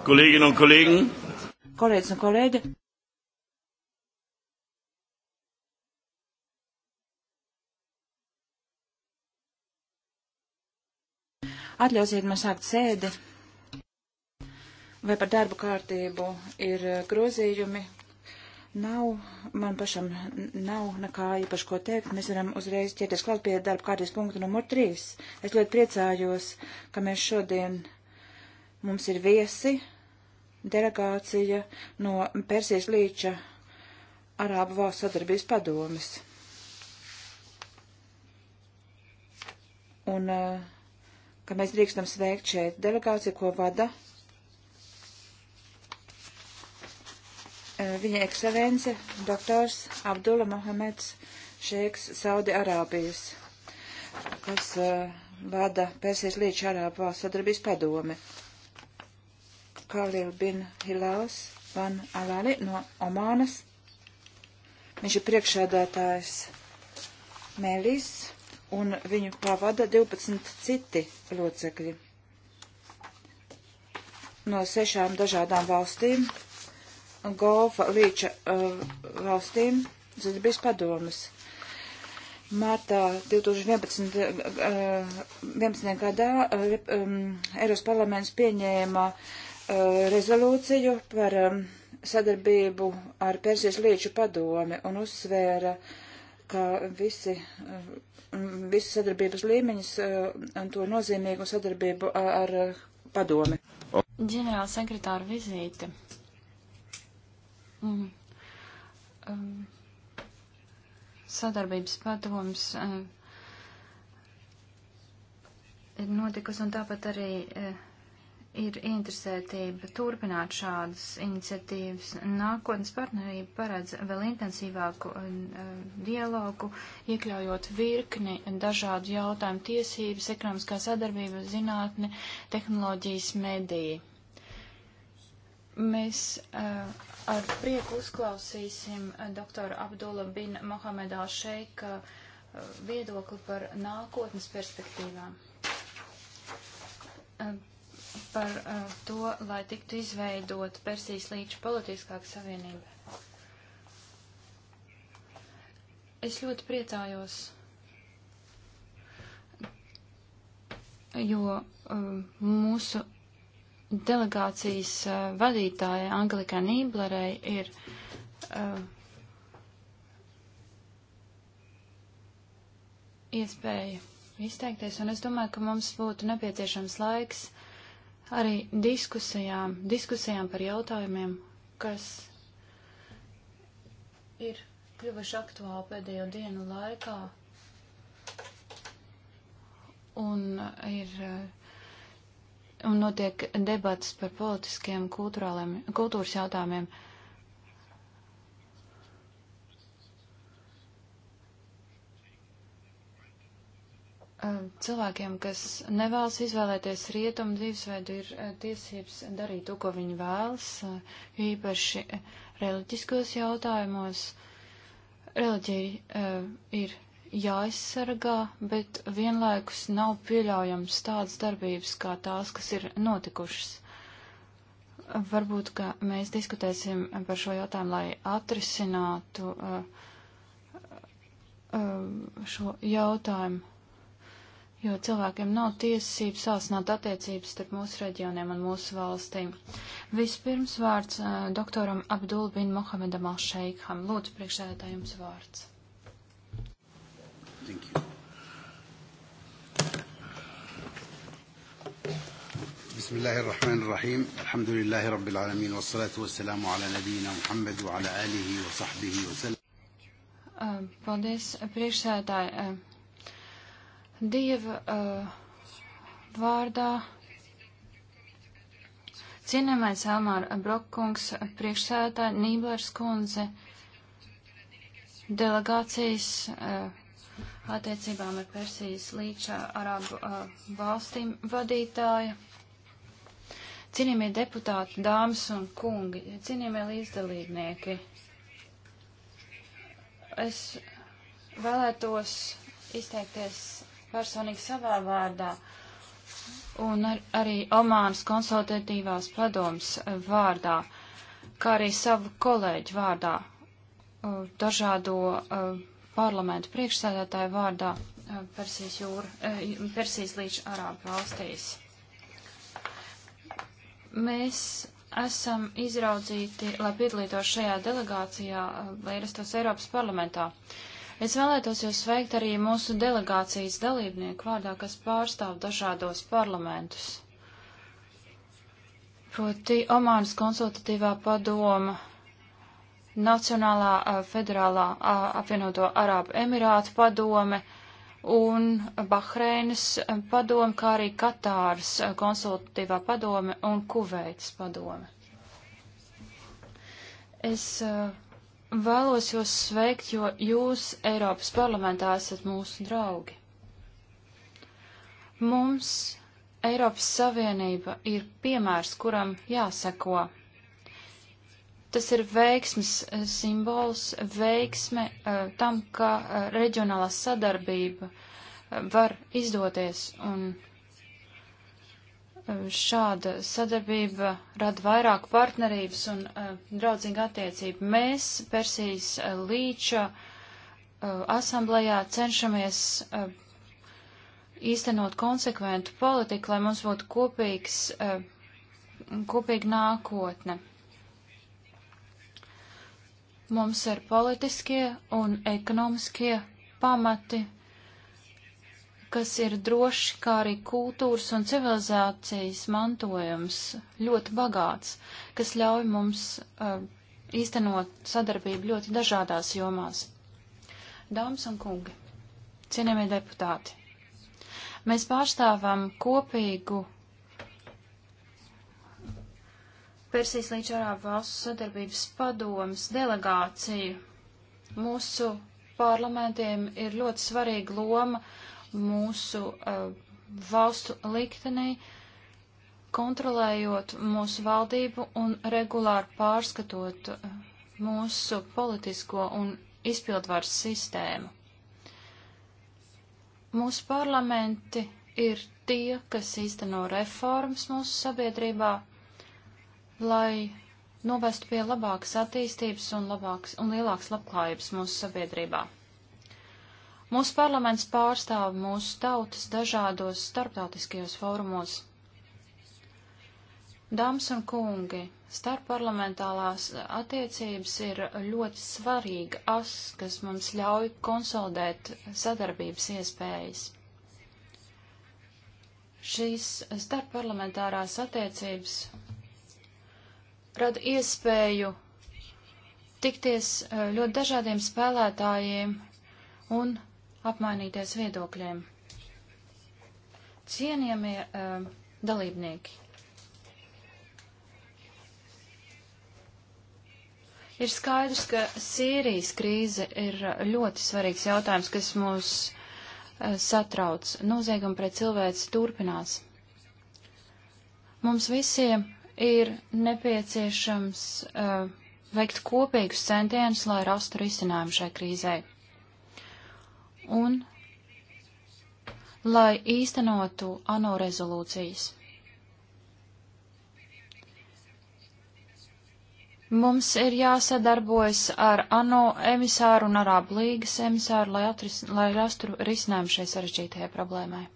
Kolleginnen un kolēģi. Kolēģis un kolēģi. Atļausiet man sākt sēdi. Vai par darbu kārtību ir eh, grozījumi? Nav, man pašam nav nekā īpaši ko teikt. Mēs varam uzreiz ķerties klāt pie darba kārtības punkta numur 3. Es ļoti priecājos, ka mēs šodien mums ir viesi delegācija no Persijas līča Arābu valsts sadarbības padomis. Un eh, ka mēs drīkstam sveikt šeit delegāciju, ko vada eh, viņa ekscelence, doktors Abdula Mohameds Šeiks Saudi Arābijas, kas eh, vada Persijas līča Arābu valsts sadarbības padomi. Kalil bin Hilals van Alani no Omānas. Viņš ir priekšēdētājs Melis, un viņu pavada 12 citi locekļi no sešām dažādām valstīm, golfa līča uh, valstīm, Zviedrijas padomas. Martā 2011. Uh, 11. gadā uh, eh, um, eh, Eiros parlaments pieņēma uh, Eh, rezolūciju par sadarbību ar Persijas līču padomi un uzsvēra, ka visi, visi sadarbības līmeņus eh, un to nozīmīgu sadarbību ar eh, padomi. Ģenerāla sekretāra vizīte. Mm. Um. Sadarbības padoms. Uh. Um. Ir notikusi un tāpat arī. Uh ir interesētība turpināt šādas iniciatīvas. Nākotnes partnerība paredz vēl intensīvāku uh, dialogu, iekļaujot virkni dažādu jautājumu tiesības, ekonomiskā sadarbība, zinātne, tehnoloģijas, mediji. Mēs uh, ar prieku uzklausīsim uh, doktoru Abdula bin Mohamedā Šeika uh, viedokli par nākotnes perspektīvām. Uh, par uh, to, lai tiktu izveidot Persijas līča politiskāka savienība. Es ļoti priecājos, jo uh, mūsu delegācijas uh, vadītāja Angelika Nīblerei ir uh, iespēja izteikties, un es domāju, ka mums būtu nepieciešams laiks arī diskusijām, diskusijām par jautājumiem, kas ir kļuvuši aktuāli pēdējo dienu laikā un ir un notiek debats par politiskiem kultūrāliem, kultūras jautājumiem. Uh, cilvēkiem, kas nevēlas izvēlēties rietumu dzīvesveidu, ir tiesības darīt to, ko viņi vēlas, īpaši reliģiskos jautājumos. Reliģija ir jāaizsargā, bet vienlaikus nav pieļaujams tādas darbības kā tās, kas ir notikušas. Varbūt, ka mēs diskutēsim par šo jautājumu, lai atrisinātu šo jautājumu jo cilvēkiem nav tiesības sāsināt attiecības starp mūsu reģioniem un mūsu valstīm. Vispirms vārds uh, doktoram Abdul bin Mohamedam Al-Šeikham. Lūdzu, priekšsēdētāj, jums vārds. Thank you. بسم الله الرحمن الرحيم الحمد لله رب العالمين والصلاة والسلام على نبينا محمد وعلى آله وصحبه وسلم Paldies, priekšsēdāji. Eh, Dieva uh, vārdā. Cienamais Elmāra Brokkungs, priekšsētāja Nīblers kundze, delegācijas uh, attiecībām ar Persijas līča Arābu uh, valstīm vadītāja. Cienījamie deputāti, dāmas un kungi, cienījamie līdzdalībnieki, es vēlētos izteikties personīgi savā vārdā un ar, arī Omānas konsultatīvās padomas eh, vārdā, kā arī savu kolēģu vārdā, eh, dažādo uh, parlamentu priekšsēdētāju vārdā uh, Persijas, jūra, uh, Persijas līdz Arābu valstīs. Mēs esam izraudzīti, lai piedalītos šajā delegācijā, lai ierastos Eiropas parlamentā. Uh, Es vēlētos jūs sveikt arī mūsu delegācijas dalībnieku vārdā, kas pārstāv dažādos parlamentus. Proti Omānas konsultatīvā padoma, Nacionālā a, federālā a, apvienoto Arābu Emirātu padome un Bahreinas padome, kā arī Katāras konsultatīvā padome un Kuveitas padome. Es uh, Vēlos jūs sveikt, jo jūs Eiropas parlamentā esat mūsu draugi. Mums Eiropas Savienība ir piemērs, kuram jāseko. Tas ir veiksmes eh, simbols, veiksme eh, tam, ka eh, reģionālā sadarbība var izdoties un šāda sadarbība rada vairāk partnerības un uh, draudzīga attiecība. Mēs Persijas uh, līča uh, asamblējā cenšamies uh, īstenot konsekventu politiku, lai mums būtu kopīgs, uh, kopīga nākotne. Mums ir politiskie un ekonomiskie pamati kas ir droši, kā arī kultūras un civilizācijas mantojums, ļoti bagāts, kas ļauj mums uh, īstenot sadarbību ļoti dažādās jomās. Dāmas un kungi, cienījamie deputāti, mēs pārstāvam kopīgu Persijas līdz Arābu valstu sadarbības padomas delegāciju. Mūsu parlamentiem ir ļoti svarīga loma uh, mūsu uh, valstu liktenī, kontrolējot mūsu valdību un regulāri pārskatot uh, mūsu politisko un izpildvaras sistēmu. Mūsu parlamenti ir tie, kas īsteno reformas mūsu sabiedrībā, lai novestu pie labākas attīstības un, labāks, un lielākas labklājības mūsu sabiedrībā. Mūsu parlaments pārstāv mūsu tautas dažādos starptautiskajos fórumos. Dāmas un kungi, starpparlamentālās attiecības ir ļoti svarīga as, kas mums ļauj konsolidēt sadarbības iespējas. Šīs starpparlamentārās attiecības rada iespēju tikties eh, ļoti dažādiem spēlētājiem un apmainīties viedokļiem. Cienījamie uh, dalībnieki, Ir skaidrs, ka Sīrijas krīze ir ļoti svarīgs jautājums, kas mūs e, satrauc. Noziegumi pret cilvēci turpinās. Mums visiem ir nepieciešams uh, veikt kopīgus centienus, lai rastu risinājumu šai krīzei un lai īstenotu ANO rezolūcijas. Mums ir jāsadarbojas ar ANO emisāru un Arābu līgas emisāru, lai, atris, lai rastu risinājumu šai sarežģītajai problēmai.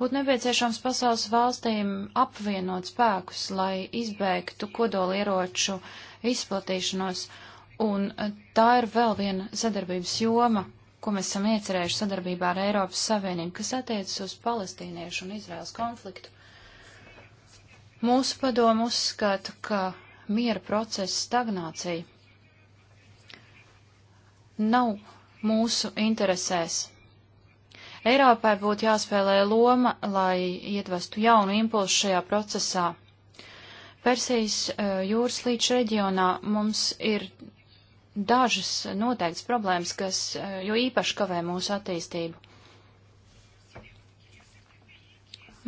Būtu nepieciešams pasaules valstīm apvienot spēkus, lai izbēgtu kodolieroču izplatīšanos, un e, tā ir vēl viena sadarbības joma, ko mēs esam iecerējuši sadarbībā ar Eiropas Savienību, kas attiecas uz palestīniešu un Izraels konfliktu. Mūsu padomu uzskata, ka miera procesa stagnācija nav mūsu interesēs. Eiropai būtu jāspēlē loma, lai iedvestu jaunu impulsu šajā procesā. Persijas e, jūras līča reģionā mums ir dažas noteikts problēmas, kas e, jo īpaši kavē mūsu attīstību.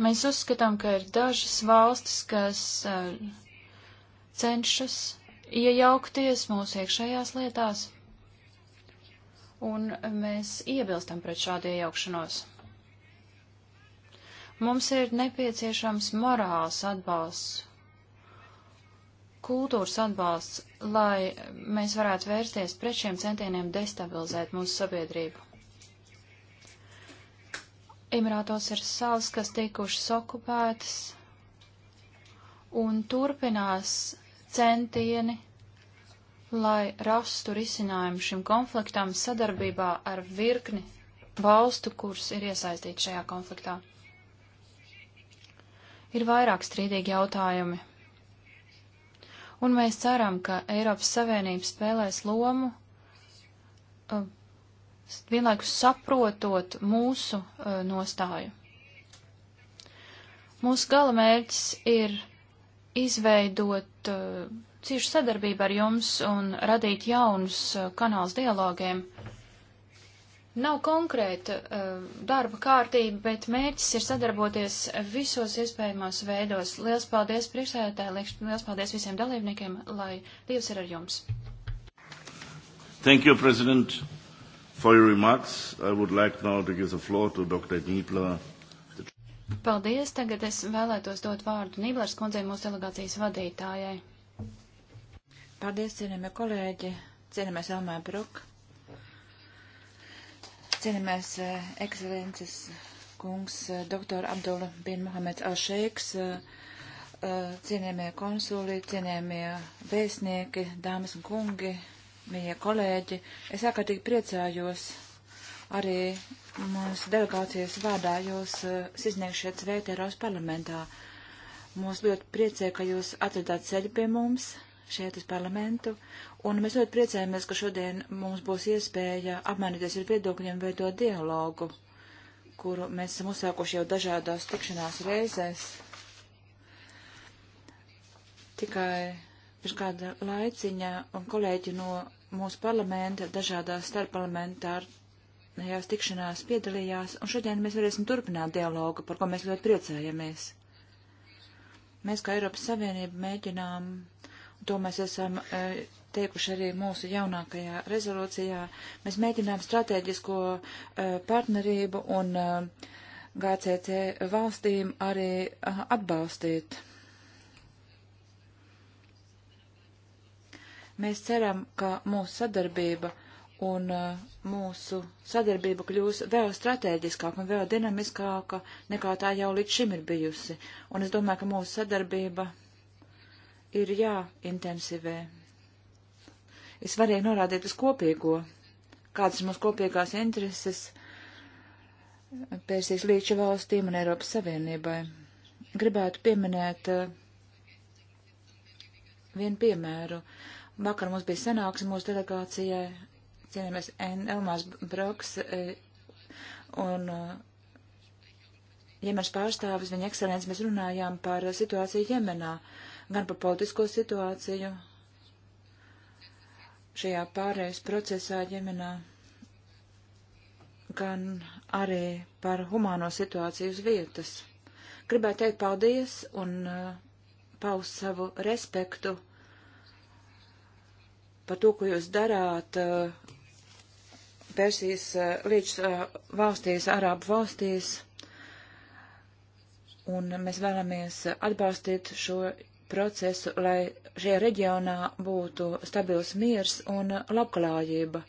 Mēs uzskatām, ka ir dažas valstis, kas e, cenšas iejaukties mūsu iekšējās lietās un mēs iebilstam pret šādu iejaukšanos. Mums ir nepieciešams morāls atbalsts, kultūras atbalsts, lai mēs varētu vērsties pret šiem centieniem destabilizēt mūsu sabiedrību. Emirātos ir salas, kas tikušas okupētas, un turpinās centieni lai rastu risinājumu šim konfliktam sadarbībā ar virkni valstu, kuras ir iesaistīti šajā konfliktā. Ir vairāk strīdīgi jautājumi, un mēs ceram, ka Eiropas Savienība spēlēs lomu, uh, vienlaikus saprotot mūsu uh, nostāju. Mūsu gala mērķis ir izveidot uh, ciešu sadarbību ar jums un radīt jaunus eh, kanāls dialogiem. Nav konkrēta uh, darba kārtība, bet mērķis ir sadarboties visos iespējamos veidos. Lielas paldies priekšsēdētāji, liels paldies visiem dalībniekiem, lai Dievs ir ar jums. Thank you, President, for your remarks. I would like now to give the floor to Dr. Nībler. Paldies, tagad es vēlētos dot vārdu Nīblers kundzei mūsu delegācijas vadītājai. Paldies, cienījamie kolēģi, cienījamais Elmē Bruk, cienījamais eh, ekscelences kungs, eh, doktor Abdul bin Mohameds Alšeiks, eh, cienījamie konsuli, cienījamie vēstnieki, dāmas un kungi, mīļie kolēģi. Es ārkārtīgi priecājos arī mūsu delegācijas vārdā jūs izniegšiet sveitu Eiropas parlamentā. Mūs ļoti priecē, ka jūs atradāt ceļu pie mums šeit uz parlamentu, un mēs ļoti priecājamies, ka šodien mums būs iespēja apmainīties ar viedokļiem, veidot dialogu, kuru mēs esam uzsākuši jau dažādās tikšanās reizēs. Tikai pirms kāda laiciņa un kolēģi no mūsu parlamenta dažādās starpparlamentārajās tikšanās piedalījās, un šodien mēs varēsim turpināt dialogu, par ko mēs ļoti priecājamies. Mēs kā Eiropas Savienība mēģinām to mēs esam e, teikuši arī mūsu jaunākajā rezolūcijā. Mēs mēģinām strateģisko e, partnerību un e, GCC valstīm arī atbalstīt. Mēs ceram, ka mūsu sadarbība un mūsu sadarbība kļūs vēl strateģiskāka un vēl dinamiskāka nekā tā jau līdz šim ir bijusi. Un es domāju, ka mūsu sadarbība ir jāintensivē. Ir svarīgi norādīt uz kopīgo, kādas ir mūsu kopīgās intereses Persijas līča valstīm un Eiropas Savienībai. Gribētu pieminēt uh, vienu piemēru. Vakar mums bija sanāksme mūsu delegācijai, cienījamies Elmās Broks uh, un uh, Jemenas pārstāvis, viņa ekscelences, mēs runājām par situāciju Jemenā. Uh, gan par politisko situāciju šajā pārējais procesā ģimenā, gan arī par humāno situāciju uz vietas. Gribētu teikt paldies un uh, paust savu respektu par to, ko jūs darāt uh, Persijas uh, līdz uh, valstīs, Arābu valstīs, un mēs vēlamies atbalstīt šo procesu, lai šajā reģionā būtu stabils miers un labklājība.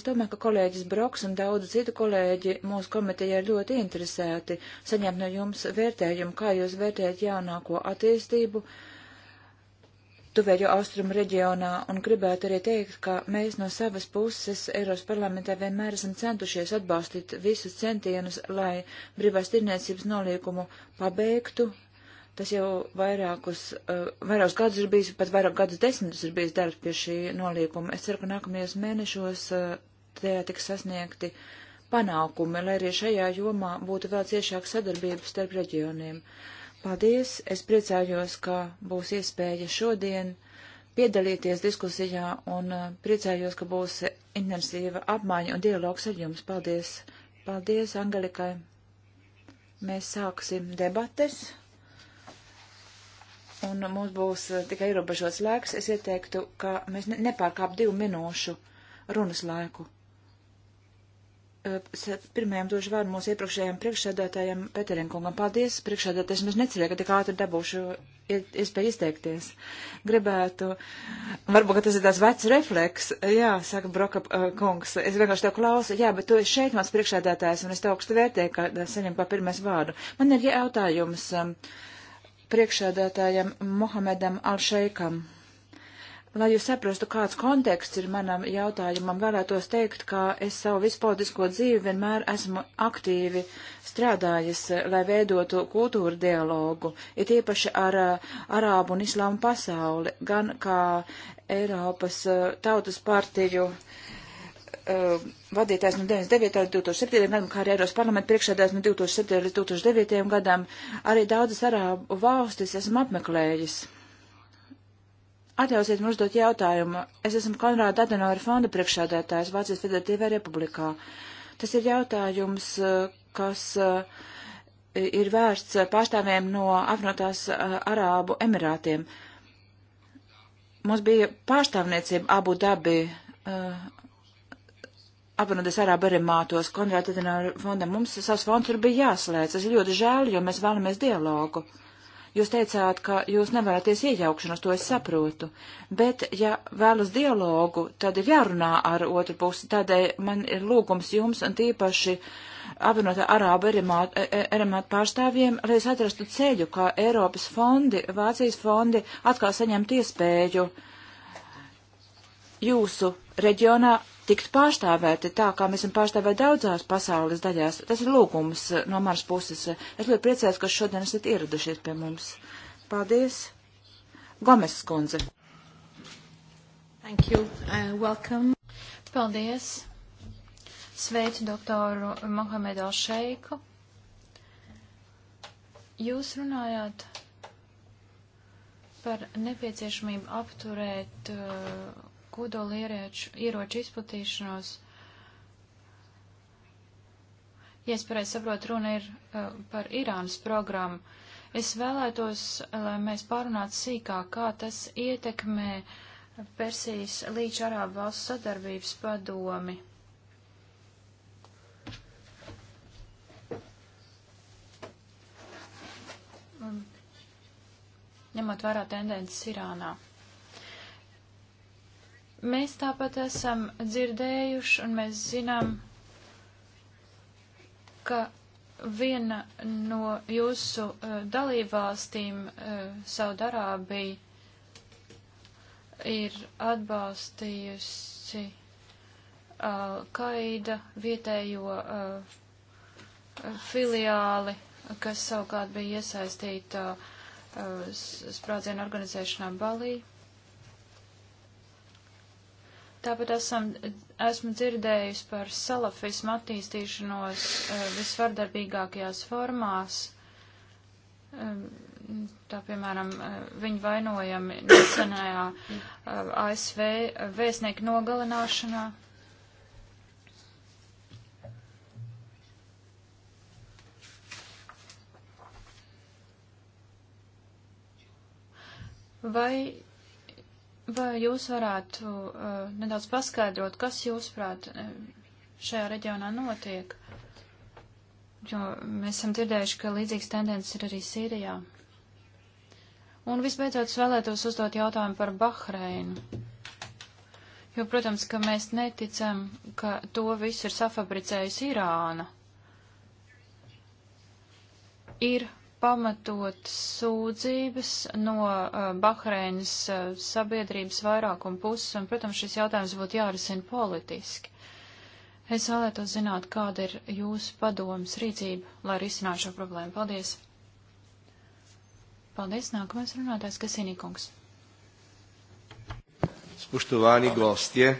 Es domāju, ka kolēģis Broks un daudz citu kolēģi mūsu komitejā ir ļoti interesēti saņemt no jums vērtējumu, kā jūs vērtējat jaunāko attīstību tuvējo austrumu reģionā un gribētu arī teikt, ka mēs no savas puses Eiros parlamentā vienmēr esam centušies atbalstīt visus centienus, lai brīvās tirniecības nolīkumu pabeigtu Tas jau vairākus, eh, vairākus gadus ir bijis, pat vairāk gadus desmitus ir bijis darbs pie šī nolīguma. Es ceru, ka nākamajos mēnešos eh, tajā tiks sasniegti panākumi, lai arī šajā jomā būtu vēl ciešāka sadarbība starp reģioniem. Paldies! Es priecājos, ka būs iespēja šodien piedalīties diskusijā un eh, priecājos, ka būs intensīva apmaiņa un dialogs ar jums. Paldies! Paldies, Angelikai! Mēs sāksim debates un mums būs eh, tikai ierobežots laiks, es ieteiktu, ka mēs nepārkāp divu minūšu runas laiku. Eh, pirmajam došu vārdu mūsu iepriekšējiem priekšsēdētājiem Peterinkungam. Paldies, priekšsēdētājs, mēs necerēju, ka tik ātri dabūšu iespēju izteikties. Gribētu, varbūt, ka tas ir tāds vecs refleks, jā, saka Broka eh, kungs, es vienkārši tev klausu, jā, bet tu esi šeit mans priekšsēdētājs, un es tev augstu vērtēju, ka saņem pa pirmais vārdu. Man ir jautājums. Um, priekšsēdētājam Mohamedam Alšeikam. Lai jūs saprastu, kāds konteksts ir manam jautājumam, vēlētos teikt, ka es savu vispolitisko dzīvi vienmēr esmu aktīvi strādājis, lai veidotu kultūru dialogu, ir īpaši ar uh, arābu un islāmu pasauli, gan kā Eiropas uh, tautas partiju uh, uh, vadītājs no 99. līdz 2007. gadam, kā arī Eiros parlamenta priekšsēdājs no 2007. līdz 2009. gadam, arī daudzas arābu valstis esmu apmeklējis. Atļausiet man uzdot jautājumu. Es esmu Konrāda Adenauer fonda priekšsēdētājs Vācijas Federatīvā republikā. Tas ir jautājums, uh, kas uh, ir vērsts pārstāvjiem no apvienotās uh, Arābu Emirātiem. Mums bija pārstāvniecība Abu Dabi apvienoties Arābu Emirātos, konvertētajā fondā, mums savs fonds tur bija jāslēdz. Tas ir ļoti žēl, jo mēs vēlamies dialogu. Jūs teicāt, ka jūs nevēlaties iejaukšanos, to es saprotu, bet ja vēlas dialogu, tad ir jārunā ar otru pusi, tādēļ man ir lūgums jums un tīpaši apvienotā Arābu Emirātu e, pārstāvjiem, lai es atrastu ceļu, kā Eiropas fondi, Vācijas fondi atkal saņemt iespēju jūsu reģionā tikt pārstāvēti tā, kā mēs esam pārstāvēti daudzās pasaules daļās. Tas ir lūgums eh, no manas puses. Es ļoti priecājos, ka šodien esat ieradušies pie mums. Paldies. Gomes skundze. Thank you. Uh, welcome. Paldies. Sveicu doktoru Mohamedu Šeiku. Jūs runājāt par nepieciešamību apturēt uh, kodoli ieroču, ieroču izplatīšanos. Ja es pareizi saprotu, runa ir uh, par Irānas programmu. Es vēlētos, lai mēs pārunātu sīkāk, kā tas ietekmē Persijas līdz Arābu valsts sadarbības padomi. ņemot vērā tendences Irānā. Mēs tāpat esam dzirdējuši un mēs zinām, ka viena no jūsu uh, dalībvalstīm, uh, Saudarābija, ir atbalstījusi uh, eh, Kaida vietējo uh, filiāli, kas savukārt bija iesaistīta uh, sprādzienu organizēšanā Balī. Uh, Tāpat esam, esmu dzirdējusi par salafismu attīstīšanos eh, visvardarbīgākajās formās. Tā, piemēram, eh, viņi vainojami nesenajā eh, ASV vēstnieku nogalināšanā. Vai Vai jūs varētu uh, nedaudz paskaidrot, kas jūsuprāt uh, šajā reģionā notiek? Jo mēs esam dzirdējuši, ka līdzīgas tendences ir arī Sīrijā. Un visbeidzot, es vēlētos uzdot jautājumu par Bahreinu. Jo, protams, ka mēs neticam, ka to visu ir safabricējusi Irāna. Ir pamatot sūdzības no uh, Bahreinas uh, sabiedrības vairākuma puses, un, protams, šis jautājums būtu jārisina politiski. Es vēlētos zināt, kāda ir jūsu padomas rīcība, lai risinātu šo problēmu. Paldies! Paldies, nākamais runātājs Kasinīkungs. Spuštovāni gostie.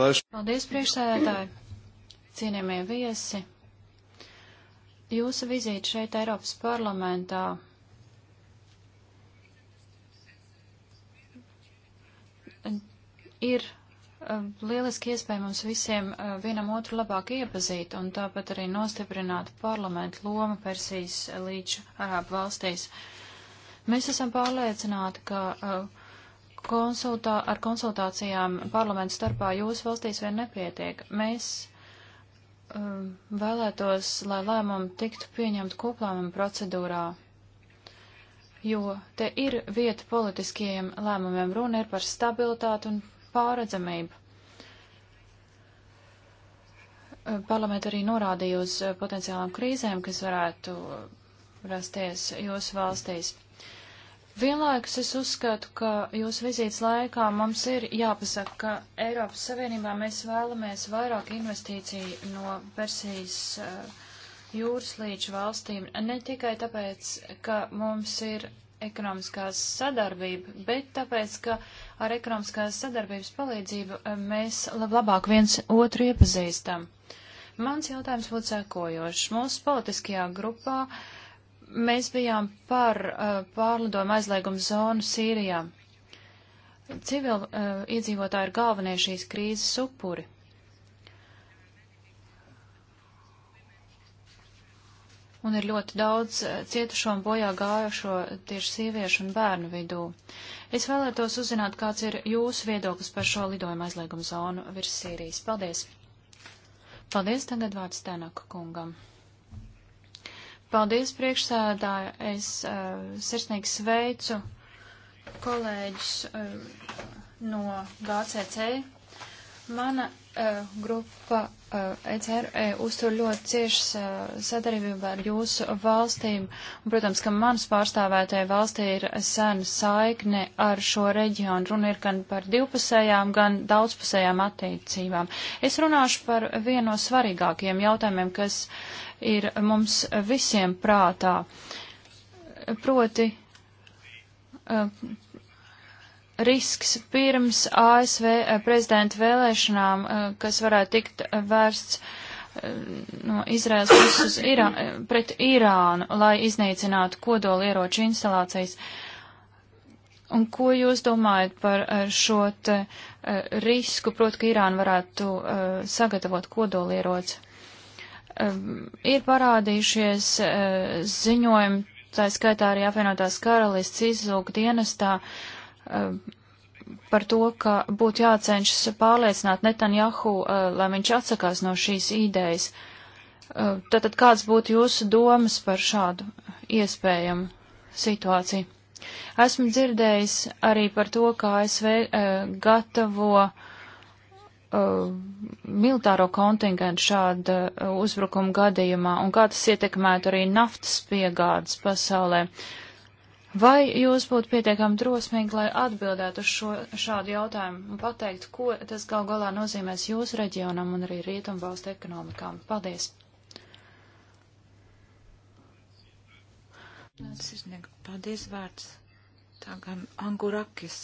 Vaš... Paldies, priekšsēdētāji, cienījamie viesi, Jūsu vizīte šeit Eiropas parlamentā ir um, lieliski iespēja mums visiem uh, vienam otru labāk iepazīt un tāpat arī nostiprināt parlamentu lomu Persijas līdz Arābu valstīs. Mēs esam pārliecināti, ka uh, konsultā, ar konsultācijām parlamentu starpā jūsu valstīs vien nepietiek. Mēs um, vēlētos, lai lēmumi tiktu pieņemti koplēmuma procedūrā, jo te ir vieta politiskajiem lēmumiem. Runa ir par stabilitāti un pāredzamību. Ehm, Parlamenta arī norādīja uz eh, potenciālām krīzēm, kas varētu eh, rasties jūsu valstīs. Vienlaikus es uzskatu, ka jūsu vizītes laikā mums ir jāpasaka, ka Eiropas Savienībā mēs vēlamies vairāk investīciju no Persijas eh, jūras līča valstīm, ne tikai tāpēc, ka mums ir ekonomiskās sadarbība, bet tāpēc, ka ar ekonomiskās sadarbības palīdzību eh, mēs labāk viens otru iepazīstam. Mans jautājums būtu sekojošs. Mūsu politiskajā grupā uh, Mēs bijām par uh, pārlidojumu aizliegumu zonu Sīrijā. Civil uh, iedzīvotāji ir galvenie šīs krīzes upuri. Un ir ļoti daudz uh, cietušo un bojā gājušo tieši sieviešu un bērnu vidū. Es vēlētos uzzināt, kāds ir jūsu viedoklis par šo lidojumu aizliegumu zonu virs Sīrijas. Paldies! Paldies tagad vārds Tēnaka kungam. Paldies, priekšsēdāja. Es uh, sirsnīgi sveicu kolēģis uh, eh, no GCC. Mana Eh, grupa ECR eh, e eh, uztur ļoti ciešas sadarbību ar jūsu valstīm. Un, protams, ka manas pārstāvētajai valstī ir sena saikne ar šo reģionu. Runa ir gan par divpusējām, gan daudzpusējām attiecībām. Es runāšu par vienu no svarīgākajiem jautājumiem, kas ir mums visiem prātā. Proti, risks pirms ASV eh, prezidenta vēlēšanām, eh, kas varētu tikt vērsts eh, no Izraels puses Irā, pret Irānu, lai iznīcinātu kodoli ieroču instalācijas. Un ko jūs domājat par šo te risku, proti, ka Irāna varētu sagatavot kodoli ieroci? Ir parādījušies ziņojumi, tā skaitā arī apvienotās karalists izlūk dienestā, uh, Um, par to, ka būtu jācenšas pārliecināt Netanjahu, uh, lai viņš atsakās no šīs idejas. Tātad uh, kāds būtu jūsu domas par šādu iespējamu situāciju? Esmu dzirdējis arī par to, ka ASV uh, gatavo militāro kontingentu šāda uzbrukuma gadījumā un kā tas ietekmētu arī naftas piegādes pasaulē. Uh, Vai jūs būtu pietiekami drosmīgi, lai atbildētu uz šo, šādu jautājumu un pateiktu, ko tas gal galā nozīmēs jūsu reģionam un arī rietumvalstu ekonomikām? Paldies! Sirsniega, paldies vārds. Tagad Angurakis.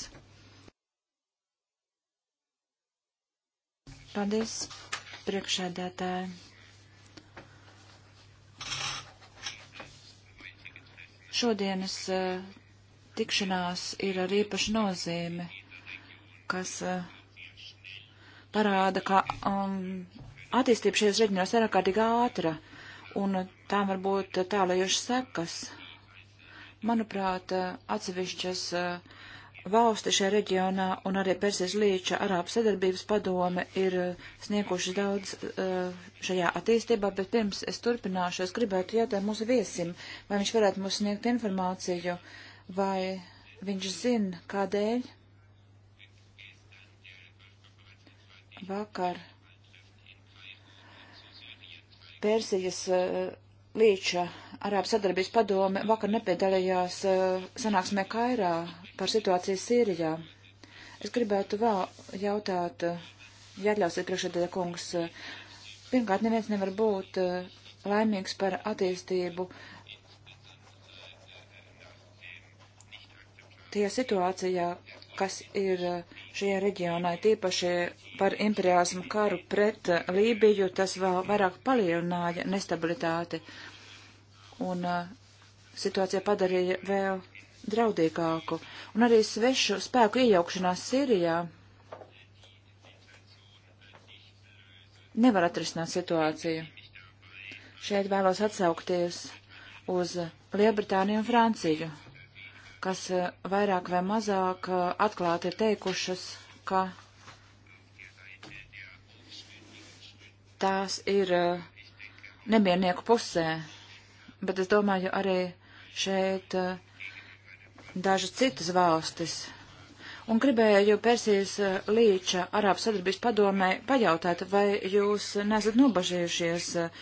Paldies, priekšēdētāji. Šodienas uh, tikšanās ir ar īpašu nozīmi, kas uh, parāda, ka um, attīstība šajos reģionos ir ārkārtīgi ātra, un tām var būt tālajušas sekas. Manuprāt, eh, atsevišķas uh, valsti šajā reģionā un arī Persijas līča Arābu sadarbības padome ir uh, snieguši daudz uh, šajā attīstībā, bet pirms es turpināšu, es gribētu jautāt mūsu viesim, vai viņš varētu mums sniegt informāciju, vai viņš zina, kādēļ vakar Persijas uh, līča Arābu sadarbības padome vakar nepiedalījās sanāksmē Kairā par situāciju Sīrijā. Es gribētu vēl jautāt, ja atļausiet priekšēdēļa kungs, pirmkārt, neviens nevar būt eh, laimīgs par attīstību. Tie situācijā, kas ir eh, šajā reģionā, tīpaši par imperiālismu karu pret eh, Lībiju, tas vēl vairāk palielināja nestabilitāti un situācija padarīja vēl draudīgāku, un arī svešu spēku iejaukšanās Sīrijā nevar atrisināt situāciju. Šeit vēlos atsaukties uz Lielbritāniju un Franciju, kas eh, vairāk vai mazāk eh, atklāti ir teikušas, ka tās ir eh, nemiernieku pusē, bet es domāju arī šeit uh, dažas citas valstis. Un gribēju Persijas eh, līča Arābu sadarbības padomē pajautāt, vai jūs nesat nobažījušies eh,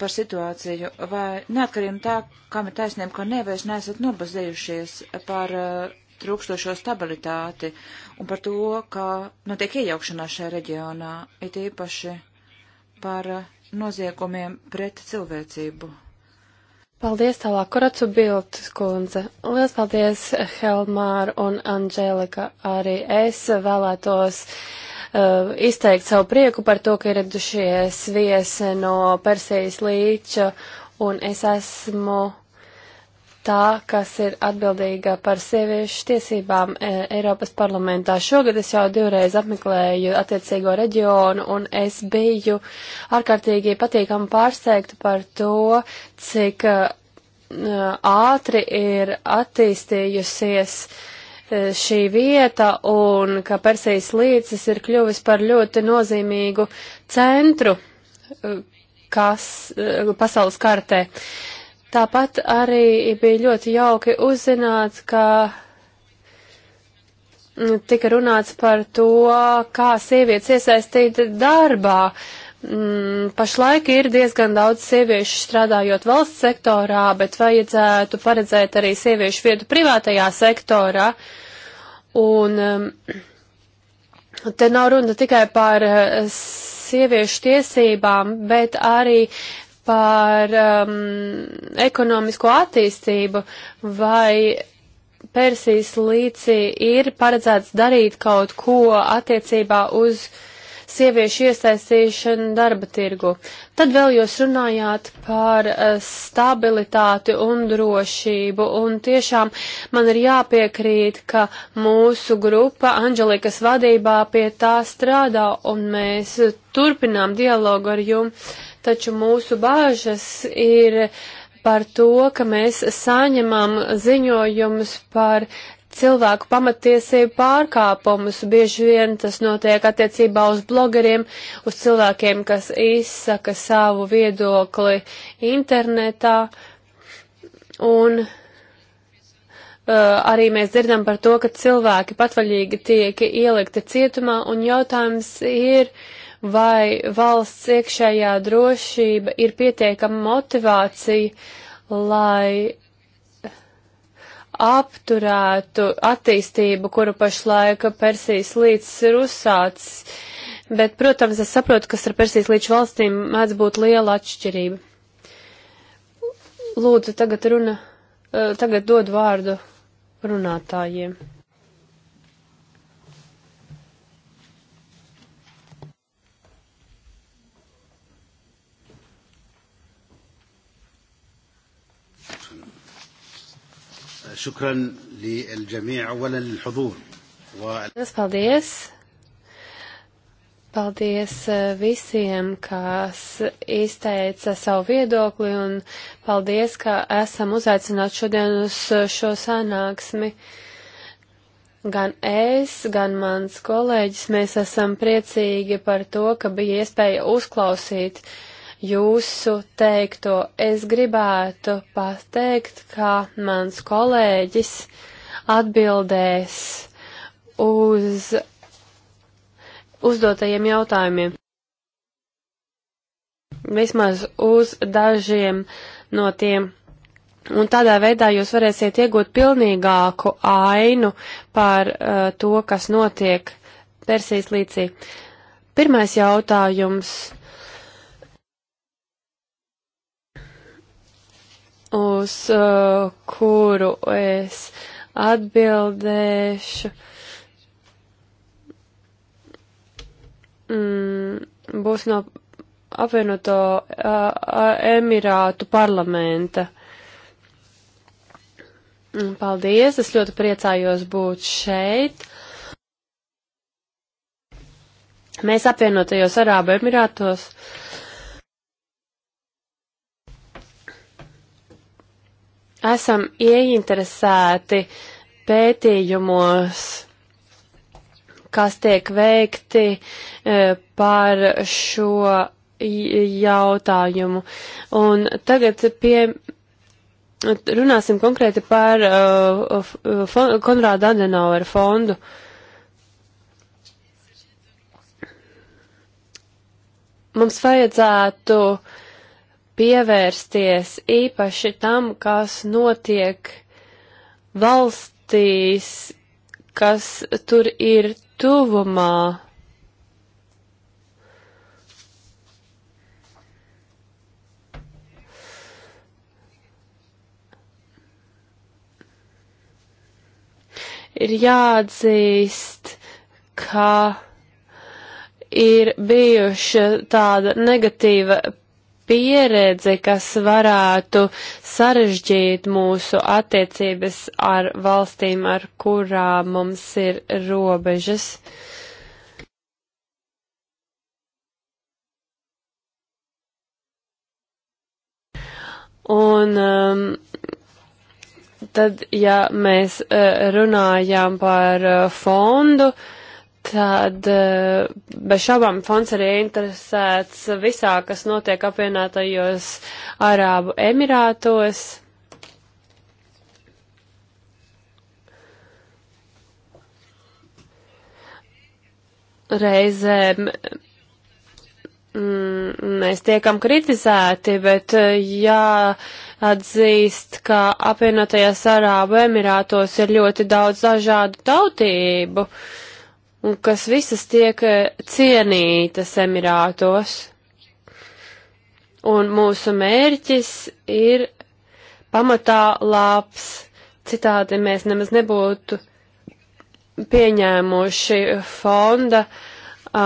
par situāciju, vai neatkarīgi tā, kam ir taisnība, ka ne, vai jūs nesat nobažījušies par eh, trūkstošo stabilitāti un par to, ka notiek nu, iejaukšanās šajā reģionā, it īpaši par noziegumiem pret cilvēcību. Paldies tālāk, Koracu Biltas kundze. Lielas paldies, Helmāra un Anģelika. Arī es vēlētos uh, izteikt savu prieku par to, ka ir redušies viesi no Persijas līča, un es esmu tā, kas ir atbildīga par sieviešu tiesībām e, Eiropas parlamentā. Šogad es jau divreiz apmeklēju attiecīgo reģionu un es biju ārkārtīgi patīkami pārsteigta par to, cik e, ātri ir attīstījusies e, šī vieta un ka Persijas līcis ir kļuvis par ļoti nozīmīgu centru kas, pasaules kartē. Uh, Tāpat arī bija ļoti jauki uzzināt, ka mm, tika runāts par to, kā sievietes iesaistīt darbā. Mm, pašlaik ir diezgan daudz sieviešu strādājot valsts sektorā, bet vajadzētu paredzēt arī sieviešu vietu privātajā sektorā. Un mm, te nav runa tikai par eh, sieviešu tiesībām, bet arī uh, par um, ekonomisko attīstību, vai Persijas līcī ir paredzēts darīt kaut ko attiecībā uz sieviešu iesaistīšanu darba tirgu. Tad vēl jūs runājāt par uh, stabilitāti un drošību, un tiešām man ir jāpiekrīt, ka mūsu grupa Anģelikas vadībā pie tā strādā, un mēs turpinām dialogu ar jums taču mūsu bāžas ir par to, ka mēs saņemam ziņojumus par cilvēku pamatiesību pārkāpumus. Bieži vien tas notiek attiecībā uz blogeriem, uz cilvēkiem, kas izsaka savu viedokli internetā. Un uh, arī mēs dzirdam par to, ka cilvēki patvaļīgi tiek ielikti cietumā, un jautājums ir, uh, vai valsts iekšējā drošība ir pietiekama motivācija, lai apturētu attīstību, kuru pašlaik Persijas līdzs ir uzsācis. Bet, protams, es saprotu, kas ar Persijas līdz valstīm mēdz būt liela atšķirība. Lūdzu, tagad runa, eh, tagad dod vārdu runātājiem. شكرا للجميع أولا للحضور Liels paldies! Paldies uh, visiem, kas izteica savu viedokli un paldies, ka esam uzaicināti šodien uz uh, šo sanāksmi. Gan es, gan mans kolēģis, mēs esam priecīgi par to, ka bija iespēja uzklausīt uh, jūsu teikto. Es gribētu pateikt, ka mans kolēģis atbildēs uz uzdotajiem jautājumiem. Vismaz uz dažiem no tiem. Un tādā veidā jūs varēsiet iegūt pilnīgāku ainu par uh, to, kas notiek Persijas līcī. Pirmais jautājums uz uh, kuru es atbildēšu, mm, būs no apvienoto uh, uh Emirātu parlamenta. Mm, paldies, es ļoti priecājos būt šeit. Mēs apvienotajos Arābu Emirātos uh, esam ieinteresēti pētījumos, kas tiek veikti e, par šo jautājumu. Un tagad pie, runāsim konkrēti par e, Konrāda Adenauera fondu. Mums vajadzētu uh, pievērsties īpaši tam, kas notiek valstīs, kas tur ir tuvumā. Ir jāatzīst, ka ir bijuša tāda negatīva pieredze, kas varētu sarežģīt mūsu attiecības ar valstīm, ar kurām mums ir robežas. Un um, tad, ja mēs uh, runājām par uh, fondu, uh, tad eh, bez šaubām fonds arī interesēts visā, kas notiek apvienātajos Arābu Emirātos. Reizēm mm, mēs tiekam kritizēti, bet eh, jāatzīst, ka apvienotajās Arābu Emirātos ir ļoti daudz dažādu tautību. Uh, un kas visas tiek eh, cienītas Emirātos. Un mūsu mērķis ir pamatā labs, citādi mēs nemaz nebūtu pieņēmuši fonda uh,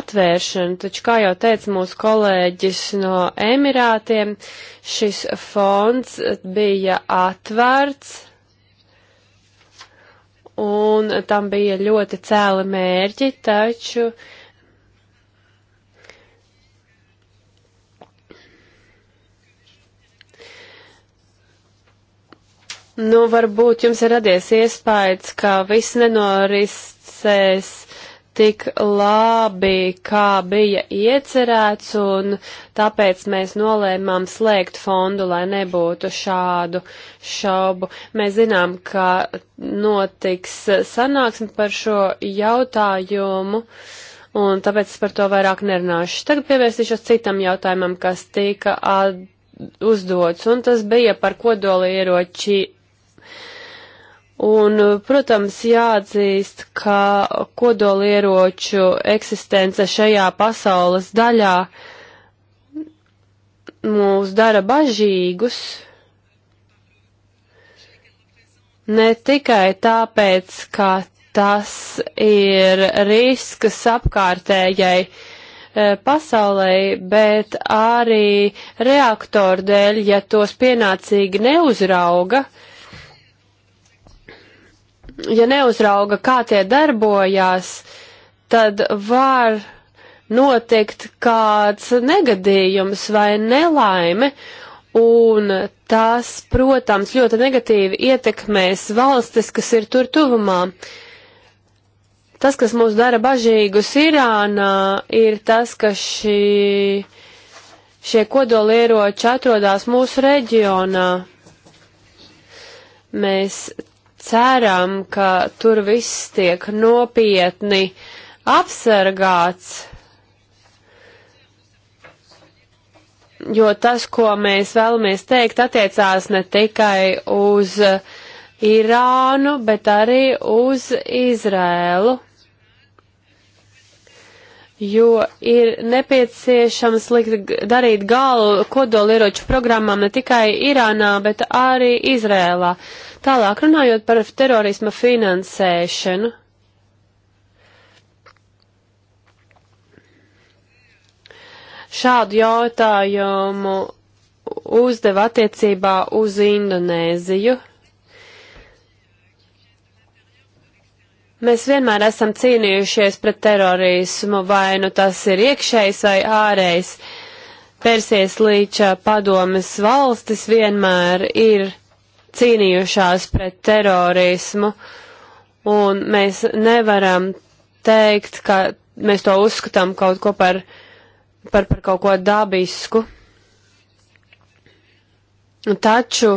atvēršanu, taču, kā jau teica mūsu kolēģis no Emirātiem, šis fonds bija atvērts un tam bija ļoti cēli mērķi, taču Nu, varbūt jums ir radies iespējas, ka viss nenorisēs tik labi, kā bija iecerēts, un tāpēc mēs nolēmām slēgt fondu, lai nebūtu šādu šaubu. Mēs zinām, ka notiks sanāksme par šo jautājumu, un tāpēc es par to vairāk nerunāšu. Tagad pievērsīšos citam jautājumam, kas tika uzdots, un tas bija par kodoli ieroči Un, protams, jāatzīst, ka kodolieroču eksistence šajā pasaules daļā mūs dara bažīgus ne tikai tāpēc, ka tas ir risks apkārtējai e, pasaulē, bet arī reaktoru dēļ, ja tos pienācīgi neuzrauga, uh, ja neuzrauga, kā tie darbojās, tad var notikt kāds negadījums vai nelaime, un tas, protams, ļoti negatīvi ietekmēs valstis, kas ir tur tuvumā. Tas, kas mūs dara bažīgus Irānā, ir tas, ka šī, šie kodolieroči atrodās mūsu reģionā. Mēs ceram, ka tur viss tiek nopietni apsargāts. Jo tas, ko mēs vēlamies teikt, attiecās ne tikai uz Irānu, bet arī uz Izrēlu jo ir nepieciešams likt, darīt galu kodolieroču programmām ne tikai Irānā, bet arī Izrēlā. Tālāk runājot par terorisma finansēšanu. Šādu jautājumu uzdeva attiecībā uz Indonēziju. Mēs vienmēr esam cīnījušies pret terorismu, vai nu tas ir iekšējs vai ārējs. Persijas līča padomes valstis vienmēr ir cīnījušās pret terorismu, un mēs nevaram teikt, ka mēs to uzskatām kaut ko par, par, par kaut ko dabisku. Taču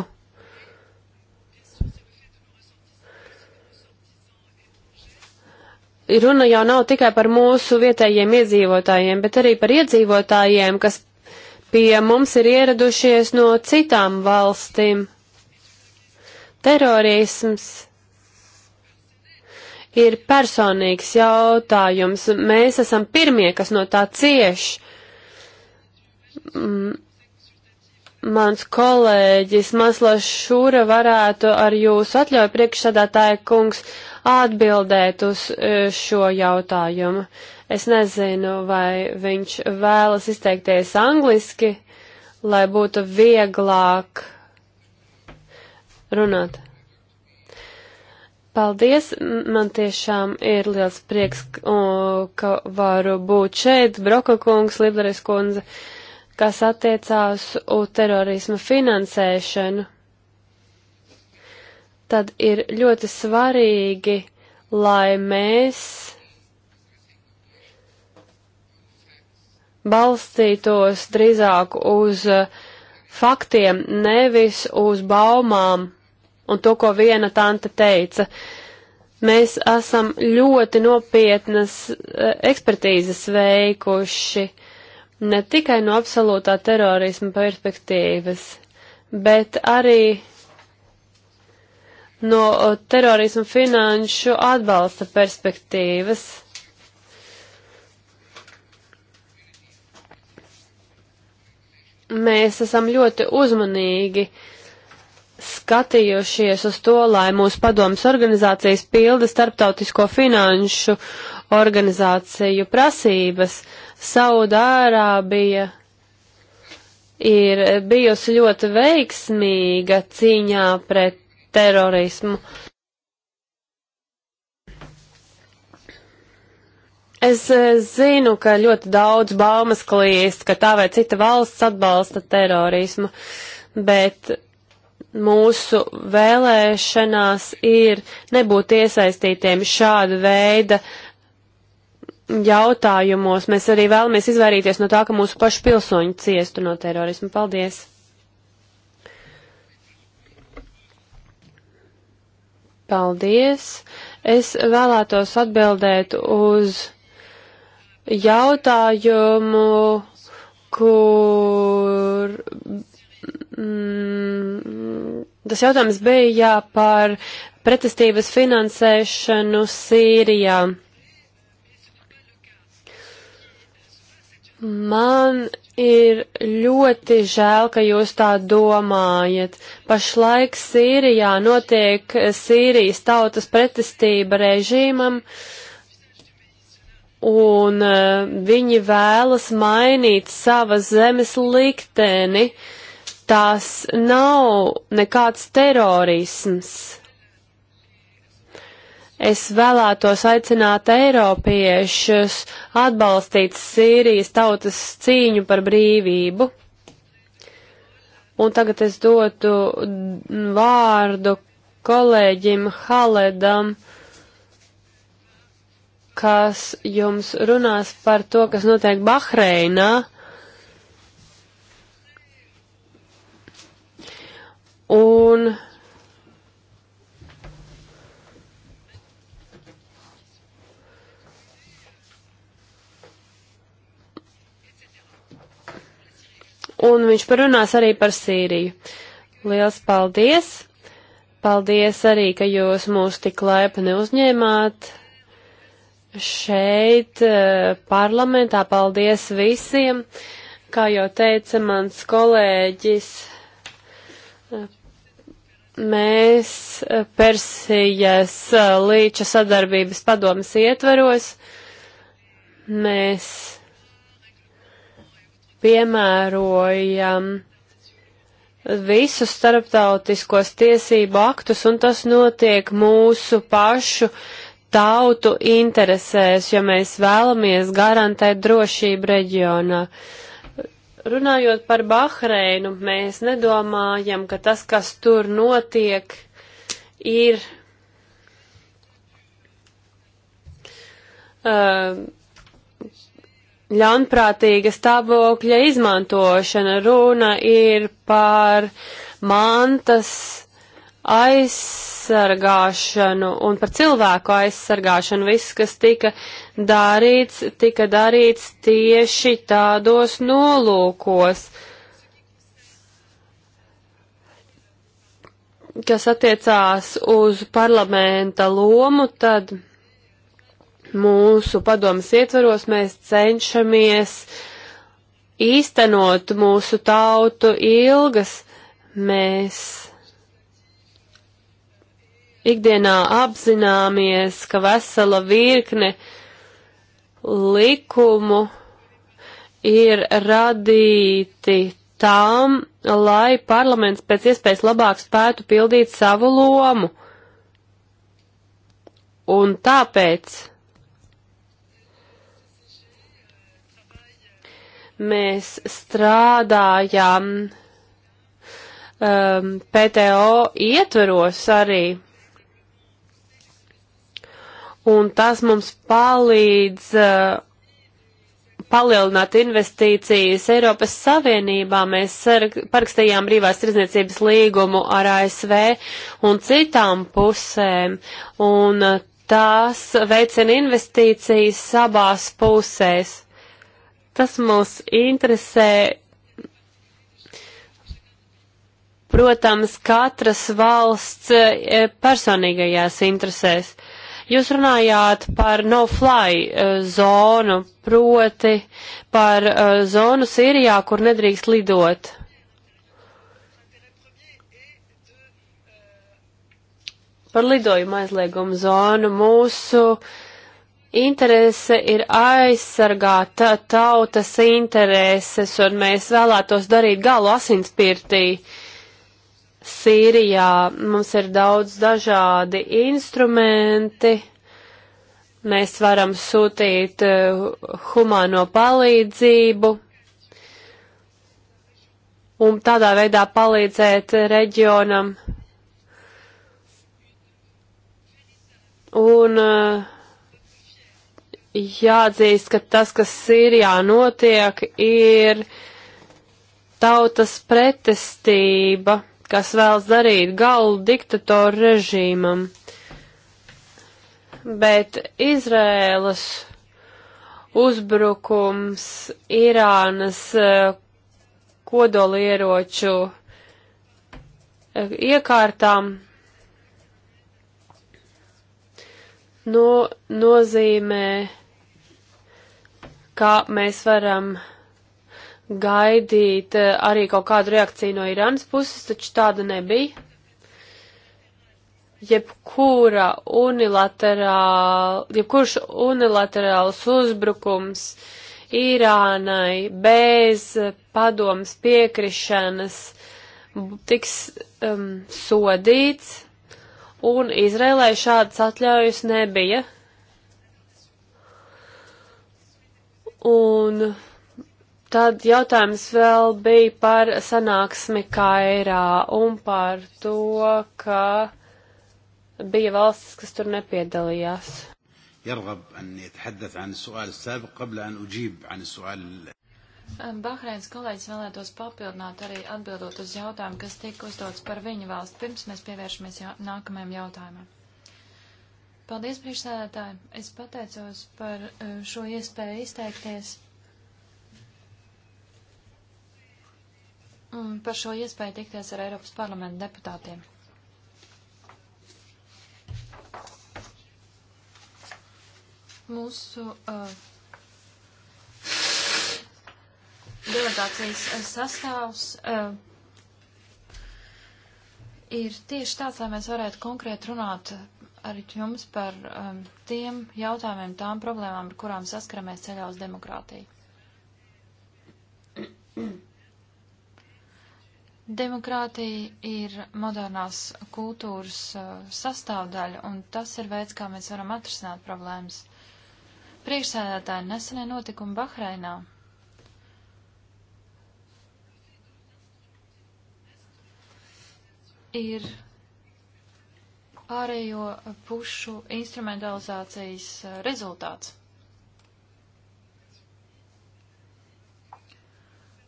runa jau nav tikai par mūsu vietējiem iedzīvotājiem, bet arī par iedzīvotājiem, kas pie mums ir ieradušies no citām valstīm. Terorisms ir personīgs jautājums. Mēs esam pirmie, kas no tā cieš. Mans kolēģis Masloš Šūra varētu ar jūsu atļauju priekšsādātāja kungs atbildēt uz e, šo jautājumu. Es nezinu, vai viņš vēlas izteikties angliski, lai būtu vieglāk runāt. Paldies, man tiešām ir liels prieks, ka varu būt šeit, Broka kungs, Liberis kundze, kas attiecās uz terorisma finansēšanu. Tad ir ļoti svarīgi, lai mēs balstītos drīzāk uz faktiem, nevis uz baumām un to, ko viena tante teica. Mēs esam ļoti nopietnas eh, ekspertīzes veikuši ne tikai no absolūtā terorisma perspektīvas, bet arī no eh, terorismu finanšu atbalsta perspektīvas. Mēs esam ļoti uzmanīgi uh, skatījušies uz to, lai mūsu padomas organizācijas pilda starptautisko finanšu organizāciju prasības. Saudārābija ir bijusi ļoti veiksmīga cīņā pret terorismu. Es eh, zinu, ka ļoti daudz baumas klīst, ka tā vai cita valsts atbalsta terorismu, bet mūsu vēlēšanās ir nebūt iesaistītiem šāda veida jautājumos. Mēs arī vēlamies izvairīties no tā, ka mūsu pašu pilsoņi ciestu no terorismu. Paldies! Paldies! Es vēlētos atbildēt uz jautājumu, kur mm, tas jautājums bija par pretestības finansēšanu Sīrijā. Man ir ļoti žēl, ka jūs tā domājat. Pašlaik Sīrijā notiek Sīrijas tautas pretestība režīmam, un eh, viņi vēlas mainīt savas zemes likteni. Uh, tās nav nekāds terorisms. Es vēlētos aicināt Eiropiešus atbalstīt Sīrijas tautas cīņu par brīvību. Un tagad es dotu vārdu kolēģim Haledam, kas jums runās par to, kas notiek Bahreinā Un un viņš parunās arī par Sīriju. Liels paldies! Paldies arī, ka jūs mūs tik laipni uzņēmāt šeit eh, parlamentā. Paldies visiem! Kā jau teica mans kolēģis Mēs Persijas līča sadarbības padomas ietveros, mēs piemērojam visus starptautiskos tiesību aktus, un tas notiek mūsu pašu tautu interesēs, jo mēs vēlamies garantēt drošību reģionā. Uh, Runājot par Bahreinu, mēs nedomājam, ka tas, kas tur notiek, ir uh, ļaunprātīga stāvokļa izmantošana. Runa ir par mantas aizsargāšanu un par cilvēku aizsargāšanu. Viss, kas tika darīts, tika darīts tieši tādos nolūkos, kas attiecās uz parlamenta lomu, tad mūsu padomas ietvaros mēs cenšamies īstenot mūsu tautu ilgas. Mēs ikdienā apzināmies, ka vesela virkne uh, likumu ir radīti tām, lai parlaments pēc iespējas labāk spētu pildīt savu lomu. Un tāpēc mēs strādājām um, PTO ietveros arī un tas mums palīdz uh, palielināt investīcijas Eiropas Savienībā. Mēs parakstījām brīvās tirdzniecības līgumu ar ASV un citām pusēm, un uh, tās veicina investīcijas abās pusēs. Tas mūs interesē. Protams, katras valsts eh, personīgajās interesēs. Jūs runājāt par no-fly uh, zonu, proti par uh, zonu Sīrijā, kur nedrīkst lidot. Par lidojumu aizliegumu zonu mūsu interese ir aizsargāt tautas intereses, un mēs vēlētos darīt galu asinspirtī. Uh, Sīrijā. Mums ir daudz dažādi instrumenti. Mēs varam sūtīt eh, humāno palīdzību un tādā veidā palīdzēt reģionam. Un eh, jāatzīst, ka tas, kas Sīrijā notiek, ir tautas pretestība kas vēlas darīt galu diktatoru režīmam. Bet Izrēlas uzbrukums Irānas eh, kodolieroču eh, iekārtām no, nozīmē, kā mēs varam gaidīt eh, arī kaut kādu reakciju no Irānas puses, taču tāda nebija. Jebkura unilaterāla, jebkurš unilaterāls uzbrukums Irānai bez padomas piekrišanas tiks um, sodīts, un Izrēlē šādas atļaujas nebija. Un Tad jautājums vēl bija par sanāksmi Kairā un par to, ka bija valstis, kas tur nepiedalījās. Bahreins kolēģis vēlētos papildināt arī atbildot uz jautājumu, kas tika uzdots par viņu valsti, pirms mēs pievēršamies jā, nākamajam jautājumam. Paldies, priekšsēdētāji! Es pateicos par eh, šo iespēju izteikties. par šo iespēju tikties ar Eiropas parlamenta deputātiem. Mūsu uh, delegācijas uh, sastāvs uh, ir tieši tāds, lai mēs varētu konkrēti runāt ar jums par um, tiem jautājumiem, tām problēmām, ar kurām saskaramies ceļā uz demokrātiju. Demokrātija ir modernās kultūras uh, sastāvdaļa, un tas ir veids, kā mēs varam atrisināt problēmas. Priekšsēdētāji nesenie notikumi Bahreinā. Ir pārējo pušu instrumentalizācijas uh, rezultāts.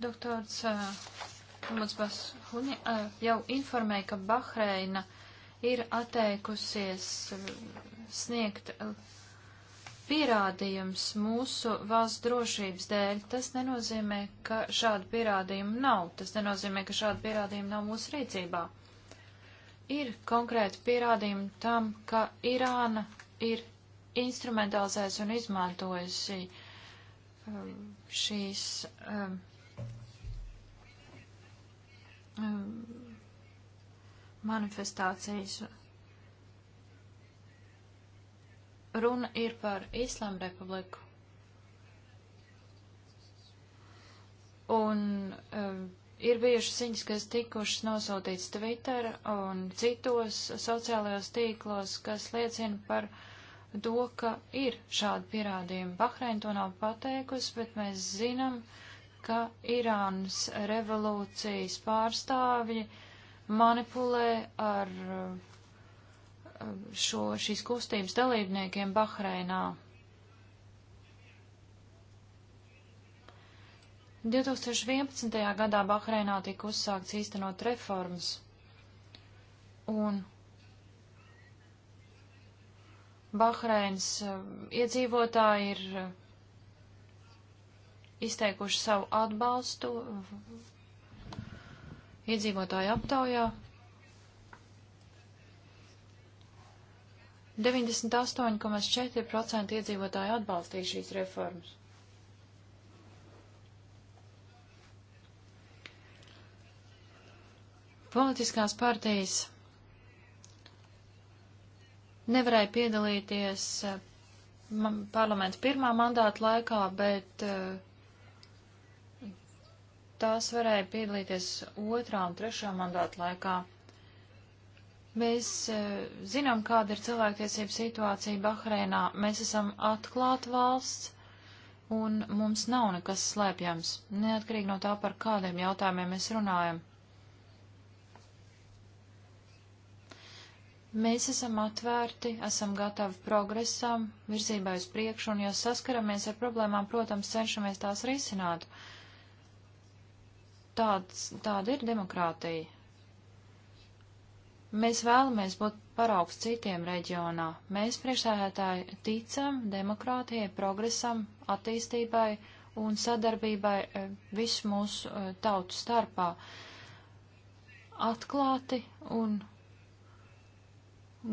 Doktors uh, Mutsbas jau informēja, ka Bahreina ir atteikusies sniegt pierādījums mūsu valsts drošības dēļ. Tas nenozīmē, ka šādu pierādījumu nav. Tas nenozīmē, ka šādu pierādījumu nav mūsu rīcībā. Ir konkrēti pierādījumi tam, ka Irāna ir instrumentalizējusi un izmantojusi šīs. Um, manifestācijas. Runa ir par Islām republiku. Un um, ir bijušas ziņas, kas tikušas nosūtīts Twitter un citos sociālajos tīklos, kas liecina par to, ka ir šādi pierādījumi. Bahrein to nav pateikusi, bet mēs zinām, uh, ka Irānas revolūcijas pārstāvji manipulē ar eh, šo, šīs kustības dalībniekiem Bahreinā. 2011. gadā Bahreinā tika uzsākts īstenot reformas, un Bahreins eh, iedzīvotāji ir izteikuši savu atbalstu iedzīvotāju aptaujā. 98,4% iedzīvotāji atbalstīja šīs reformas. Politiskās partijas nevarēja piedalīties eh, parlamenta pirmā mandāta laikā, bet uh, tās varēja piedalīties otrā un trešā mandāta laikā. Mēs e, zinām, kāda ir cilvēktiesība situācija Bahreinā. Mēs esam atklāta valsts, un mums nav nekas slēpjams, neatkarīgi no tā, par kādiem jautājumiem mēs runājam. Mēs esam atvērti, esam gatavi progresam, virzībai uz priekšu, un, ja saskaramies ar problēmām, protams, cenšamies tās risināt. Uh, tāds, tāda ir demokrātija. Mēs vēlamies būt paraugs citiem reģionā. Mēs priekšsēdētāji ticam demokrātijai, progresam, attīstībai un sadarbībai eh, visu mūsu eh, tautu starpā. Atklāti un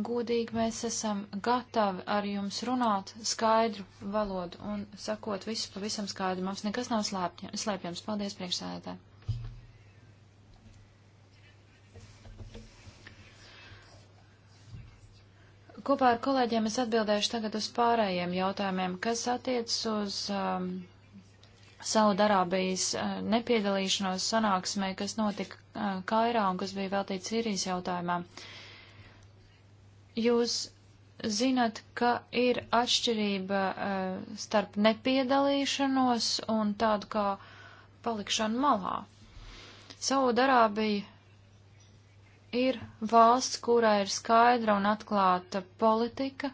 godīgi mēs esam gatavi ar jums runāt skaidru valodu un sakot visu pavisam skaidru. Mums nekas nav slēpjams. Paldies, priekšsēdētāji! Kopā ar kolēģiem es atbildēšu tagad uz pārējiem jautājumiem, kas attiecas uz um, Saudarābijas uh, nepiedalīšanos sanāksmē, kas notika uh, Kairā un kas bija veltīts Sīrijas jautājumā. Jūs zinat, ka ir atšķirība uh, starp nepiedalīšanos un tādu kā palikšanu malā. Saudarābija ir valsts, kurā ir skaidra un atklāta politika.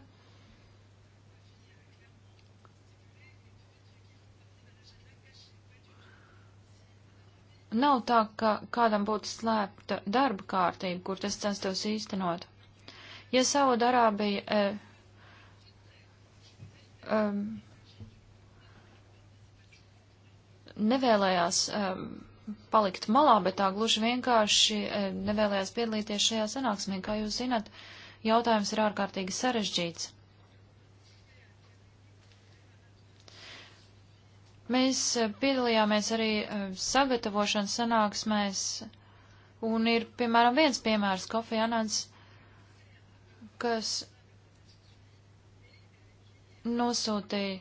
Nav tā, ka kādam būtu slēpta darba kārtība, kur tas censtos īstenot. Ja Saudarābija e, eh, um, ehm, nevēlējās um, palikt malā, bet tā gluži vienkārši e, nevēlējās piedalīties šajā sanāksmē. Kā jūs zinat, jautājums ir ārkārtīgi sarežģīts. Mēs e, piedalījāmies arī e, sagatavošanas sanāksmēs, un ir, piemēram, viens piemērs, Kofi Anants, kas nosūtīja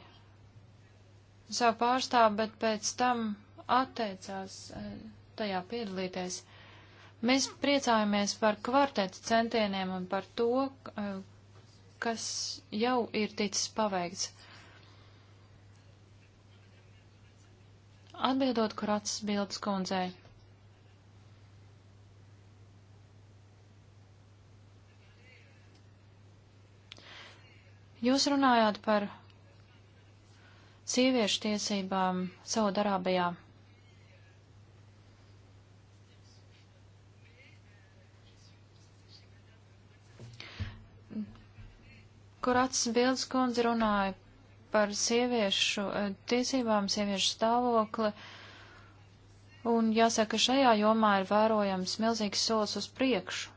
savu pārstāvu, bet pēc tam atteicās eh, tajā piedalīties. Mēs priecājamies par kvartets centieniem un par to, eh, kas jau ir ticis paveikts. Atbildot Kurats bildes kundzei. Jūs runājāt par sieviešu tiesībām Saudarābijā. Korats Bildes kundze runāja par sieviešu eh, tiesībām, sieviešu stāvokli, un jāsaka, ka šajā jomā ir vērojams milzīgs solis uz priekšu.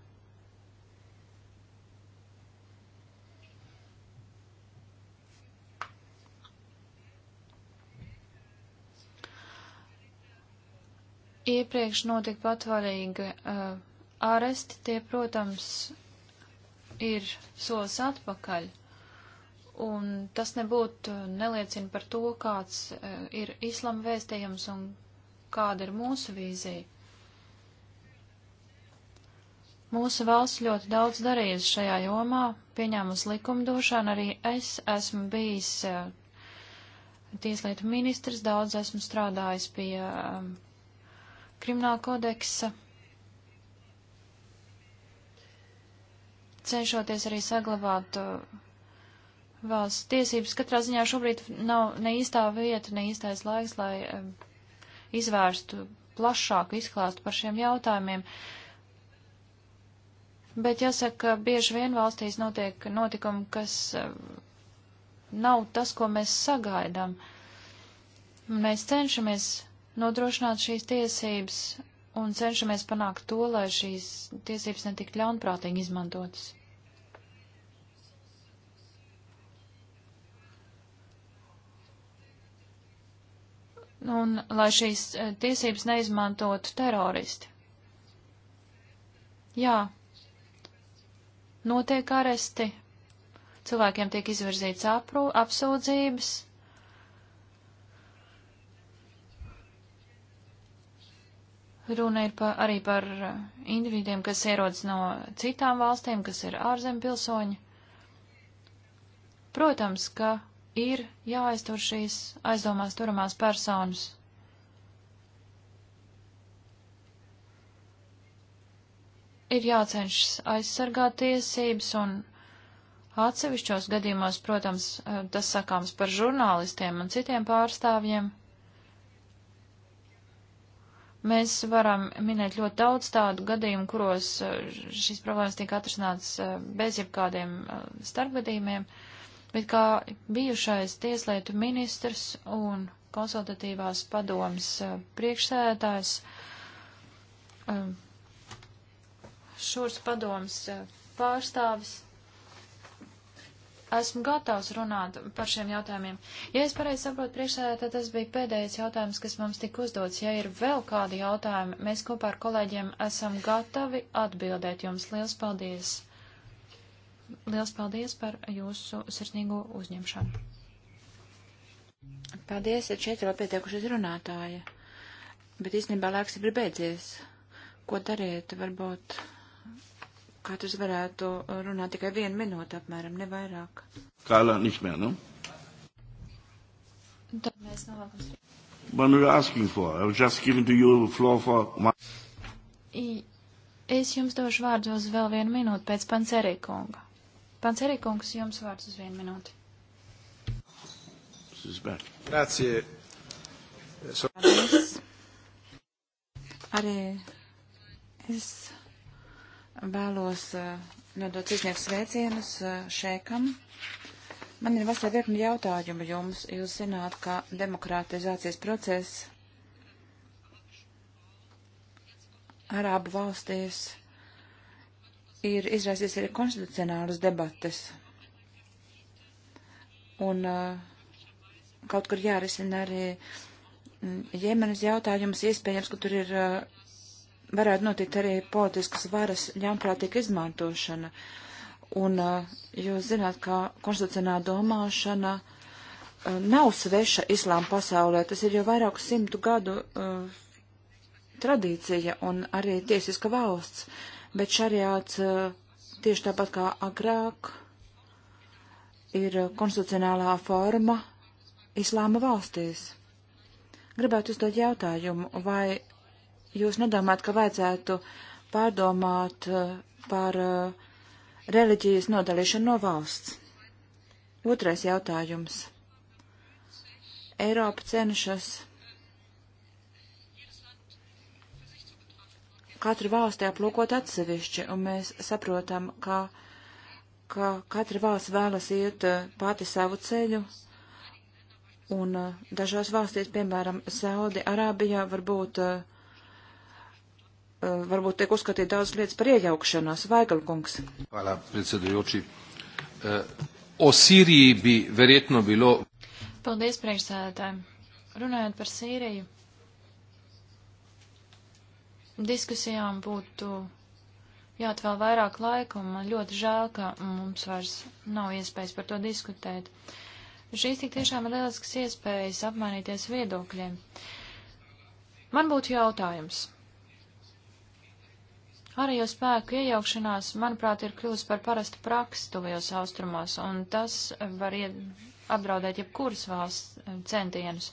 Iepriekš notika patvarīgi uh, aresti, tie, protams, ir solis atpakaļ. Un tas nebūtu neliecina par to, kāds e, ir islama vēstījums un kāda ir mūsu vīzija. Mūsu valsts ļoti daudz darījusi šajā jomā, pieņēmusi likumdošanu, arī es esmu bijis e, tieslietu ministrs, daudz esmu strādājis pie e, krimināla kodeksa cenšoties arī saglabāt uh, valsts tiesības. Katrā ziņā šobrīd nav ne īstā vieta, ne īstais laiks, lai um, izvērstu plašāku izklāstu par šiem jautājumiem. Bet jāsaka, bieži vien valstīs notiek notikumi, kas um, nav tas, ko mēs sagaidām. Mēs cenšamies nodrošināt šīs tiesības un cenšamies panākt to, lai šīs tiesības netiktu ļaunprātīgi izmantotas. Un lai šīs eh, tiesības neizmantotu teroristi. Jā, notiek aresti, cilvēkiem tiek izvirzīts apru, apsūdzības. Runa ir pa, arī par eh, individiem, kas ierodas no citām valstīm, kas ir ārzem pilsoņi. Protams, ka ir jāaiztur šīs aizdomās turamās personas. Ir jācenšas aizsargāt tiesības un atsevišķos gadījumos, protams, eh, tas sakāms par žurnālistiem un citiem pārstāvjiem. Mēs varam minēt ļoti daudz tādu gadījumu, kuros e, šīs problēmas tiek atrasināts e, bez jebkādiem e, starpgadījumiem, bet kā bijušais tieslietu ministrs un konsultatīvās padomas priekšsēdētājs, šurs padomas pārstāvis, esmu gatavs runāt par šiem jautājumiem. Ja es pareizi saprotu priekšsēdē, tad tas bija pēdējais jautājums, kas mums tika uzdots. Ja ir vēl kādi jautājumi, mēs kopā ar kolēģiem esam gatavi atbildēt jums. Liels paldies! Liels paldies par jūsu sirsnīgo uzņemšanu! Paldies, ir četri vēl pietiekušies runātāji, bet īstenībā laiks ir beidzies. Ko dariet, varbūt Katrs varētu runāt tikai vienu minūti apmēram, ne vairāk. Kailā nišmēr, nu? Tad mēs nolākam. What are you asking for? I was just giving to you the floor for one. Es jums došu vārdu uz vēl vienu minūti pēc pancerikunga. Pancerikungs, jums vārds uz vienu minūti. Grazie. So... Arī es Vēlos eh, nodot izniegs sveicienus eh, šēkam. Man ir vasarā virkni jautājumi jums. Jūs zināt, ka demokratizācijas process Arābu valstīs ir izraisījis arī konstitucionālas debates. Un eh, kaut kur jārisina arī mm, Jemenas jautājums. Iespējams, ka tur ir varētu notikt arī politiskas varas ļaunprātīga izmantošana. Un uh, jūs zināt, ka konstitucionā domāšana uh, nav sveša islāma pasaulē, tas ir jau vairāku simtu gadu uh, tradīcija un arī tiesiska valsts, bet šariāts uh, tieši tāpat kā agrāk ir konstitucionālā forma islāma valstīs. Gribētu uzdot jautājumu, vai jūs nedomājat, ka vajadzētu pārdomāt eh, par eh, reliģijas nodalīšanu no valsts? Otrais jautājums. Eiropa cenšas katru valsti aplūkot atsevišķi, un mēs saprotam, ka, ka katra valsts vēlas iet eh, pati savu ceļu, un dažās valstīs, piemēram, Saudi Arābijā, varbūt uh, Eh, varbūt tiek uzskatīt daudz lietas par iejaukšanos. Vaigalkungs. Hvala, predsedujoči. Eh, o Sīriju bija verjetno bilo. Paldies, priekšsēdētāji. Runājot par Sīriju, diskusijām būtu jāatvēl vairāk laika, un man ļoti žēl, ka mums vairs nav iespējas par to diskutēt. Šīs tik tiešām ir lielisks iespējas apmainīties viedokļiem. Man būtu jautājums. Ārējo spēku iejaukšanās, manuprāt, ir kļūst par parastu praksi tuvajos austrumos, un tas var ied, apdraudēt jebkuras valsts eh, centienus.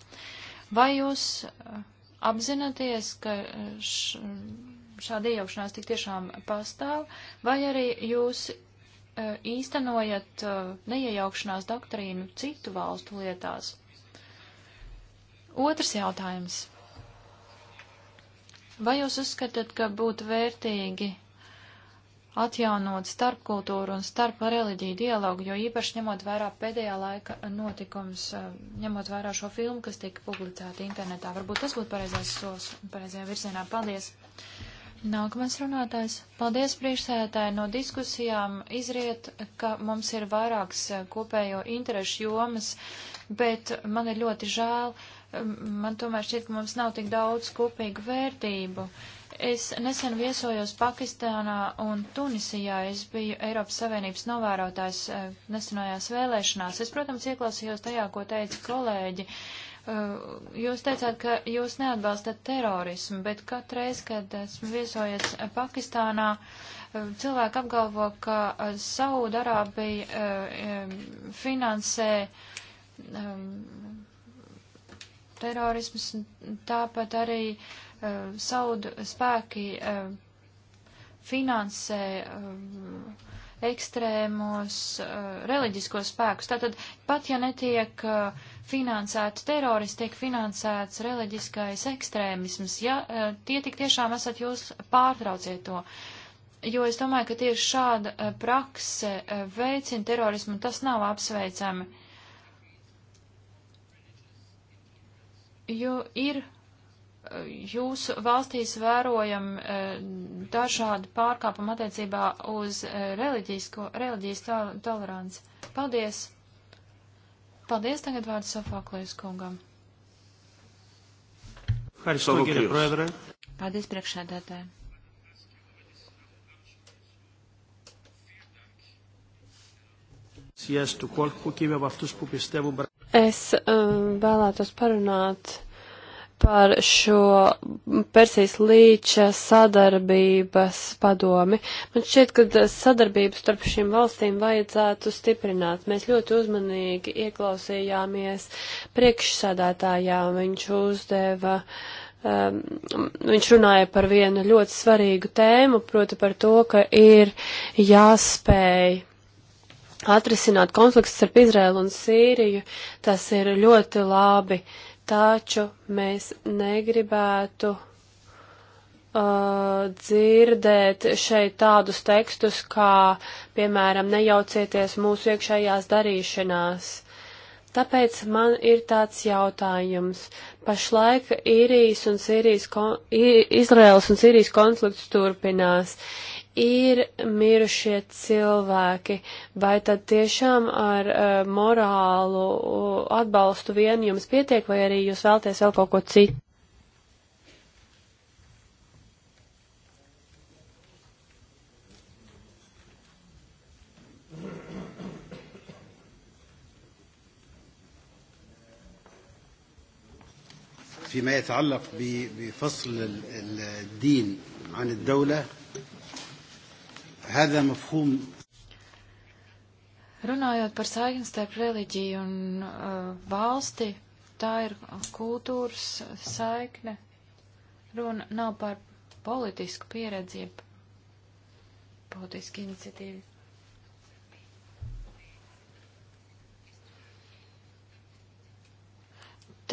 Vai jūs eh, apzināties, ka eh, š, šāda iejaukšanās tik tiešām pastāv, vai arī jūs īstenojat neiejaukšanās doktrīnu citu valstu lietās? Otrs jautājums. Vai jūs uzskatāt, ka būtu vērtīgi atjaunot starpkultūru un starp reliģiju dialogu, jo īpaši ņemot vērā pēdējā laika notikums, eh, ņemot vērā šo filmu, kas tika publicēta internetā. Varbūt tas būtu pareizais solis un pareizajā virzienā. Paldies! Nākamais runātājs. Paldies priekšsēdētāji. No diskusijām izriet, ka mums ir vairāks eh, kopējo interešu jomas, bet man ir ļoti žēl, uh, man tomēr šķiet, ka mums nav tik daudz kopīgu vērtību. Es nesen viesojos Pakistānā un Tunisijā. Es biju Eiropas Savienības novērotājs eh, nesenojās vēlēšanās. Es, protams, ieklausījos tajā, ko teica kolēģi. Eh, jūs teicāt, ka jūs neatbalstat terorismu, bet katreiz, kad esmu viesojies Pakistānā, eh, cilvēki apgalvo, ka Saudarābija finansē terorisms, tāpat arī uh, saudu spēki uh, finansē uh, ekstrēmos uh, reliģiskos spēkus. Tātad, pat ja netiek uh, finansēti teroristi, tiek finansēts reliģiskais ekstrēmisms, ja uh, tie tik tiešām esat jūs pārtrauciet to. Jo es domāju, ka tieši šāda uh, prakse uh, veicina terorismu, tas nav apsveicami. Uh, jo ir eh, jūsu valstīs vērojami eh, dažādi pārkāpumi attiecībā uz eh, reliģijas toleranci. Paldies! Paldies tagad vārds Sofoklējas kungam. Paldies priekšsēdētāji. Yes, to qualcuno che aveva αυτούς που πιστεύουν Es um, vēlētos parunāt par šo Persijas līča sadarbības padomi. Man šķiet, ka uh, sadarbību starp šīm valstīm vajadzētu stiprināt. Mēs ļoti uzmanīgi ieklausījāmies priekšsādātājā. Viņš uzdeva, um, viņš runāja par vienu ļoti svarīgu tēmu, proti par to, ka ir jāspēj atrisināt konfliktus ar Izraēlu un Sīriju, tas ir ļoti labi, taču mēs negribētu uh, dzirdēt šeit tādus tekstus, kā, piemēram, nejaucieties mūsu iekšējās darīšanās. Tāpēc man ir tāds jautājums. Pašlaik Īrijas un Sīrijas, Izraels un Sīrijas konflikts turpinās ir mirušie cilvēki, vai tad tiešām ar uh, morālu atbalstu vien jums pietiek, vai arī jūs vēlties vēl kaut ko citu? فيما يتعلق بفصل الدين عن الدولة هذا مفهوم Runājot par saikni starp reliģiju un uh, valsti, tā ir kultūras saikne. Runa nav par politisku pieredzi, politisku iniciatīvu.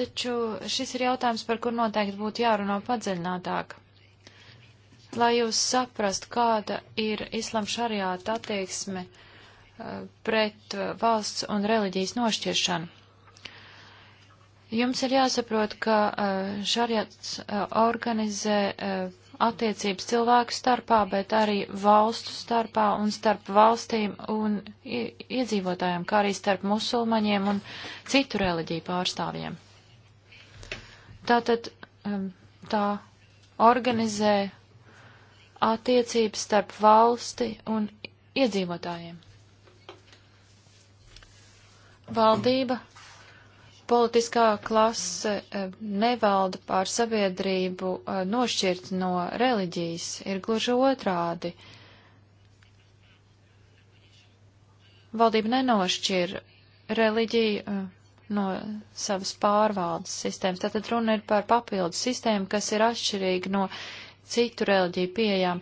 Taču šis ir jautājums, par kur noteikti būtu jārunā padziļinātāk lai jūs saprastu, kāda ir islama šariāta attieksme uh, pret uh, valsts un reliģijas nošķiršanu. Jums ir jāsaprot, ka uh, šariāts organizē attiecības cilvēku starpā, bet arī valstu starpā un starp valstīm un iedzīvotājiem, kā arī starp musulmaņiem un citu reliģiju pārstāvjiem. Tātad um, tā organizē attiecības starp valsti un iedzīvotājiem. Valdība, politiskā klase eh, nevalda pār sabiedrību eh, nošķirt no reliģijas, ir gluži otrādi. Valdība nenošķir reliģiju eh, no savas pārvaldes sistēmas. Tātad runa ir par papildu sistēmu, kas ir atšķirīga no citu reliģiju pieejām.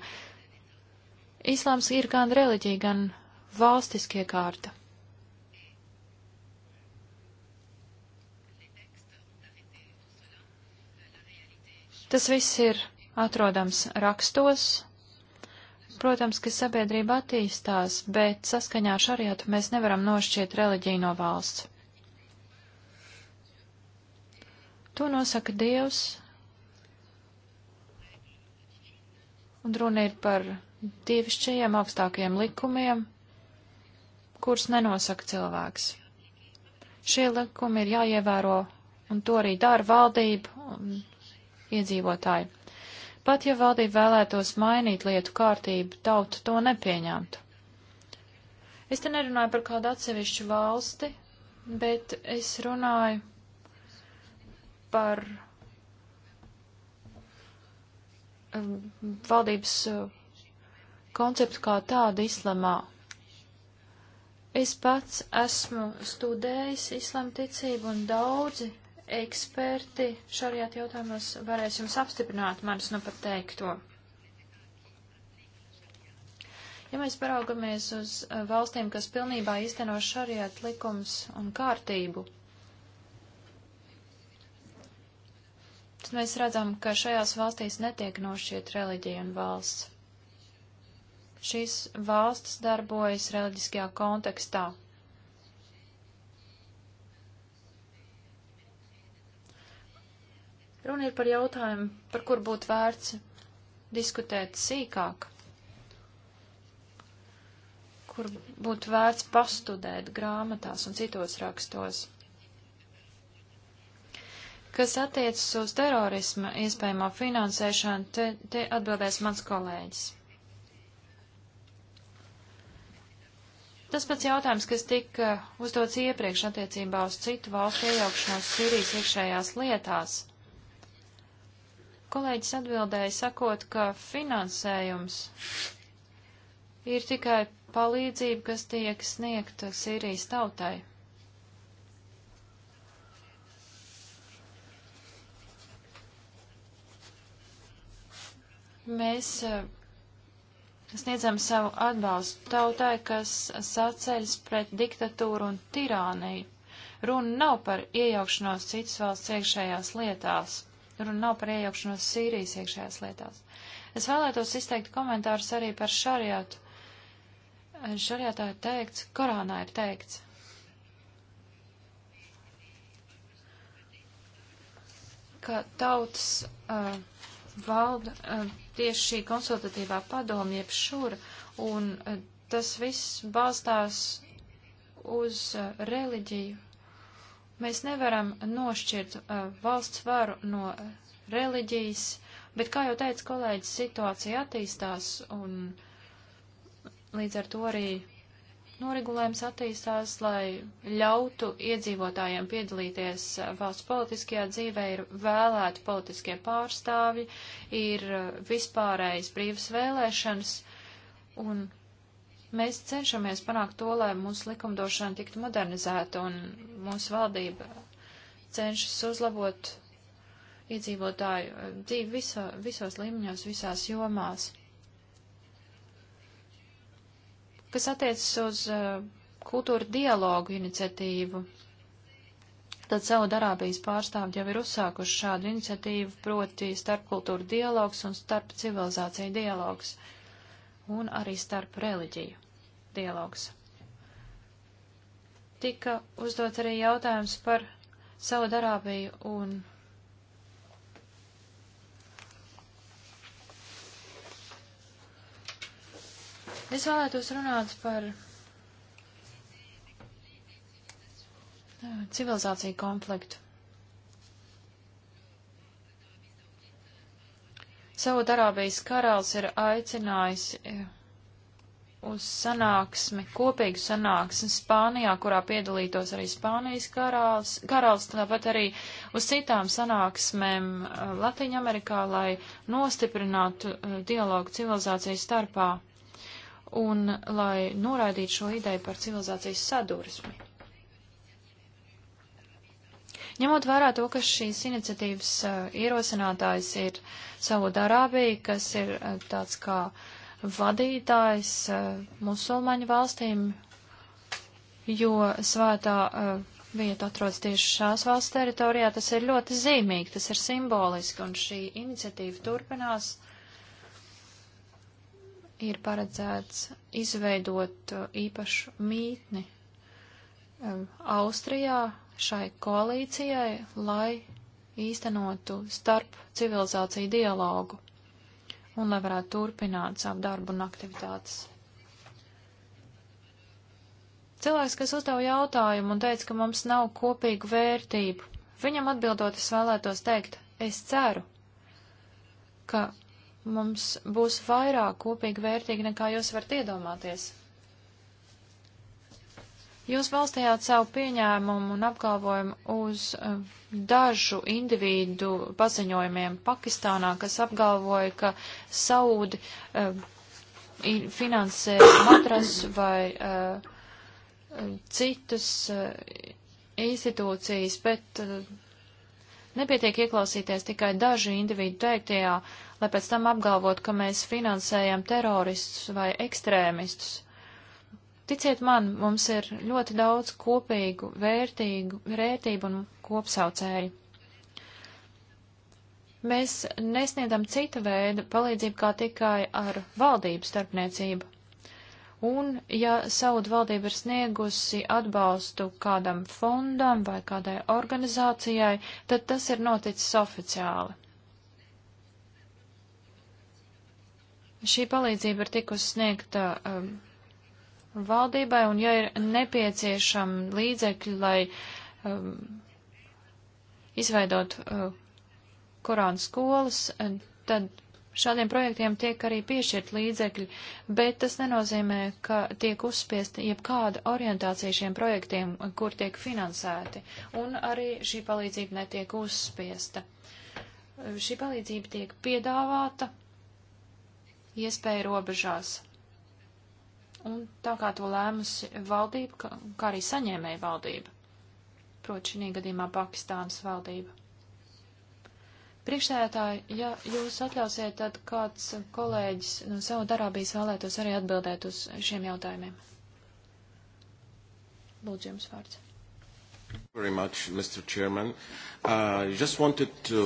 Islāms ir gan reliģija, gan valstiskie kārta. Tas viss ir atrodams rakstos. Protams, ka sabiedrība attīstās, bet saskaņā ar šariatu mēs nevaram nošķiet reliģiju no valsts. To nosaka Dievs un runa ir par dievišķajiem augstākajiem likumiem, kurus nenosaka cilvēks. Šie likumi ir jāievēro, un to arī dara valdība un iedzīvotāji. Pat ja valdība vēlētos mainīt lietu kārtību, tauta to nepieņemtu. Es te nerunāju par kādu atsevišķu valsti, bet es runāju par valdības eh, konceptu kā tādu islamā. Es pats esmu studējis islama ticību un daudzi eksperti šarjāt jautājumos varēs jums apstiprināt manis nu pat teikto. Ja mēs paraugamies uz eh, valstīm, kas pilnībā izteno šarjāt likums un kārtību, tad mēs redzam, ka šajās valstīs netiek nošķiet reliģija un valsts. Šīs valstis darbojas reliģiskajā kontekstā. Runa ir par jautājumu, par kur būtu vērts diskutēt sīkāk, kur būtu vērts pastudēt grāmatās un citos rakstos. Kas attiecas uz terorisma iespējamo finansēšanu, te, te atbildēs mans kolēģis. Tas pats jautājums, kas tika uzdots iepriekš attiecībā uz citu valstu iejaukšanos Sīrijas iekšējās lietās. Kolēģis atbildēja sakot, ka finansējums ir tikai palīdzība, kas tiek sniegta Sīrijas tautai. Mēs eh, sniedzam savu atbalstu tautai, kas saceļas pret diktatūru un tirāniju. Runa nav par iejaukšanos citas valsts iekšējās lietās. Runa nav par iejaukšanos Sīrijas iekšējās lietās. Es vēlētos izteikt komentārus arī par šariatu. Šariatā ir teikts, Korānā ir teikts. ka tautas uh, valda eh, tieši šī konsultatīvā padomi, jeb šura, un eh, tas viss balstās uz eh, reliģiju. Mēs nevaram nošķirt valsts varu no reliģijas, bet, kā jau teica kolēģis, situācija attīstās, un līdz ar to arī noregulējums attīstās, lai ļautu iedzīvotājiem piedalīties valsts politiskajā dzīvē, ir vēlēti politiskie pārstāvji, ir uh, vispārējais brīvas vēlēšanas, un mēs cenšamies panākt to, lai mūsu likumdošana tiktu modernizēta, un mūsu valdība cenšas uzlabot iedzīvotāju uh, dzīvi viso, visos līmeņos, visās jomās. Kas attiecas uz eh, kultūra dialogu iniciatīvu, tad Saudarābijas pārstāvji jau ir uzsākuši šādu iniciatīvu, proti starpkultūra dialogs un starp civilizāciju dialogs un arī starp reliģiju dialogs. Tika uzdots arī jautājums par Saudarābiju un Es vēlētos runāt par civilizāciju konfliktu. Saudarābijas karalis ir aicinājis uz sanāksmi, kopīgu sanāksmi Spānijā, kurā piedalītos arī Spānijas karāls, karāls tāpat arī uz citām sanāksmēm Latviņamerikā, lai nostiprinātu dialogu civilizācijas starpā un lai noraidītu šo ideju par civilizācijas sadursmi. Ņemot vērā to, ka šīs iniciatīvas uh, ierosinātājs ir savu darābī, kas ir uh, tāds kā vadītājs uh, musulmaņu valstīm, jo svētā uh, vieta atrodas tieši šās valsts teritorijā, tas ir ļoti zīmīgi, tas ir simboliski, un šī iniciatīva turpinās ir paredzēts izveidot uh, īpašu mītni um, Austrijā šai koalīcijai, lai īstenotu starp civilizāciju dialogu un lai varētu turpināt savu darbu un aktivitātes. Cilvēks, kas uzdeva jautājumu un teica, ka mums nav kopīgu vērtību, viņam atbildot es vēlētos teikt, es ceru, ka mums būs vairāk kopīgi vērtīgi, nekā jūs varat iedomāties. Jūs valstījāt savu pieņēmumu un apgalvojumu uz eh, dažu individu paziņojumiem Pakistānā, kas apgalvoja, ka Saudi uh, finansē matras vai uh, citas uh, institūcijas, bet nepietiek ieklausīties tikai dažu individu teiktajā. Ja lai pēc tam apgalvot, ka mēs finansējam teroristus vai ekstrēmistus. Ticiet man, mums ir ļoti daudz kopīgu, vērtīgu, vērtību un kopsaucēju. Mēs nesniedzam cita veida palīdzību kā tikai ar valdību starpniecību. Un, ja Saudu valdība ir sniegusi atbalstu kādam fondam vai kādai organizācijai, tad tas ir noticis oficiāli. Šī palīdzība ir tikusi sniegta um, valdībai, un ja ir nepieciešama līdzekļi, lai um, izveidot uh, Korāna skolas, eh, tad šādiem projektiem tiek arī piešķirt līdzekļi, bet tas nenozīmē, ka tiek uzspiesta jebkāda orientācija šiem projektiem, kur tiek finansēti, un arī šī palīdzība netiek uzspiesta. Šī palīdzība tiek piedāvāta iespēju robežās. Un tā kā to lēmusi valdība, kā arī saņēmēja valdība, proti šī gadījumā Pakistānas valdība. Priekšsēdētāji, ja jūs atļausiet, tad kāds kolēģis no Saudarābijas vēlētos arī atbildēt uz šiem jautājumiem. Lūdzu, jums vārds. Very much, Mr. Chairman. Uh, just wanted to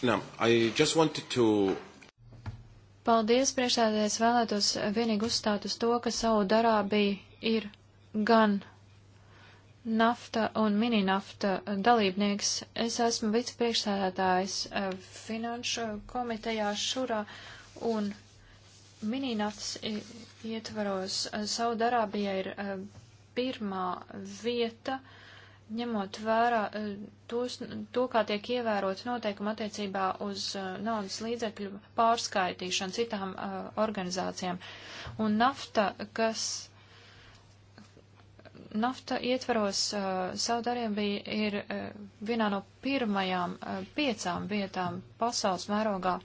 Nā, I just wanted to Paldies, priekšsēdētājs vēlētos vienīgi uzstāt uz to, ka Saudarābija ir gan nafta un mininafta dalībnieks. Es esmu vicepriekšsēdētājs eh, finanšu komitejā šurā un mininaftas ietvaros eh, Saudarābija ir eh, pirmā vieta ņemot vērā eh, tos, to, kā tiek ievērots noteikumi attiecībā uz eh, naudas līdzekļu pārskaitīšanu citām uh, organizācijām. Un nafta, kas. Nafta ietvaros uh, Saudarībija ir uh, vienā no pirmajām uh, piecām vietām pasaules mērogā.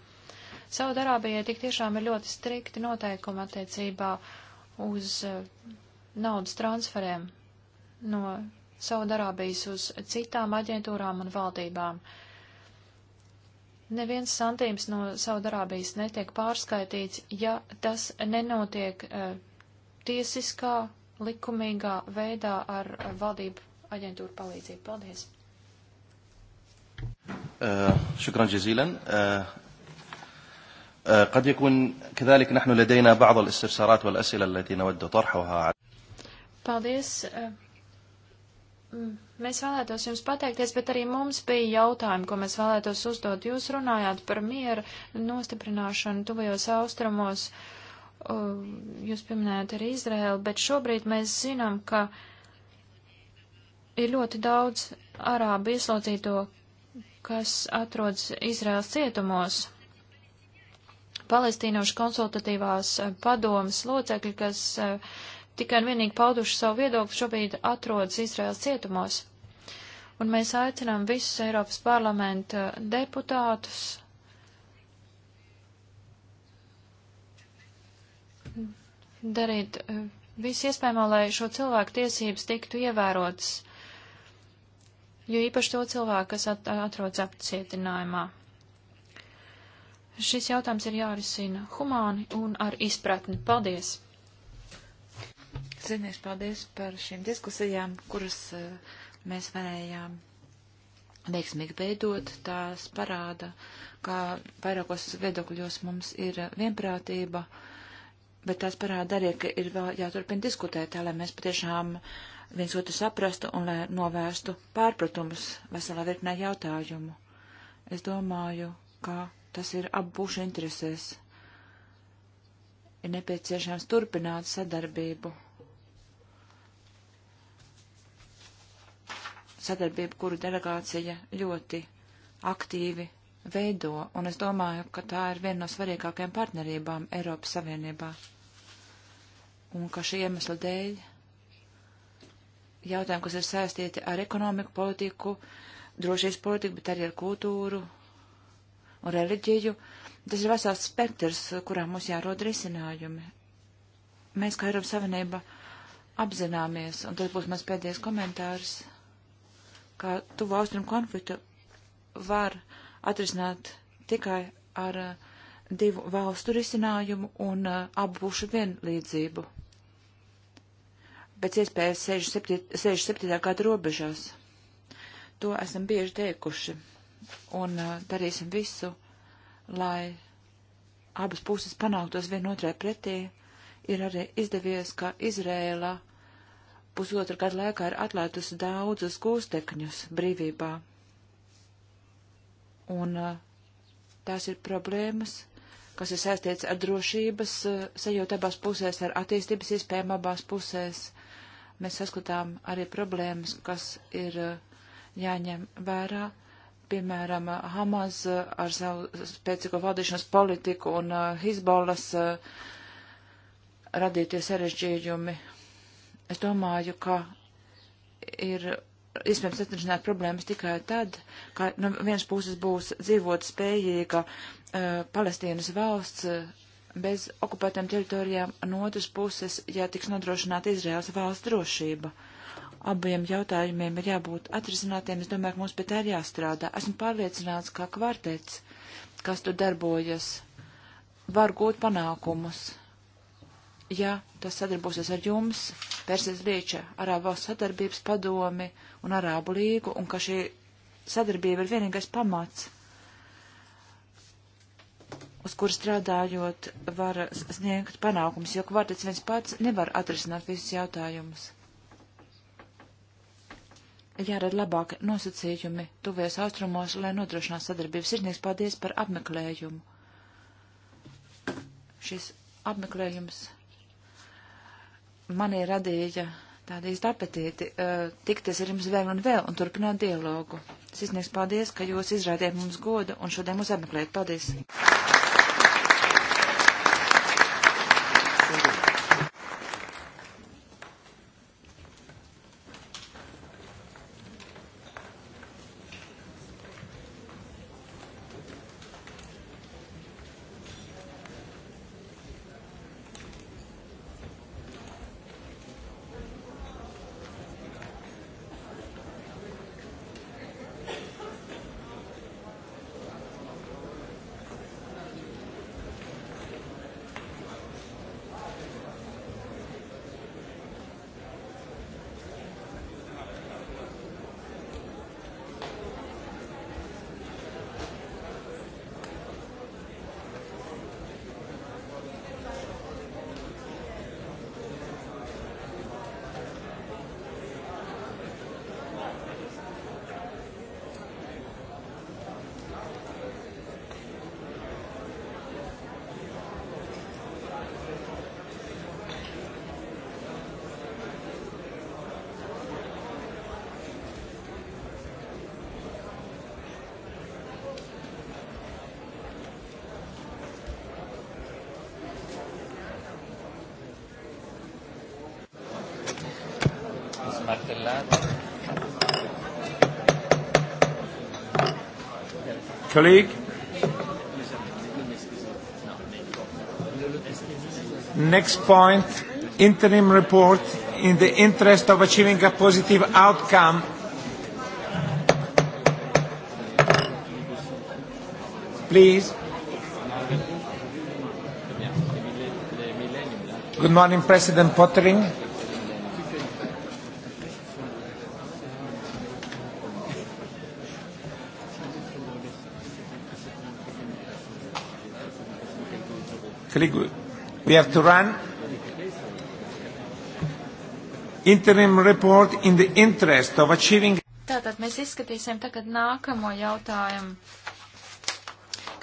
Saudarābijai tik tiešām ir ļoti strikti noteikumi attiecībā uz uh, naudas transferiem no Saudarābijas uz citām aģentūrām un valdībām. Neviens santīms no Saudarābijas netiek pārskaitīts, ja tas nenotiek e, tiesiskā, likumīgā veidā ar valdību aģentūru palīdzību. Paldies! Eh, شكرا جزيلا eh, قد يكون كذلك نحن لدينا بعض الاستفسارات والأسئلة التي نود طرحها Paldies! Mēs vēlētos jums pateikties, bet arī mums bija jautājumi, ko mēs vēlētos uzdot. Jūs runājāt par miera nostiprināšanu tuvajos austrumos. Jūs pieminējāt arī Izraēlu, bet šobrīd mēs zinām, ka ir ļoti daudz arābu ieslodzīto, kas atrodas Izraēlas cietumos palestīnošu konsultatīvās eh, padomas locekļi, kas uh, tikai un vienīgi pauduši savu viedokli, šobrīd atrodas Izraels cietumos. Un mēs aicinām visus Eiropas parlamenta deputātus darīt eh, visu iespējamo, lai šo cilvēku tiesības tiktu ievērotas, jo īpaši to cilvēku, kas at atrodas apcietinājumā. Šis jautājums ir jārisina humāni un ar izpratni. Paldies! Cenies paldies par šīm diskusijām, kuras uh, mēs varējām veiksmīgi veidot. Tās parāda, ka vairākos viedokļos mums ir vienprātība, bet tās parāda arī, ka ir vēl jāturpina diskutēt, tā, lai mēs patiešām viens otru saprastu un lai novērstu pārpratumus veselā virknē jautājumu. Es domāju, ka tas ir apbūšu interesēs. Ir nepieciešams turpināt sadarbību sadarbību, kuru delegācija ļoti aktīvi veido, un es domāju, ka tā ir viena no svarīgākajām partnerībām Eiropas Savienībā. Un ka šī iemesla dēļ jautājumi, kas ir saistīti ar ekonomiku, politiku, drošības politiku, bet arī ar kultūru un reliģiju, tas ir vesels spektrs, kurā mums jārod risinājumi. Mēs, kā Eiropas Savienība, apzināmies, un tas būs mans pēdējais komentārs ka tuvu austrumu konfliktu var atrisināt tikai ar uh, divu valstu risinājumu un uh, abu pušu vienlīdzību. Pēc iespējas 67, 67. gada robežās. To esam bieži teikuši un uh, darīsim visu, lai abas puses panāktos vienotrai pretī. Ir arī izdevies, ka Izrēla pusotru gadu laikā ir atlaidusi daudzus gūstekņus brīvībā. Un eh, tās ir problēmas, kas ir saistīts ar drošības eh, sajūtu abās pusēs, ar attīstības iespējām abās pusēs. Mēs saskatām arī problēmas, kas ir eh, jāņem vērā, piemēram, Hamas ar savu spēcīgo valdīšanas politiku un Hizbolas radītie sarežģījumi Es domāju, ka ir iespējams atrisināt problēmas tikai tad, ka no nu, vienas puses būs dzīvot spējīga uh, Palestīnas valsts uh, bez okupētām teritorijām, no otras puses, ja tiks nodrošināta Izraels valsts drošība. Abiem jautājumiem ir jābūt atrisinātiem, es domāju, ka mums pie tā ir jāstrādā. Esmu pārliecināts, ka kvartets, kas tur darbojas, var gūt panākumus, ja tas sadarbosies ar jums Persijas līča Arābu valsts sadarbības padomi un Arābu līgu, un ka šī sadarbība ir vienīgais pamats, uz kur strādājot var sniegt panākumus, jo kvartets viens pats nevar atrisināt visus jautājumus. Ir jārada labāki nosacījumi tuvies austrumos, lai nodrošinātu sadarbības. Sirdnieks paldies par apmeklējumu. Šis apmeklējums manī radīja tādu īstu apetīti uh, tikties ar jums vēl un vēl un turpināt dialogu. Es izniegs paldies, ka jūs izrādījāt mums godu un šodien mūs apmeklējat. Paldies! parlato. Colleague? Next point, interim report in the interest of achieving a positive outcome please. Good morning, President Pottering. We have to run. Interim report in the interest of achieving. Tātad mēs izskatīsim tagad nākamo jautājumu,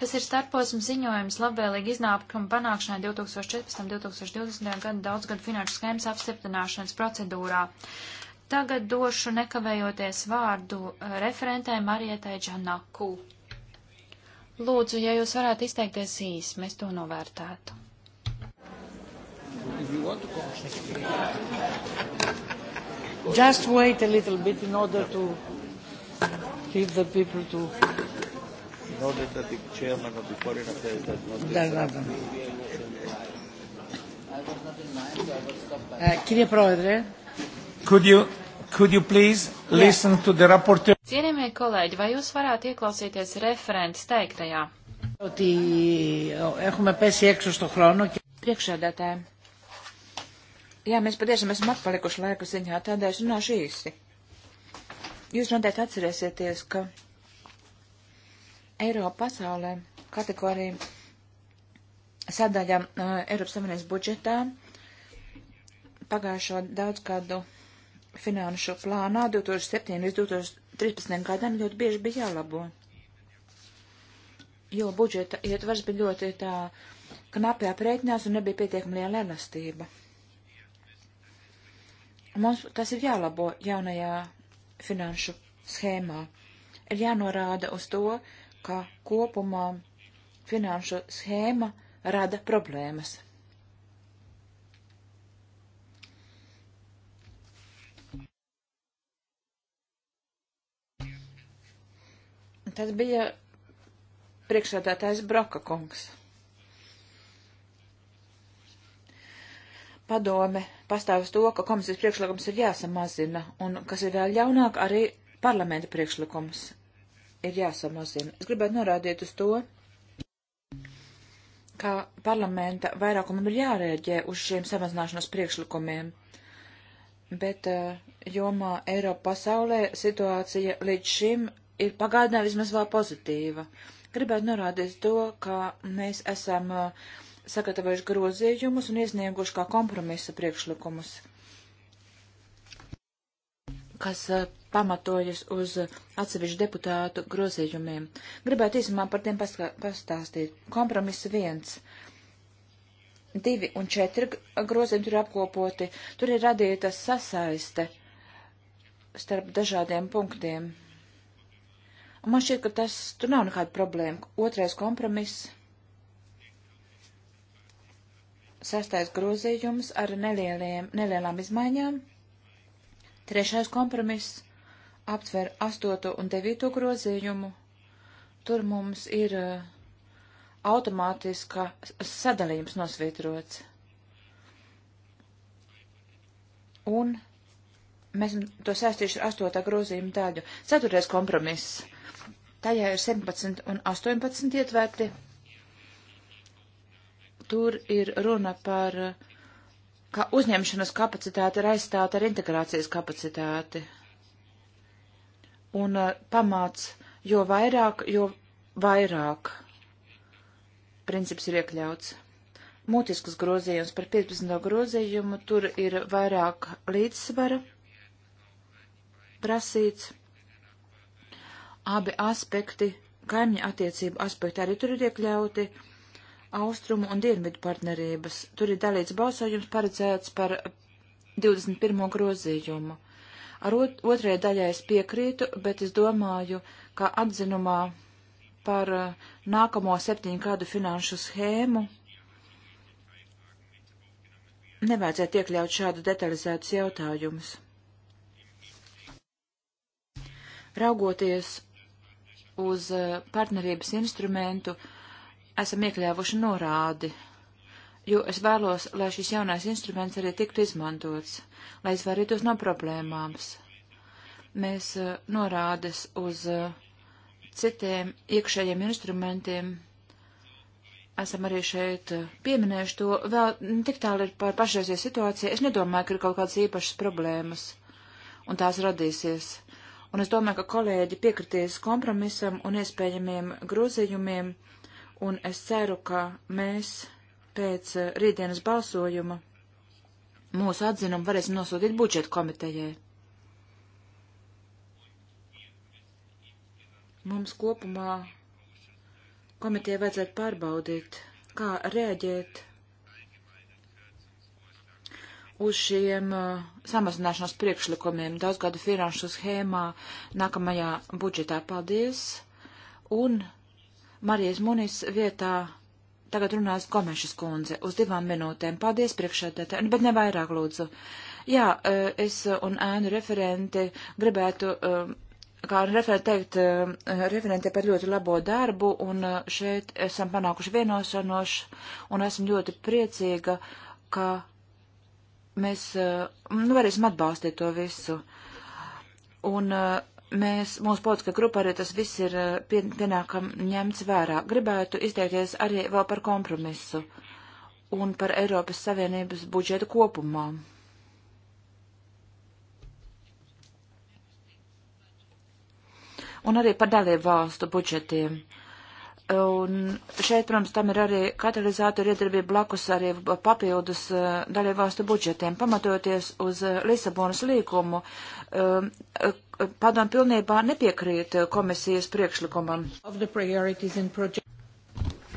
kas ir starposms ziņojums labvēlīgi iznākuma panākšanai 2014-2020. gada daudzgadu finanšu schēmas apstiprināšanas procedūrā. Tagad došu nekavējoties vārdu referentē Marietai Džanaku. Lūdzu, ja jūs varētu izteikties īsi, mēs to novērtētu. If you want to concentrate. Just wait a little bit in order to give the people to. In order that the chairman of the foreign affairs does not. Does not. Κύριε Πρόεδρε. Could you, could you please listen yeah. to the rapporteur? Cienījamie kolēģi, vai jūs varētu ieklausīties referents teiktajā? Ότι έχουμε πέσει έξω στο χρόνο και... Priekšsēdētāji, Jā, mēs patiešām esam atpalikuši laika ziņā, tādēļ es runāšu īsi. Jūs noteikti atcerēsieties, ka Eiropa pasaulē kategorija sadaļa uh, Eiropas Savienības budžetā pagājušo daudzgadu finanšu plānā 2007 līdz 2013 gadam ļoti bieži bija jālabo. Jo budžeta ietvars bija ļoti tā knapi aprēķinās un nebija pietiekami liela elastība. Mums tas ir jālabo jaunajā finanšu schēmā. Ir jānorāda uz to, ka kopumā finanšu schēma rada problēmas. Tas bija priekšsēdētājs Broka kungs. padome pastāv uz to, ka komisijas priekšlikums ir jāsamazina, un, kas ir vēl ļaunāk, arī parlamenta priekšlikums ir jāsamazina. Es gribētu norādīt uz to, ka parlamenta vairākumam ir jārēģē uz šiem samazināšanas priekšlikumiem, bet eh, jomā Eiropa pasaulē situācija līdz šim ir pagādnē vismaz vēl pozitīva. Gribētu norādīt to, ka mēs esam uh, sagatavojuši grozījumus un iesnieguši kā kompromisa priekšlikumus, kas pamatojas uz atsevišķu deputātu grozījumiem. Gribētu īsumā par tiem pastāstīt. Kompromiss viens. Divi un četri grozījumi tur ir apkopoti. Tur ir radīta sasaiste starp dažādiem punktiem. Un man šķiet, ka tas tur nav nekāda problēma. Otrais kompromiss sastais grozījums ar nelieliem, nelielām izmaiņām, trešais kompromiss aptver astoto un devīto grozījumu, tur mums ir uh, automātiska sadalījums nosvītrots. Un mēs to sēstīšu ar astotā grozījuma daļu. Ceturtais kompromiss. Tajā ir 17 un 18 ietverti Tur ir runa par, ka uzņemšanas kapacitāte ir aizstāta ar integrācijas kapacitāti. Un eh, pamāts, jo vairāk, jo vairāk princips ir iekļauts. Mūtiskas grozījums par 15. grozījumu, tur ir vairāk līdzsvara prasīts. Abi aspekti, kaimiņa attiecību aspekti arī tur ir iekļauti austrumu un dienvidu partnerības. Tur ir dalīts balsojums paredzēts par 21. grozījumu. Ar ot otrajai daļai es piekrītu, bet es domāju, ka atzinumā par uh, nākamo septiņu gadu finanšu schēmu nevajadzētu iekļaut šādu detalizētus jautājumus. Raugoties uz uh, partnerības instrumentu, uh, esam iekļāvuši norādi, jo es vēlos, lai šis jaunais instruments arī tiktu izmantots, lai izvairītos no problēmāms. Mēs uh, norādes uz uh, citiem iekšējiem instrumentiem esam arī šeit eh, pieminējuši to. Vēl nu, tik tālu ir par pašreizie situāciju. Es nedomāju, ka ir kaut kādas īpašas problēmas, un tās radīsies. Un es domāju, ka kolēģi piekritīs kompromisam un iespējamiem grozījumiem, un es ceru, ka mēs pēc eh, rītdienas balsojuma mūsu atzinumu varēsim nosūtīt budžeta komitejai. Mums kopumā komitejai vajadzētu pārbaudīt, kā rēģēt uz šiem uh, samazināšanas priekšlikumiem daudzgadu finanšu schēmā nākamajā budžetā. Paldies! Un Marijas Munis vietā tagad runās Gomešas kundze uz divām minūtēm. Paldies priekšētētē, nu, bet ne vairāk lūdzu. Jā, e, es un ēnu referenti gribētu e, kā referenti teikt, e, referenti par ļoti labo darbu, un šeit esam panākuši vienošanos, un esmu ļoti priecīga, ka mēs nu, varēsim atbalstīt to visu. Un mēs, mūsu politiskā grupa arī tas viss ir eh, pien, pienākam ņemts vērā. Gribētu izteikties arī vēl par kompromisu un par Eiropas Savienības budžetu kopumā. Un arī par dalību valstu budžetiem. Uh, Un šeit, protams, tam ir arī katalizātori iedarbība blakus arī papildus uh, dalībvalstu budžetiem, pamatoties uz uh, Lisabonas līkumu. Uh, um, eh, Padom pilnībā nepiekrīt komisijas priekšlikumam.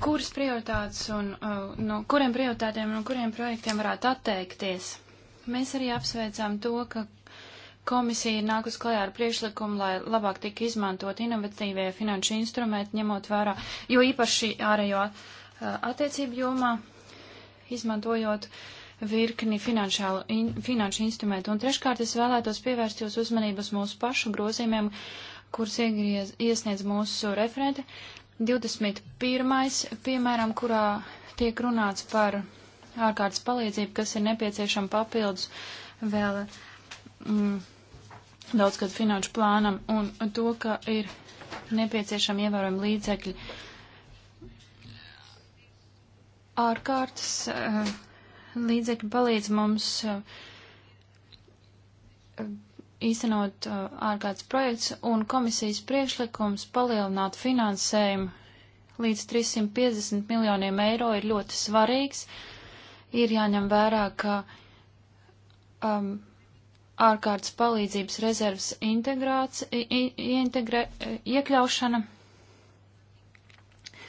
Kuras prioritātes un no kuriem prioritātiem un no kuriem projektiem varētu atteikties? Mēs arī apsveicām to, ka Komisija ir nākus klajā ar priekšlikumu, lai labāk tik izmantot inovatīvie finanšu instrumenti, ņemot vērā, jo īpaši ārējo attiecību jomā, izmantojot virkni in, finanšu instrumentu. Un treškārt es vēlētos pievērst jūs uzmanības mūsu pašu grozījumiem, kurus iegriez, iesniedz mūsu referente. 21. piemēram, kurā tiek runāts par ārkārtas palīdzību, kas ir nepieciešama papildus vēl. Mm, daudzgadu finanšu plānam un to, ka ir nepieciešami ievērojami līdzekļi ārkārtas eh, līdzekļi palīdz mums eh, īstenot eh, ārkārtas projekts un komisijas priekšlikums palielināt finansējumu līdz 350 miljoniem eiro ir ļoti svarīgs. Ir jāņem vērā, ka um, ārkārtas palīdzības rezervas integrē, e, iekļaušana e,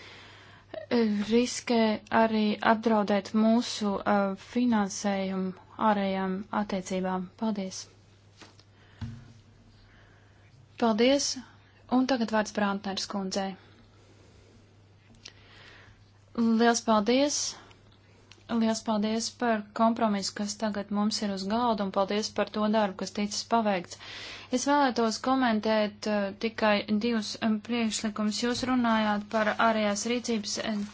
riskē arī apdraudēt mūsu uh, finansējumu ārējām attiecībām. Paldies! Paldies! Un tagad vārds Brāntners kundzei. Liels paldies! Liels paldies par kompromisu, kas tagad mums ir uz galda, un paldies par to darbu, kas ticis paveikts. Es vēlētos komentēt uh, tikai divus um, priekšlikumus. Jūs runājāt par ārējās rīcības um,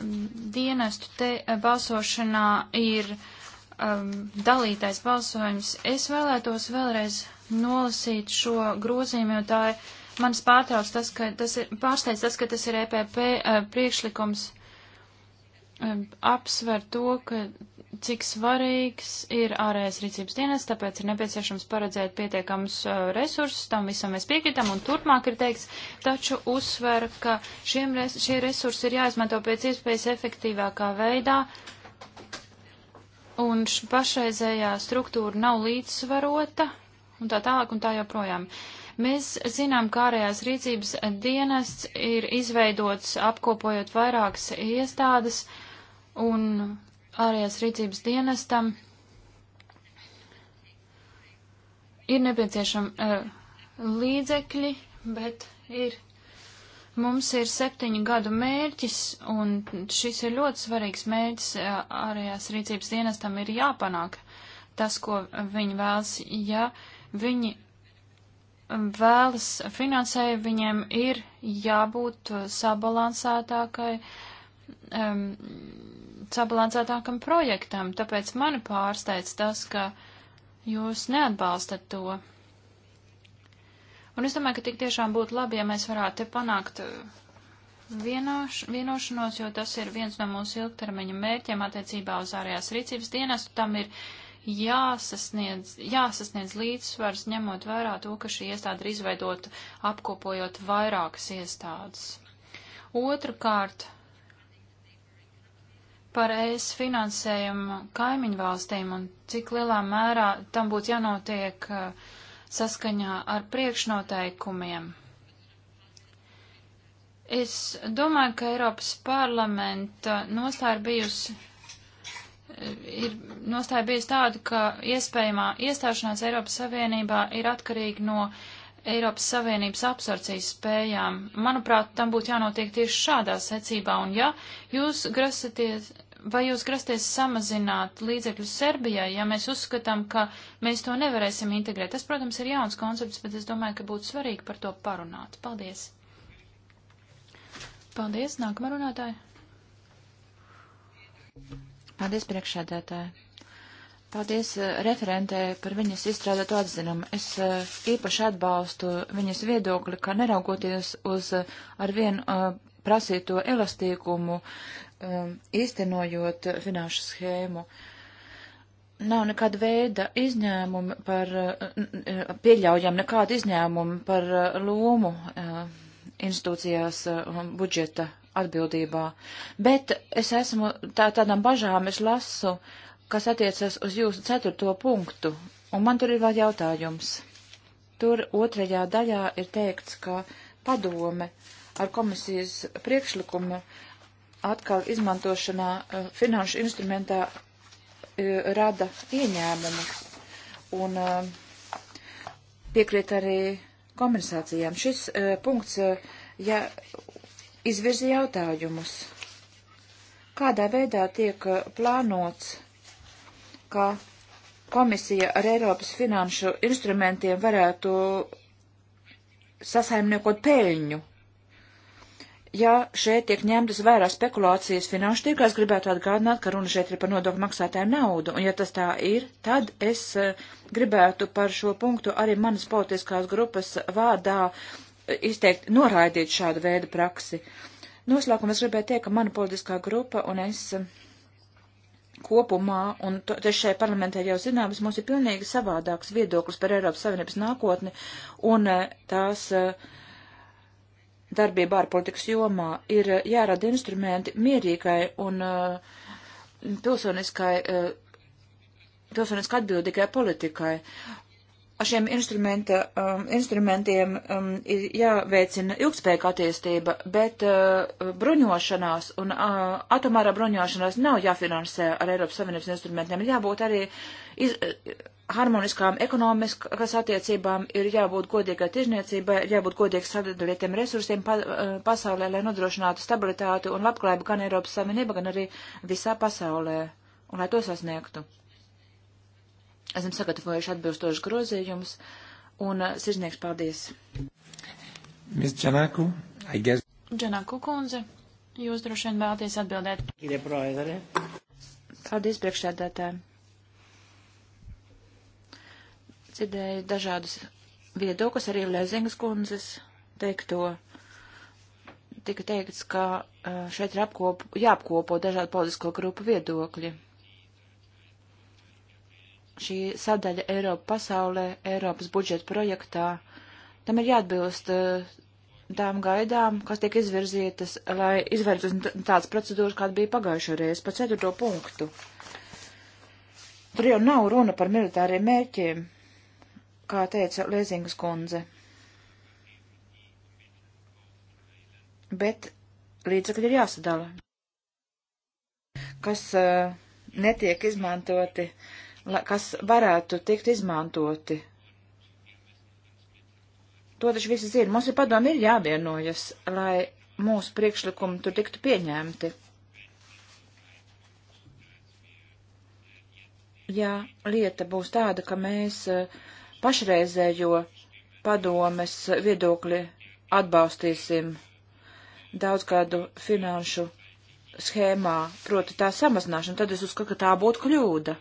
um dienestu. Te uh, balsošanā ir um, dalītais balsojums. Es vēlētos vēlreiz nolasīt šo grozījumu, jo tā ir, manis pārtrauc tas, ka tas ir, pārsteidz tas, ka tas ir EPP uh, priekšlikums apsver to, ka cik svarīgs ir ārējais rīcības dienas, tāpēc ir nepieciešams paredzēt pietiekams uh, resursus, tam visam mēs piekritam un turpmāk ir teiks, taču uzsver, ka šiem, res, šie resursi ir jāizmanto pēc iespējas efektīvākā veidā, un pašreizējā struktūra nav līdzsvarota, un tā tālāk un tā joprojām. Mēs zinām, kā ārējās rīcības dienests ir izveidots apkopojot vairākas iestādes, uh, un ārējās rīcības dienestam ir nepieciešami uh, eh, līdzekļi, bet ir, mums ir septiņu gadu mērķis, un šis ir ļoti svarīgs mērķis, uh, ārējās rīcības dienestam ir jāpanāk tas, ko viņi vēlas, ja viņi eh, vēlas finansēju, viņiem ir jābūt sabalansētākai. Um, sabalansētākam projektam, tāpēc mani pārsteidz tas, ka jūs neatbalstat to. Un es domāju, ka tik tiešām būtu labi, ja mēs varētu panākt uh, vienoš, vienošanos, jo tas ir viens no mūsu ilgtermiņa mērķiem attiecībā uz ārējās rīcības dienestu. Tam ir jāsasniedz, jāsasniedz līdzsvars, ņemot vērā to, ka šī iestāde ir izveidota apkopojot vairākas iestādes. Otrakārt, par ES finansējumu kaimiņu valstīm un cik lielā mērā tam būtu jānotiek uh, saskaņā ar priekšnoteikumiem. Es domāju, ka Eiropas parlamenta nostāja ir bijusi. Uh, ir nostāja bijusi tāda, ka iespējamā iestāšanās Eiropas Savienībā ir atkarīga no uh, Eiropas Savienības absorpcijas spējām. Manuprāt, tam būtu jānotiek tieši šādā secībā, un ja jūs grasaties, vai jūs grasties samazināt līdzekļus Serbijai, ja mēs uzskatām, ka mēs to nevarēsim integrēt. Tas, protams, ir jauns koncepts, bet es domāju, ka būtu svarīgi par to parunāt. Paldies! Paldies, nākamā runātāja! Paldies, priekšādātāja! Paldies eh, referentē par viņas izstrādātu atzinumu. Es eh, īpaši atbalstu viņas viedokli, ka neraugoties uz eh, ar vienu prasīto elastīgumu, īstenojot finanšu schēmu, nav nekāda veida izņēmumi par, pieļaujam nekādu izņēmumu par lomu institūcijās budžeta atbildībā. Bet es esmu tā, tādām bažām, es lasu kas attiecas uz jūsu ceturto punktu, un man tur ir vēl jautājums. Tur otrajā daļā ir teikts, ka padome ar komisijas priekšlikumu atkal izmantošanā eh, finanšu instrumentā eh, rada ieņēmumus un eh, piekrīt arī kompensācijām. Šis punkts ja, izvirza jautājumus. Kādā veidā tiek plānots ka komisija ar Eiropas finanšu instrumentiem varētu sasaimniekot peļņu. Ja šeit tiek ņemtas vērā spekulācijas finanšu tirgās, gribētu atgādināt, ka runa šeit ir par nodokļu maksātāju naudu, un ja tas tā ir, tad es eh, gribētu par šo punktu arī manas politiskās grupas vārdā eh, izteikt noraidīt šādu veidu praksi. Noslēgumā es gribēju teikt, ka mana politiskā grupa un es. Uh, kopumā, un te šai parlamentē jau zināms, mums ir pilnīgi savādāks viedoklis par Eiropas Savienības nākotni un eh, tās eh, darbība ārpolitikas jomā ir eh, jārada instrumenti mierīgai un pilsoniskai, pilsoniskai atbildīgai politikai ar šiem um, instrumentiem um, ir jāveicina ilgspējīga attīstība, bet uh, bruņošanās un uh, atomārā bruņošanās nav jāfinansē ar Eiropas Savienības instrumentiem. Ir jābūt arī iz, uh, harmoniskām ekonomiskas attiecībām, ir jābūt godīgai tirzniecībai, ir jābūt godīgi sadalītiem resursiem pa, uh, pasaulē, lai nodrošinātu stabilitāti un labklājību gan Eiropas Savienība, gan arī visā pasaulē, un lai to sasniegtu esam sagatavojuši atbilstošus grozījumus, un uh, sirsnieks paldies. Ms. Džanaku, I guess. Džanaku kundze, jūs droši vien vēlaties atbildēt. Paldies priekšsēdētājiem. Cirdēju dažādus viedokļus arī Lezingas kundzes teikto. Tika teikts, ka uh, šeit ir apkopo, jāapkopo dažādu politisko grupu viedokļi šī sadaļa Eiropa pasaulē, Eiropas budžeta projektā, tam ir jāatbilst eh, tām gaidām, kas tiek izvirzītas, lai izvērtus tādas procedūras, kāda bija pagājušo reizi, pa ceturto punktu. Tur jau nav runa par militāriem mērķiem, kā teica Lēzingas kundze. Bet līdzekļi ir jāsadala, kas uh, netiek izmantoti uh, kas varētu tikt izmantoti. To taču visi zina. Mums ir padomi, ir jāvienojas, lai mūsu priekšlikumi tur tiktu pieņemti. Ja lieta būs tāda, ka mēs eh, pašreizējo padomes viedokli atbalstīsim daudzgadu finanšu schēmā, proti tā samazināšana, tad es uzskatu, ka tā būtu kļūda.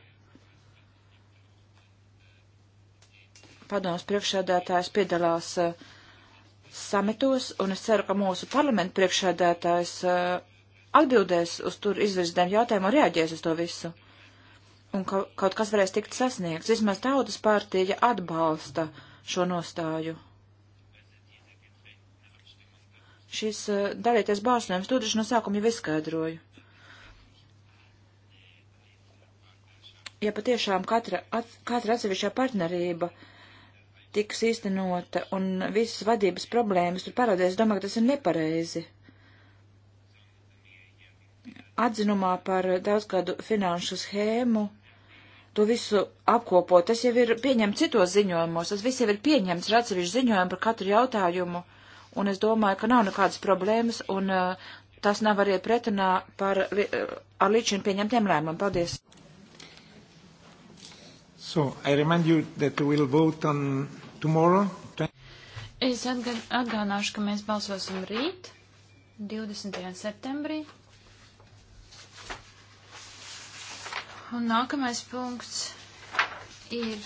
padomas priekšsēdētājs piedalās uh, sametos, un es ceru, ka mūsu parlamenta priekšsēdētājs uh, atbildēs uz tur izvirzītiem jautājumiem un reaģēs uz to visu. Un ka kaut kas varēs tikt sasniegts. Vismaz tautas partija atbalsta šo nostāju. Šis uh, eh, dalīties bārsnēms tūdaši no sākuma jau izskaidroju. Ja patiešām katra, at, katra atsevišķā partnerība uh, tiks īstenota un visas vadības problēmas tur parādēs, domāju, ka tas ir nepareizi. Atzinumā par daudzgadu finanšu schēmu to visu apkopot, tas jau ir pieņemts citos ziņojumos, tas viss jau ir pieņemts ar atsevišķu ziņojumu par katru jautājumu, un es domāju, ka nav nekādas problēmas, un uh, tas nav arī pretinā par, li, uh, ar līdz šim pieņemtiem lēmumiem. Paldies! So, I remind you that we'll vote on tomorrow. Es atgādināšu, ka mēs balsosim rīt, 20. septembrī. Un nākamais punkts ir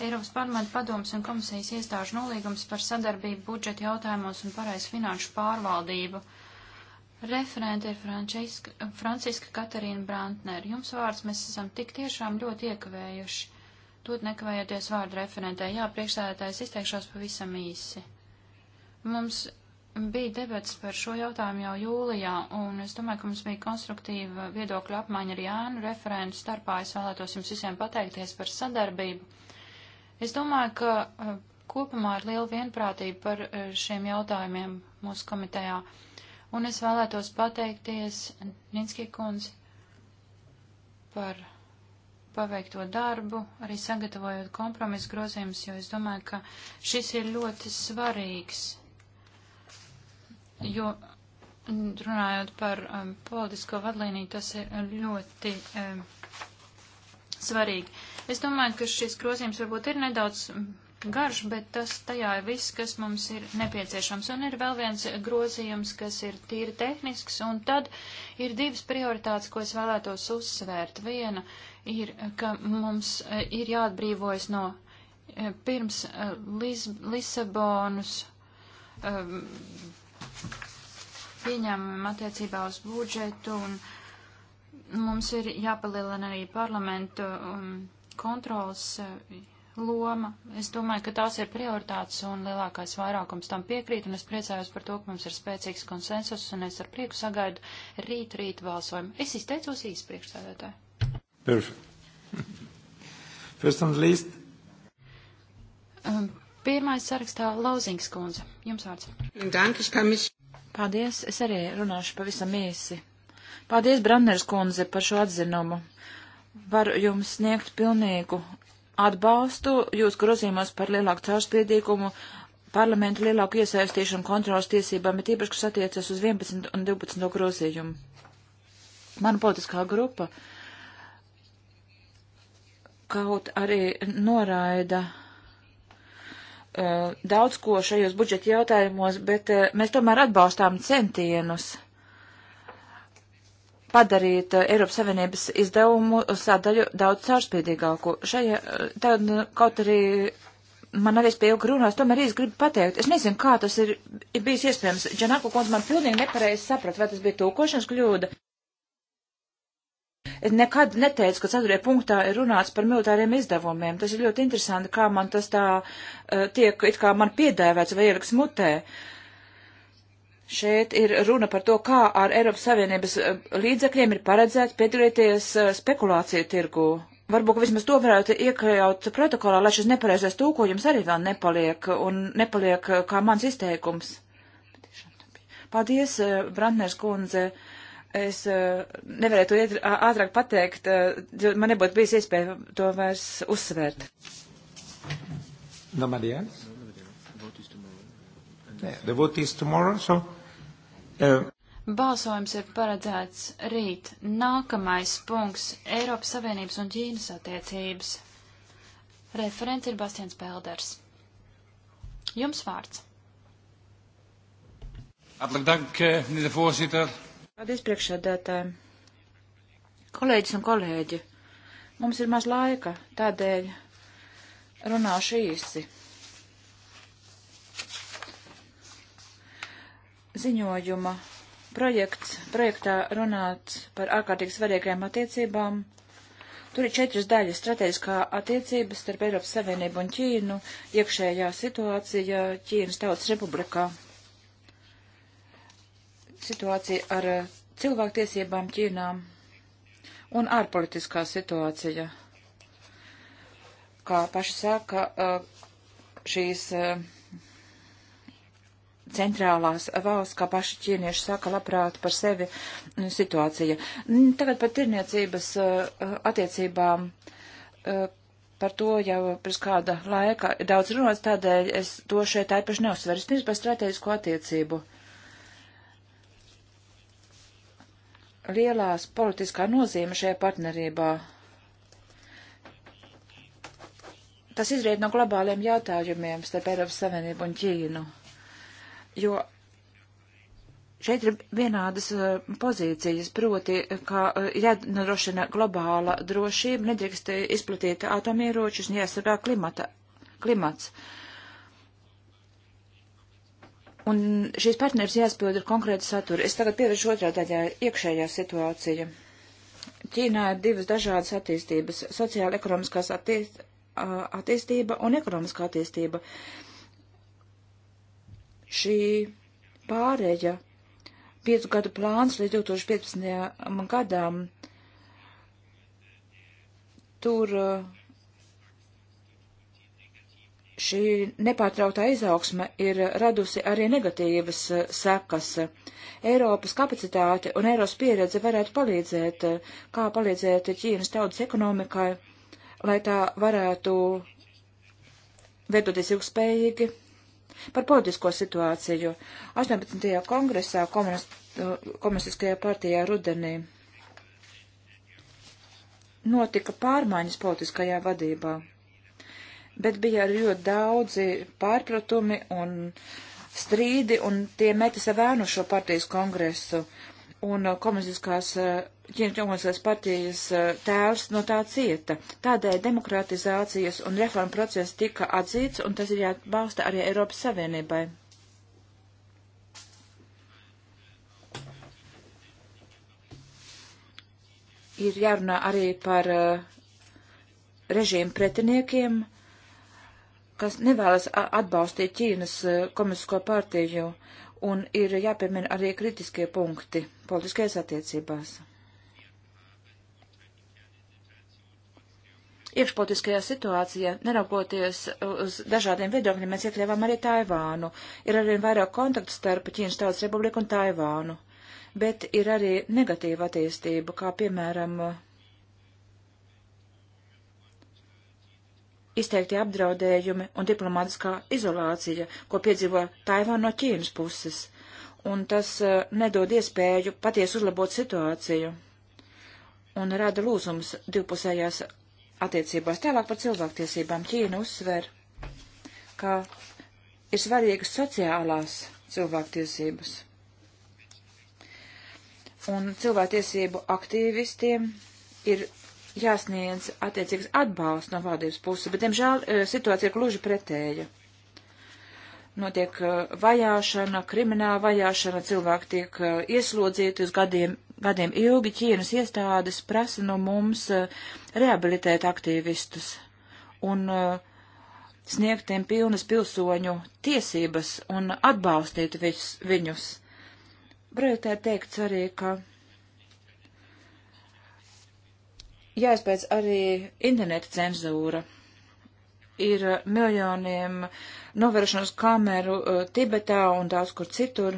Eiropas parlamenta padomas un komisijas iestāžu nolīgums par sadarbību budžeta jautājumos un pareizu finanšu pārvaldību. Referente ir Franciska, Franciska Katarīna Brantner. Jums vārds mēs esam tik tiešām ļoti iekavējuši. Tūt nekavējoties vārdu referentē. Jā, priekšstādātājs izteikšos pavisam īsi. Mums bija debats par šo jautājumu jau jūlijā, un es domāju, ka mums bija konstruktīva viedokļa apmaiņa ar Jānu referentu starpā. Es vēlētos jums visiem pateikties par sadarbību. Es domāju, ka eh, kopumā ir liela vienprātība par eh, šiem jautājumiem mūsu komitejā. Un es vēlētos pateikties Ninski kundz par paveikto darbu, arī sagatavojot kompromisu grozījumus, jo es domāju, ka šis ir ļoti svarīgs, jo runājot par um, politisko vadlīniju, tas ir ļoti um, svarīgi. Es domāju, ka šis grozījums varbūt ir nedaudz garš, bet tas tajā ir viss, kas mums ir nepieciešams. Un ir vēl viens grozījums, kas ir tīri tehnisks, un tad ir divas prioritātes, ko es vēlētos uzsvērt. Viena ir, ka mums e, ir jāatbrīvojas no e, pirms e, Lis Lisabonas um, pieņēmumiem attiecībā uz budžetu, un mums ir jāpalielina arī parlamentu um, kontrols. Uh, loma. Es domāju, ka tās ir prioritātes un lielākais vairākums tam piekrīt, un es priecājos par to, ka mums ir spēcīgs konsensus, un es ar prieku sagaidu rīt, rīt balsojumu. Es izteicos īsi priekšsēdētāji. Perfect. First on the list. Um, Pirmais sarakstā Lauzings kundze. Jums vārds. Paldies, es arī runāšu pavisam īsi. Paldies, Branners kundze, par šo atzinumu. Varu jums sniegt pilnīgu atbalstu jūs grozījumos par lielāku caurspiedīgumu, parlamentu lielāku iesaistīšanu kontrolas tiesībām, bet īpaši, kas attiecas uz 11 un 12 grozījumu. Mana politiskā grupa kaut arī noraida uh, daudz ko šajos budžeta jautājumos, bet uh, mēs tomēr atbalstām centienus uh, padarīt eh, Eiropas Savienības izdevumu sadaļu daudz caurspīdīgāku. Šajā, eh, tad nu, kaut arī man arī spēlga runās, tomēr es gribu pateikt, es nezinu, kā tas ir, ir bijis iespējams. Džanaku kundze man pilnīgi nepareizi saprat, vai tas bija tūkošanas kļūda. Es nekad neteicu, ka ceturtajā punktā ir runāts par militāriem izdevumiem. Tas ir ļoti interesanti, kā man tas tā uh, tiek, it kā man piedēvēts vai ieliks mutē. Uh, Šeit ir runa par to, kā ar Eiropas Savienības eh, līdzekļiem ir paredzēts piedalīties eh, spekulāciju tirgu. Varbūt vismaz to varētu iekļaut protokolā, lai šis nepareizais tūkojums arī vēl nepaliek un nepaliek eh, kā mans izteikums. Paldies, Brantners kundze. Es nevarētu iet ātrāk pateikt, jo man nebūtu bijis iespēja to vairs uzsvērt. No Marijas? Yeah, the vote is tomorrow, so Balsojums ir paredzēts rīt. Nākamais punkts - Eiropas Savienības un Ķīnas attiecības. Referents ir Bastians Pelders. Jums vārds. Hartelijk dank, eh, meneer de voorzitter. Paldies priekšsēdētājiem. Kolēģis un kolēģi, mums ir maz laika, tādēļ runāšu īsi. ziņojuma projekts, projektā runāts par ārkārtīgi svarīgajām attiecībām. Tur ir četras daļas - strateģiskā attiecības starp Eiropas Savienību un Ķīnu, iekšējā situācija Ķīnas Tautas Republikā, situācija ar eh, cilvēktiesībām Ķīnā un ārpolitiskā situācija. Kā paši saka, eh, šīs eh, centrālās valsts, kā paši ķīnieši saka, labprāt par sevi nu, situācija. Mm, tagad par tirniecības uh, uh, attiecībām. Uh, par to jau pirms kāda laika daudz runāts, tādēļ es to šeit īpaši neuzsveru. Es pirms par strateģisko attiecību. Lielās politiskā nozīme šajā partnerībā. Tas izriet no globāliem jautājumiem starp Eiropas Savienību un Ķīnu jo šeit ir vienādas uh, pozīcijas, proti, ka uh, jādrošina globāla drošība, nedrīkst uh, izplatīt atomieročus un jāsargā klimata, klimats. Un šīs partneris jāspild ar konkrētu saturu. Es tagad pievēršu otrā daļā iekšējā situācija. Ķīnā ir divas dažādas attīstības - sociāla ekonomiskās attīst, attīstība un ekonomiskā attīstība. Uh, šī pāreja, piecu gadu plāns līdz 2015. gadam, tur eh, šī nepārtrauktā izaugsme ir radusi arī negatīvas eh, sekas. Eiropas kapacitāte un Eiropas pieredze varētu palīdzēt, eh, kā palīdzēt Ķīnas tautas ekonomikai, lai tā varētu veidoties ilgspējīgi Par politisko situāciju 18. kongresā komunistiskajā partijā rudenī notika pārmaiņas politiskajā vadībā, bet bija arī ļoti daudzi pārpratumi un strīdi, un tie meta sevēnu šo partijas kongresu un uh, komunistiskās uh, ķīniskās partijas uh, tēls no tā cieta. Tādēļ demokratizācijas un reforma process tika atzīts, un tas ir jāatbalsta arī Eiropas Savienībai. Ir jārunā arī par režīmu pretiniekiem, kas nevēlas atbalstīt Ķīnas komunistisko partiju un ir jāpiemina arī kritiskie punkti politiskajās attiecībās. Iekšpolitiskajā situācijā, neraugoties uz dažādiem viedokļiem, mēs iekļāvām arī Taivānu. Ir arvien vairāk kontaktu starp Ķīnas Tautas Republiku un Taivānu, bet ir arī negatīva attīstība, kā piemēram izteikti apdraudējumi un diplomātiskā izolācija, ko piedzīvo Taivāna no Ķīnas puses, un tas uh, nedod iespēju paties uzlabot situāciju un rada lūzums divpusējās attiecībās. Tālāk par cilvēktiesībām Ķīna uzsver, ka ir svarīgas sociālās cilvēktiesības. Un cilvēktiesību aktīvistiem ir jāsniedz attiecīgs atbalsts no valdības puses, bet, diemžēl, e, situācija ir gluži pretēja. Notiek e, vajāšana, krimināla vajāšana, cilvēki tiek e, ieslodzīti uz gadiem, gadiem ilgi, Ķīnas iestādes prasa no mums rehabilitēt aktīvistus un sniegt tiem pilnas pilsoņu tiesības un atbalstīt vis, viņus. Brīvtē teikts arī, ka jāizpēc arī interneta cenzūra. Ir uh, miljoniem novēršanas kameru uh, Tibetā un daudz kur citur.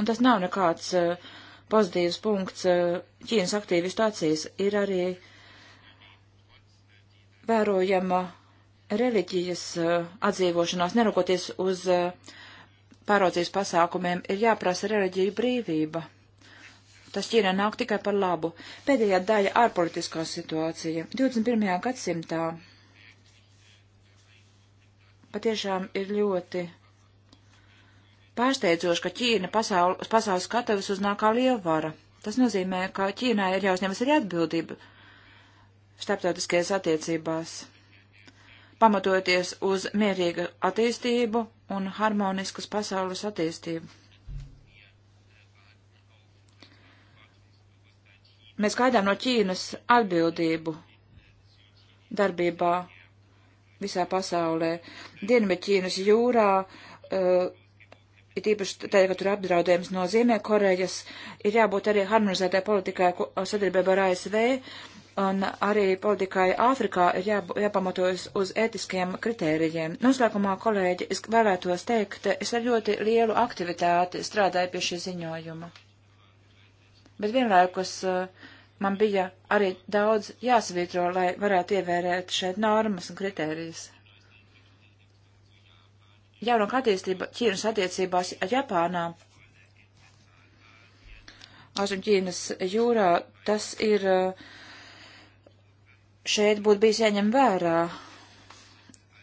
Un tas nav nekāds uh, pozitīvs punkts uh, Ķīnas aktīvistu acīs. Ir arī vērojama reliģijas uh, atdzīvošanās, neraugoties uz uh, pāraudzības pasākumiem, ir jāprasa reliģija brīvība. Tas Ķīnai nāk tikai par labu. Pēdējā daļa - ārpolitiskā situācija. 21. gadsimtā patiešām ir ļoti pārsteidzoši, ka Ķīna pasaules, pasaules skatavas uznāk kā lielvara. Tas nozīmē, ka Ķīnai ir jāuzņemas arī atbildība starptautiskajās attiecībās, pamatojoties uz mierīgu attīstību un harmoniskas pasaules attīstību. Mēs gaidām no Ķīnas atbildību darbībā visā pasaulē. Dienvidķīnas jūrā, uh, it īpaši tādēļ, ka tur apdraudējums no Ziemeļkorejas, ir jābūt arī harmonizētai politikai sadarbībā ar ASV, un arī politikai Āfrikā ir jā, jāpamatojas uz ētiskiem kritērijiem. Noslēgumā, kolēģi, es vēlētos teikt, es ar ļoti lielu aktivitāti strādāju pie šī ziņojuma bet vienlaikus eh, man bija arī daudz jāsvītro, lai varētu ievērēt šeit normas un kritērijas. Jaunāk attīstība Ķīnas attiecībās ar Japānā. Austrum Ķīnas jūrā tas ir eh, šeit būtu bijis jāņem vērā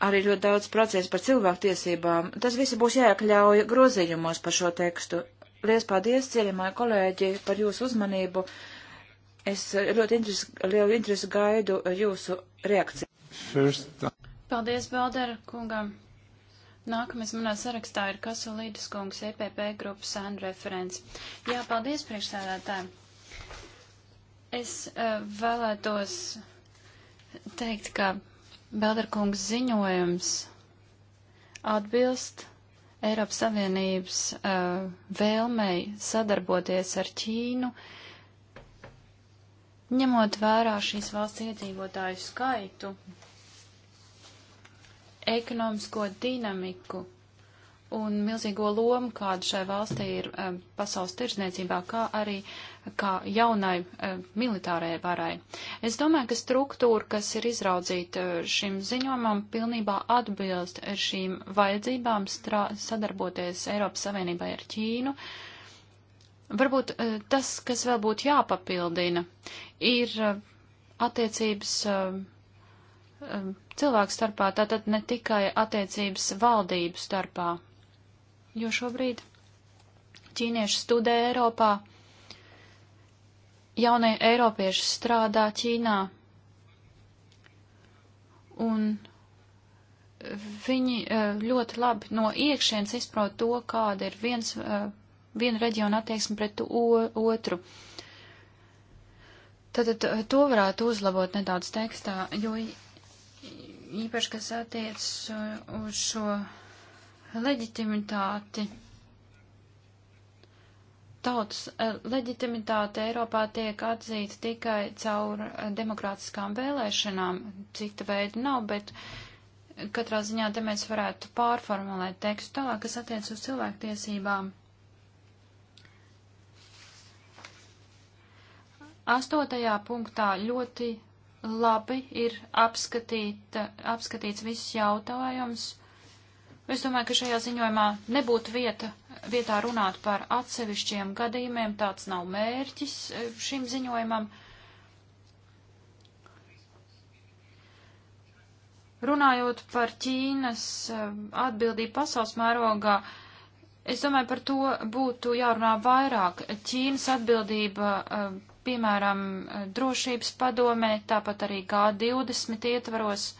arī ļoti daudz procesu par cilvēku tiesībām. Tas visi būs jāiekļauj grozījumos par šo tekstu. Lies paldies, cienījamā kolēģi, par jūsu uzmanību. Es ļoti interesi, lielu interesi gaidu jūsu reakciju. First. Paldies, Baldera kungam. Nākamais manā sarakstā ir Kasolīdis kungs, EPP grupas sēnu referents. Jā, paldies, priekšsēdētāji. Es uh, vēlētos teikt, ka Baldera kungs ziņojums atbilst Eiropas Savienības uh, vēlmei sadarboties ar Ķīnu, ņemot vērā šīs valsts iedzīvotāju skaitu, ekonomisko dinamiku un milzīgo lomu, kādu šai valstī ir um, pasaules tirzniecībā, kā arī kā jaunai e, militārajai varai. Es domāju, ka struktūra, kas ir izraudzīta eh, šim ziņojumam, pilnībā atbilst šīm vajadzībām strā, sadarboties Eiropas Savienībai ar Ķīnu. Varbūt e, tas, kas vēl būtu jāpapildina, ir e, attiecības cilvēku starpā, tātad ne tikai attiecības valdību starpā, jo šobrīd ķīnieši studē Eiropā jaunie eiropieši strādā Ķīnā. Un viņi eh, ļoti labi no iekšienes izprot to, kāda ir viens, eh, viena reģiona attieksme pret otru. Tad eh, to varētu uzlabot nedaudz tekstā, jo īpaši, kas attiec uz šo leģitimitāti tautas e, leģitimitāte Eiropā tiek atzīta tikai caur e, demokrātiskām vēlēšanām, cita veida nav, bet katrā ziņā te mēs varētu pārformulēt tekstu tālāk, kas attiec uz cilvēktiesībām. Astotajā punktā ļoti labi ir apskatīt, apskatīts viss jautājums Es domāju, ka šajā ziņojumā nebūtu vieta, vietā runāt par atsevišķiem gadījumiem, tāds nav mērķis e, šim ziņojumam. Runājot par Ķīnas e, atbildību pasaules mērogā, es domāju, par to būtu jārunā vairāk. Ķīnas atbildība, e, piemēram, drošības padomē, tāpat arī G20 ietvaros.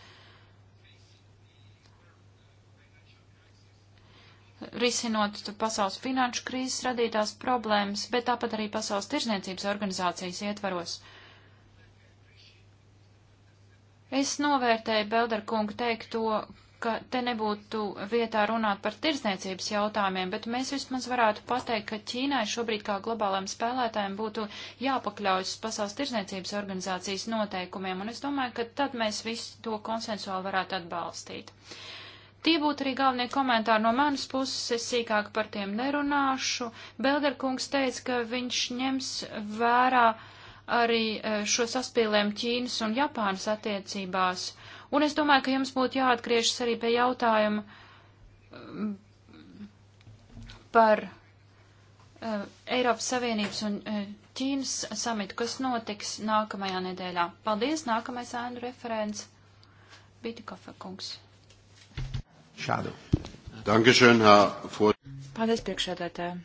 risinot pasaules finanšu krīzes radītās problēmas, bet tāpat arī pasaules tirzniecības organizācijas ietvaros. Es novērtēju Belderkungu teikto, ka te nebūtu vietā runāt par tirzniecības jautājumiem, bet mēs vismaz varētu pateikt, ka Ķīnai šobrīd kā globālajiem spēlētājiem būtu jāpakļaujas pasaules tirzniecības organizācijas noteikumiem, un es domāju, ka tad mēs visu to konsensuāli varētu atbalstīt. Uh, Tie būtu arī galvenie komentāri no manas puses, es sīkāk par tiem nerunāšu. Belderkungs teica, ka viņš ņems vērā arī e, šo saspīlēm Ķīnas un Japānas attiecībās. Un es domāju, ka jums būtu jāatgriežas arī pie jautājuma mm, par uh, Eiropas Savienības un uh, Ķīnas samitu, kas notiks nākamajā nedēļā. Paldies, nākamais ēnu referents Bitikofa kungs. Šādu. Dankeschön, Herr Ford. Paldies, priekšsēdētāji.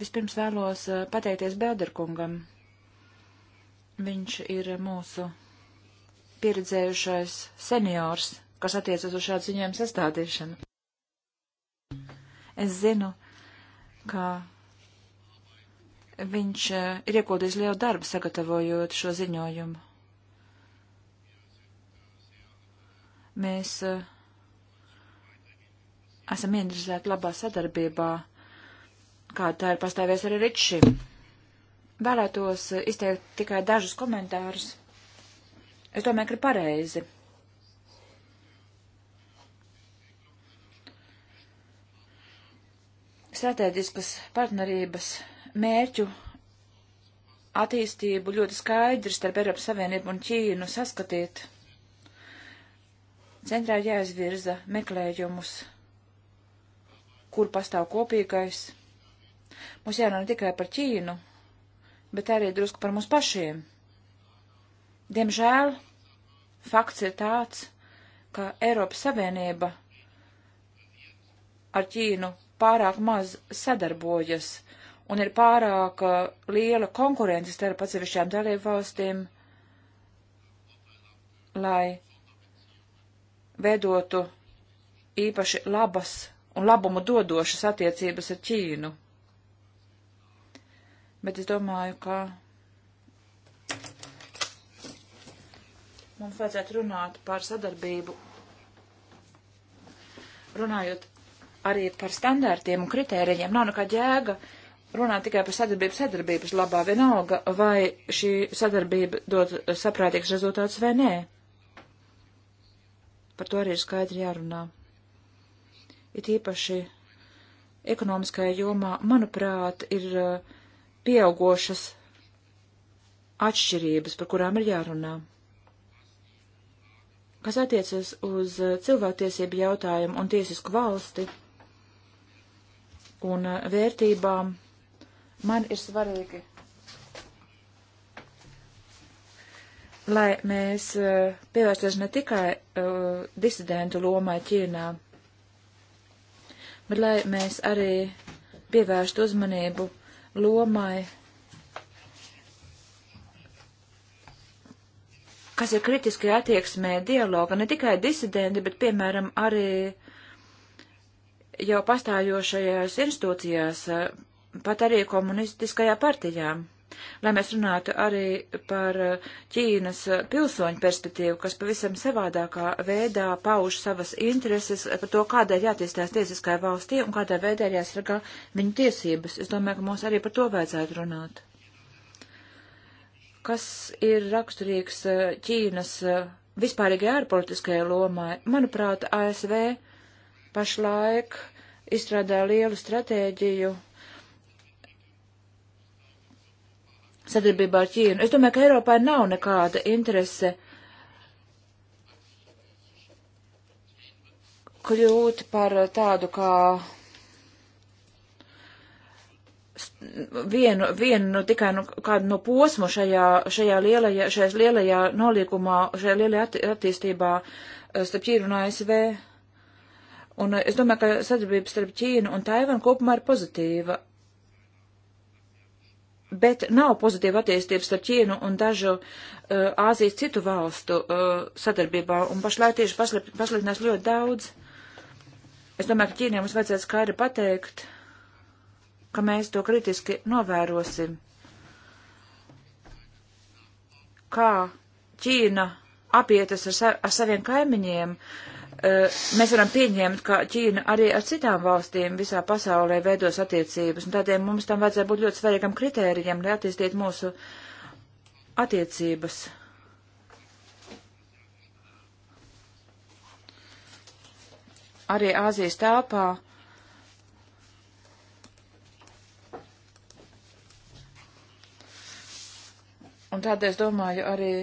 Vispirms vēlos eh, pateikties Bēderkungam. Viņš ir mūsu pieredzējušais seniors, kas attiecas uz šādu ziņojumu sastādīšanu. Es zinu, ka viņš eh, ir iekodījis lielu darbu sagatavojot šo ziņojumu. Mēs uh, esam interesēti labā sadarbībā, kā tā ir pastāvies arī līdz šim. Vēlētos izteikt tikai dažus komentārus. Es domāju, ka ir pareizi. Stratēģiskas partnerības mērķu attīstību ļoti skaidri starp Eiropas Savienību un Ķīnu saskatīt. Centrā jāizvirza meklējumus kur pastāv kopīgais. Mums jārunā ne tikai par Ķīnu, bet arī drusku par mums pašiem. Diemžēl fakts ir tāds, ka Eiropas Savienība ar Ķīnu pārāk maz sadarbojas un ir pārāk uh, liela konkurence starp atsevišķām dalībvalstīm, lai veidotu īpaši labas un labumu dodošas attiecības ar Ķīnu. Bet es domāju, ka mums vajadzētu runāt par sadarbību, runājot arī par standārtiem un kritērijiem. Nav nekā jēga runāt tikai par sadarbību sadarbības labā vienalga, vai šī sadarbība dod saprātīgs rezultāts vai nē. Par to arī ir skaidri jārunā it īpaši ekonomiskajā jomā, manuprāt, ir uh, pieaugošas atšķirības, par kurām ir jārunā. Kas attiecas uz uh, cilvēktiesību jautājumu un tiesisku valsti un uh, vērtībām, man ir svarīgi, lai mēs pievērsties ne tikai uh, disidentu lomai Ķīnā, bet lai mēs arī pievērstu uzmanību lomai, kas ir kritiskajā attieksmē dialoga, ne tikai disidenti, bet, piemēram, arī jau pastājošajās institūcijās, pat arī komunistiskajā partijām lai mēs runātu arī par Ķīnas pilsoņu perspektīvu, kas pavisam savādākā veidā pauž savas intereses par to, kādēļ jātīstās tiesiskai valstī un kādā veidā jāsargā viņu tiesības. Es domāju, ka mums arī par to vajadzētu runāt. Kas ir raksturīgs eh, Ķīnas eh, vispārīgajai ārpolitiskajai lomai? Manuprāt, ASV pašlaik izstrādā lielu stratēģiju sadarbībā ar Ķīnu. Es domāju, ka Eiropā nav nekāda interese kļūt par tādu kā vienu, vienu nu, tikai nu, kādu no posmu šajā, šajā lielajā, šajās lielajā noliekumā, šajā lielajā atti attīstībā eh, starp Ķīnu un ASV. Un eh, es domāju, ka sadarbība starp Ķīnu un Taivanu kopumā ir pozitīva bet nav pozitīva attīstības starp Ķīnu un dažu uh, Āzijas uh, citu valstu uh, sadarbībā, un pašlaik tieši pasliktinās ļoti daudz. Es domāju, ka Ķīnai mums vajadzētu skaidri pateikt, ka mēs to kritiski novērosim. Kā Ķīna apietas ar, sa ar saviem kaimiņiem, uh, Eh, mēs varam pieņemt, ka Ķīna arī ar citām valstīm visā pasaulē veidos attiecības, un tādēļ mums tam vajadzētu būt ļoti svarīgam kritērijam, lai attīstītu mūsu attiecības. Arī Āzijas telpā. Un tādēļ es domāju arī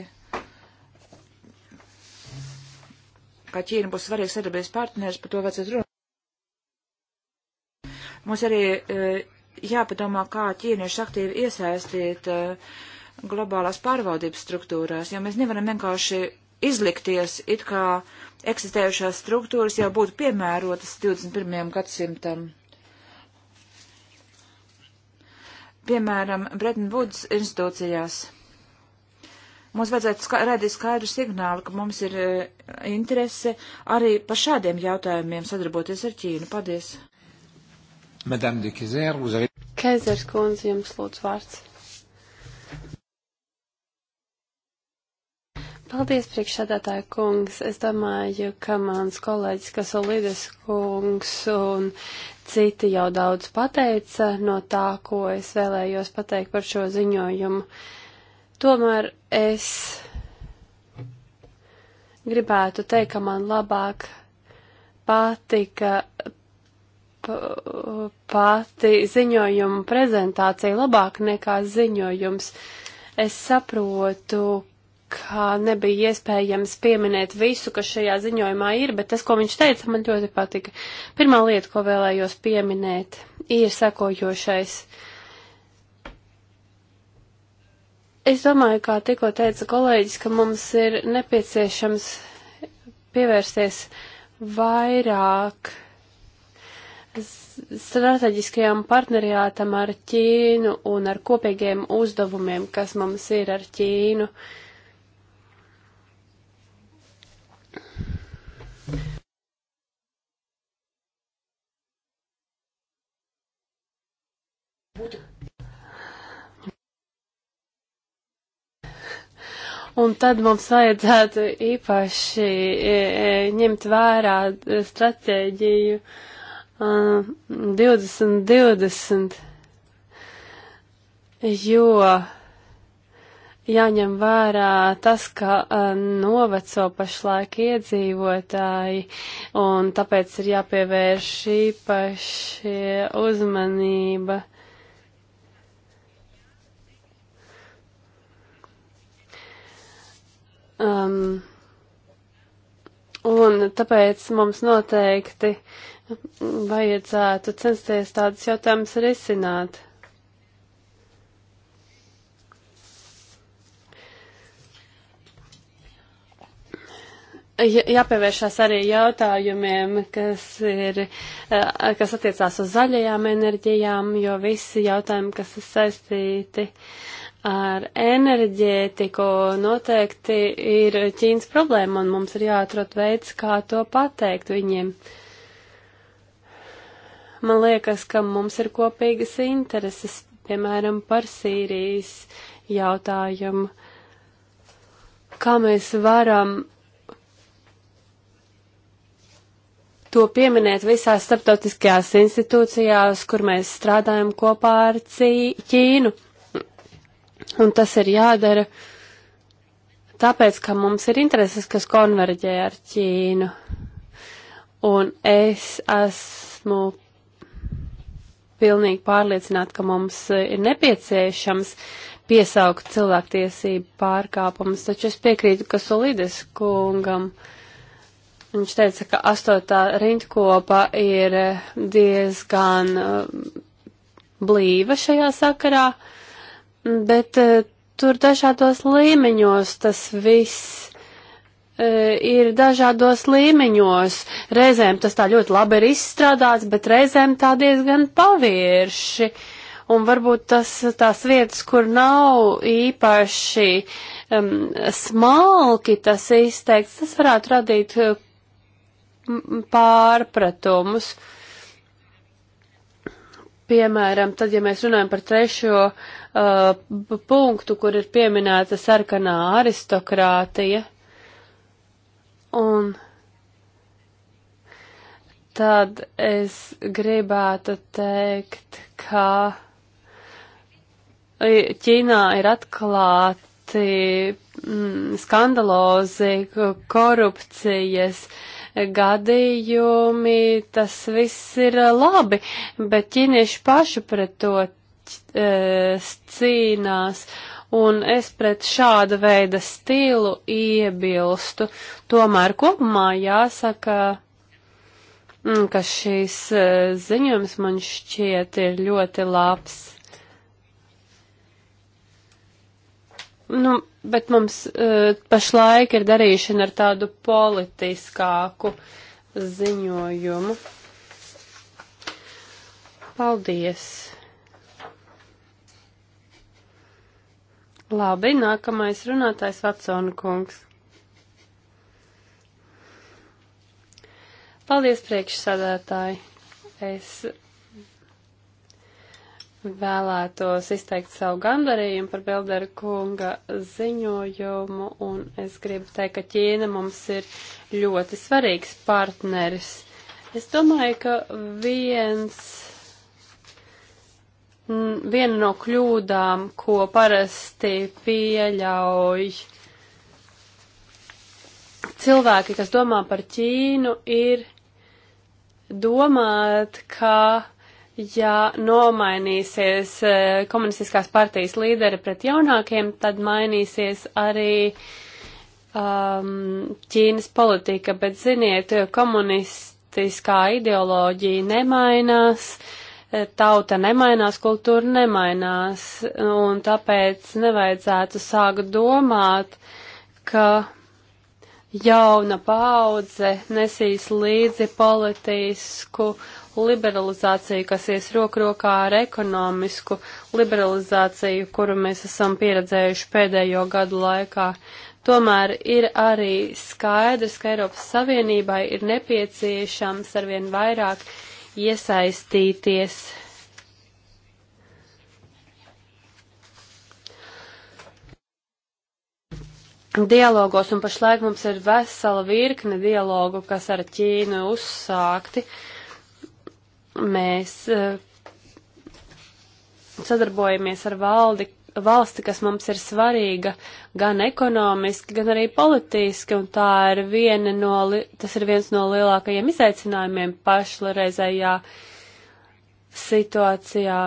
ka Ķīna būs svarīgs sadarbības partners, par to vajadzētu runāt. Mums arī eh, jāpadomā, kā ķīnieši aktīvi iesaistīt eh, globālās pārvaldības struktūrās, jo mēs nevaram vienkārši izlikties, it kā eksistējušās struktūras jau būtu piemērotas 21. gadsimtam. Piemēram, Bretton Woods institūcijās Mums vajadzētu ska redzēt skaidru signālu, ka mums ir uh, interese arī par šādiem jautājumiem sadarboties ar Ķīnu. Paldies! Madame de Kezer, vous avez... Kezers kundze, jums lūdzu vārds. Paldies, priekšsādātāja kungs. Es domāju, ka mans kolēģis Kasolides kungs un citi jau daudz pateica no tā, ko es vēlējos pateikt par šo ziņojumu. Uh, Tomēr es gribētu teikt, ka man labāk patika pati ziņojuma prezentācija labāk nekā ziņojums. Es saprotu, ka nebija iespējams pieminēt visu, kas šajā ziņojumā ir, bet tas, ko viņš teica, man ļoti patika. Pirmā lieta, ko vēlējos pieminēt, ir sekojošais. Uh, Es domāju, kā tikko teica kolēģis, ka mums ir nepieciešams pievērsties vairāk strateģiskajām partneriātam ar Ķīnu un ar kopīgiem uzdevumiem, kas mums ir ar Ķīnu. Būtu Un tad mums vajadzētu īpaši e, e, ņemt vērā e, stratēģiju 2020, jo jāņem vērā tas, ka noveco pašlaik iedzīvotāji, un tāpēc ir jāpievērš īpaši uzmanība. Um, un tāpēc mums noteikti vajadzētu censties tādus jautājumus risināt. jāpievēršās arī jautājumiem, kas, ir, eh, kas attiecās uz zaļajām enerģijām, jo visi jautājumi, kas ir saistīti ar enerģētiku, noteikti ir Ķīnas problēma, un mums ir jāatrot veids, kā to pateikt viņiem. Man liekas, ka mums ir kopīgas intereses, piemēram, par Sīrijas jautājumu. Kā mēs varam to pieminēt visās starptautiskajās institūcijās, kur mēs strādājam kopā ar Ķīnu. Un tas ir jādara tāpēc, ka mums ir intereses, kas konverģē ar Ķīnu. Un es esmu pilnīgi pārliecināta, ka mums ir nepieciešams piesaukt cilvēktiesību pārkāpumus, taču es piekrītu, ka Solides kungam uh, Viņš teica, ka astotā rindkopa ir eh, diezgan eh, blīva šajā sakarā, bet eh, tur dažādos līmeņos tas viss ir dažādos līmeņos. Reizēm tas tā ļoti labi ir izstrādāts, bet reizēm tā diezgan pavirši. Un varbūt tas tās vietas, kur nav īpaši um, smalki tas izteikts, tas varētu radīt pārpratumus. Piemēram, tad, ja mēs runājam par trešo uh, punktu, kur ir pieminēta sarkanā aristokrātija, un tad es gribētu teikt, ka Ķīnā ir atklāti mm, skandalozi korupcijas uh, gadījumi, tas viss ir labi, bet ķīnieši paši pret to cīnās, un es pret šāda veida stilu iebilstu. Tomēr kopumā jāsaka, mm, ka šīs ziņojums man šķiet ir ļoti labs. Nu, bet mums uh, pašlaik ir darīšana ar tādu politiskāku ziņojumu. Paldies! Labi, nākamais runātājs Vatsona kungs. Paldies, priekšsādātāji! Es vēlētos izteikt savu gandarījumu par Belderu kunga ziņojumu, un es gribu teikt, ka Ķīna mums ir ļoti svarīgs partneris. Es domāju, ka viens, viena no kļūdām, ko parasti pieļauj cilvēki, kas domā par Ķīnu, ir domāt, ka ja nomainīsies e, komunistiskās partijas līderi pret jaunākiem, tad mainīsies arī um, Ķīnas politika, bet ziniet, komunistiskā ideoloģija nemainās, e, tauta nemainās, kultūra nemainās, un tāpēc nevajadzētu sākt domāt, ka jauna paudze nesīs līdzi politisku liberalizāciju, kas ies roku rokā ar ekonomisku liberalizāciju, kuru mēs esam pieredzējuši pēdējo gadu laikā. Tomēr ir arī skaidrs, ka Eiropas Savienībai ir nepieciešams arvien vairāk iesaistīties dialogos, un pašlaik mums ir vesela virkne dialogu, kas ar Ķīnu uzsākti, Mēs e, sadarbojamies ar valdi, valsti, kas mums ir svarīga gan ekonomiski, gan arī politiski, un tā ir viena no, tas ir viens no lielākajiem izaicinājumiem pašlareizējā situācijā.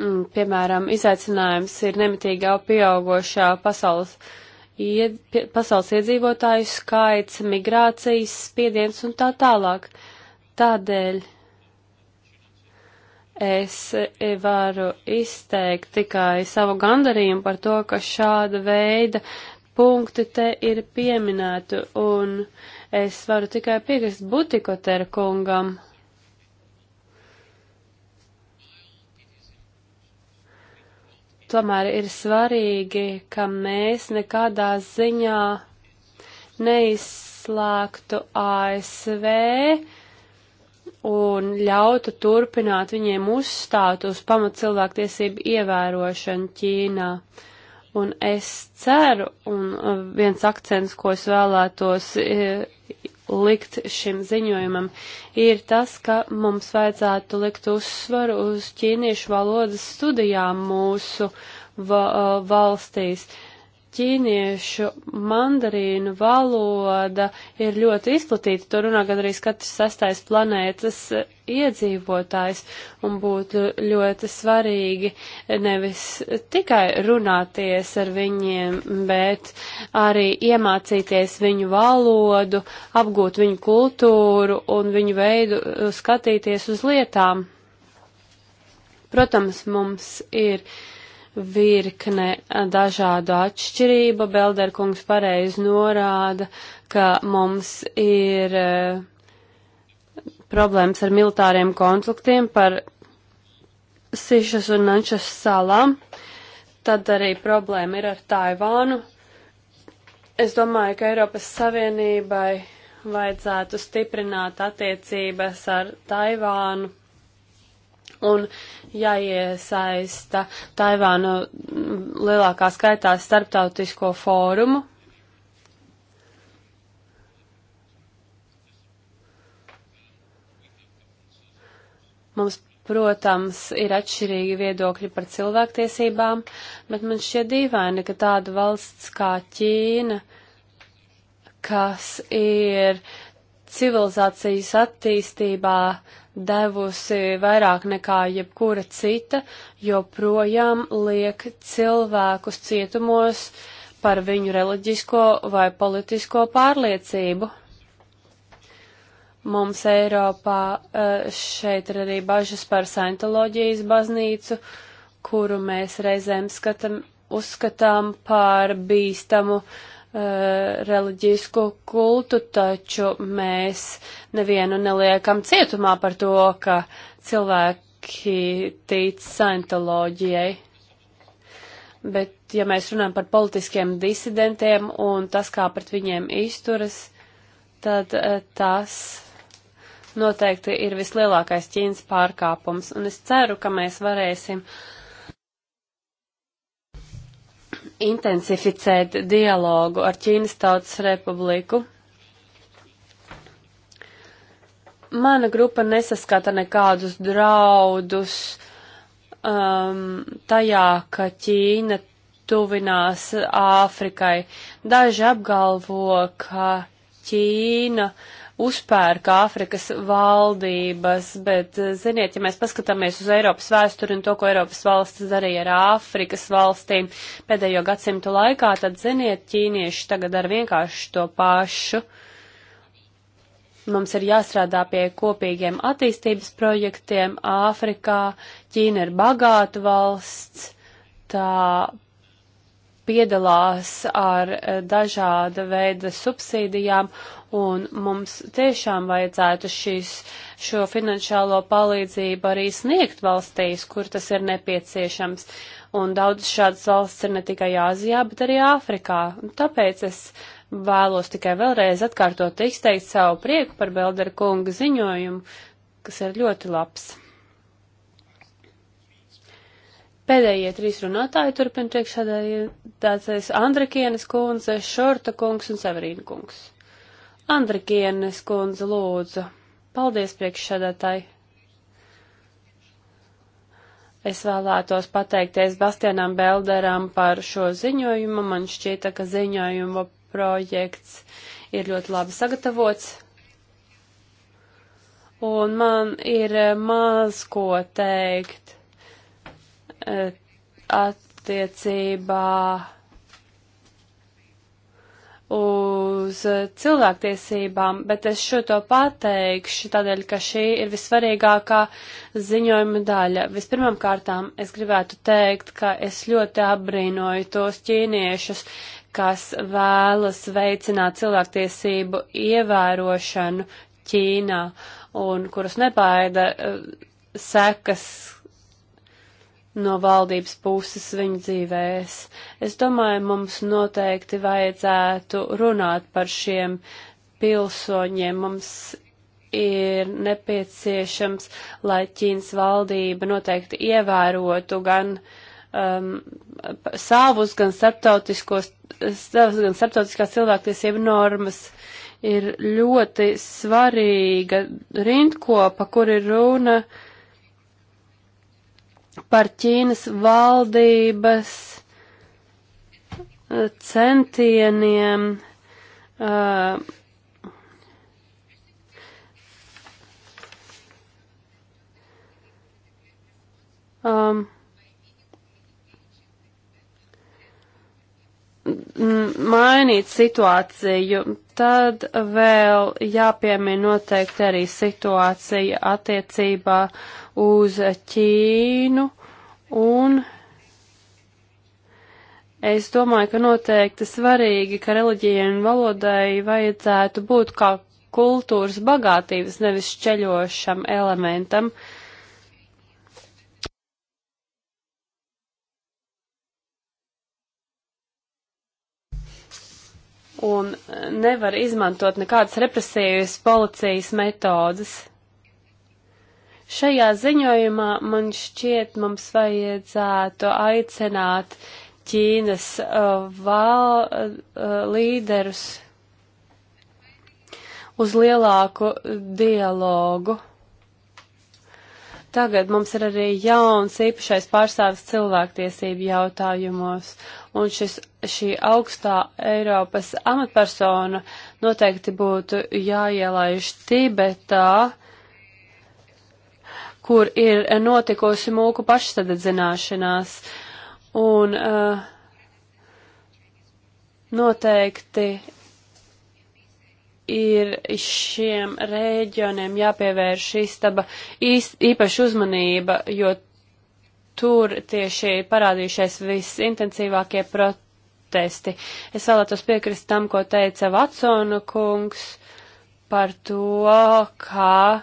Mm, piemēram, izaicinājums ir nemitīgi jau pieaugošā pasaules, ied, pasaules iedzīvotāju skaits, migrācijas spiediens un tā tālāk. Uh, Tādēļ es varu izteikt tikai savu gandarījumu par to, ka šāda veida punkti te ir pieminēti, un es varu tikai piekrist Butikotera kungam. Tomēr ir svarīgi, ka mēs nekādā ziņā neizslēgtu ASV, un ļautu turpināt viņiem uzstāt uz pamat cilvēktiesību ievērošanu Ķīnā. Un es ceru, un uh, viens akcents, ko es vēlētos uh, likt šim ziņojumam, ir tas, ka mums vajadzētu likt uzsvaru uz ķīniešu valodas studijām mūsu va uh, valstīs. Uh, ķīniešu mandarīnu valoda ir ļoti izplatīta. To runā gandrīz katrs sastais planētas iedzīvotājs un būtu ļoti svarīgi nevis tikai runāties ar viņiem, bet arī iemācīties viņu valodu, apgūt viņu kultūru un viņu veidu skatīties uz lietām. Protams, mums ir uh, virkne dažādu atšķirību. Belderkungs pareizi norāda, ka mums ir eh, problēmas ar militāriem konfliktiem par Sišas un Nančas salām. Tad arī problēma ir ar Taivānu. Es domāju, ka Eiropas Savienībai vajadzētu stiprināt attiecības ar Taivānu un jāiesaista Taivānu lielākā skaitā starptautisko fórumu. Mums, protams, ir atšķirīgi viedokļi par cilvēktiesībām, bet man šķiet dīvaini, ka tāda valsts kā Ķīna, kas ir civilizācijas attīstībā uh, devusi vairāk nekā jebkura cita, joprojām liek cilvēkus cietumos par viņu reliģisko vai politisko pārliecību. Mums Eiropā eh, šeit ir arī bažas par Scientoloģijas baznīcu, kuru mēs reizēm skatam, uzskatām par bīstamu uh, Eh, reliģisko kultu, taču mēs nevienu neliekam cietumā par to, ka cilvēki tic saintoloģijai. Bet, ja mēs runājam par politiskiem disidentiem un tas, kā pret viņiem izturas, tad eh, tas noteikti ir vislielākais Ķīnas pārkāpums. Un es ceru, ka mēs varēsim uh, intensificēt dialogu ar Ķīnas Tautas Republiku. Mana grupa nesaskata nekādus draudus um, tajā, ka Ķīna tuvinās Āfrikai. Daži apgalvo, ka Ķīna uh, uzpērka Āfrikas valdības, bet, eh, ziniet, ja mēs paskatāmies uz Eiropas vēsturi un to, ko Eiropas valstis darīja ar Āfrikas valstīm pēdējo gadsimtu laikā, tad, ziniet, ķīnieši tagad ar vienkārši to pašu. Mums ir jāstrādā pie kopīgiem attīstības projektiem Āfrikā. Ķīna ir bagāta valsts, tā piedalās ar eh, dažāda veida subsīdijām, un mums tiešām vajadzētu šīs, šo finansiālo palīdzību arī sniegt valstīs, kur tas ir nepieciešams. Un daudz šādas valsts ir ne tikai Āzijā, bet arī Āfrikā. Un tāpēc es vēlos tikai vēlreiz atkārtot izteikt savu prieku par Beldera kunga ziņojumu, kas ir ļoti labs. Pēdējie trīs runātāji turpina priekšsēdētājs Andrikienes kundze, Šorta kungs un Severīna kungs. Andrikienes kundze lūdzu. Paldies priekšsēdētāji. Es vēlētos pateikties Bastianam Belderam par šo ziņojumu. Man šķita, ka ziņojuma projekts ir ļoti labi sagatavots. Un man ir maz ko teikt attiecībā uz cilvēktiesībām, bet es šo to pateikšu tādēļ, ka šī ir visvarīgākā ziņojuma daļa. Vispirmām kārtām es gribētu teikt, ka es ļoti apbrīnoju tos ķīniešus, kas vēlas veicināt cilvēktiesību ievērošanu Ķīnā un kurus nepaida eh, sekas, no valdības puses viņu dzīvēs. Es domāju, mums noteikti vajadzētu runāt par šiem pilsoņiem. Mums ir nepieciešams, lai Ķīnas valdība noteikti ievērotu gan um, savus, gan starptautiskos, savus, gan starptautiskās cilvēktiesību normas. Ir ļoti svarīga rindkopa, kur ir runa uh, par Ķīnas valdības eh, centieniem uh, um, mainīt situāciju, tad vēl jāpiemina noteikti arī situācija attiecībā uz Ķīnu un es domāju, ka noteikti svarīgi, ka reliģijai un valodai vajadzētu būt kā kultūras bagātības, nevis ceļošam elementam. Uh, un nevar izmantot nekādas represīvas policijas metodas. Šajā ziņojumā man šķiet mums vajadzētu aicināt Ķīnas uh, val, uh, līderus uz lielāku dialogu. Tagad mums ir arī jauns īpašais pārstāvis cilvēktiesību jautājumos, un šis, šī augstā Eiropas amatpersona noteikti būtu jāielaiž Tibetā, kur ir notikusi mūku pašsadedzināšanās, un uh, noteikti ir šiem reģioniem jāpievērš istaba īst, īpaši uzmanība, jo tur tieši parādījušies visintensīvākie protesti. Es vēlētos piekrist tam, ko teica Vatsona kungs par to, kā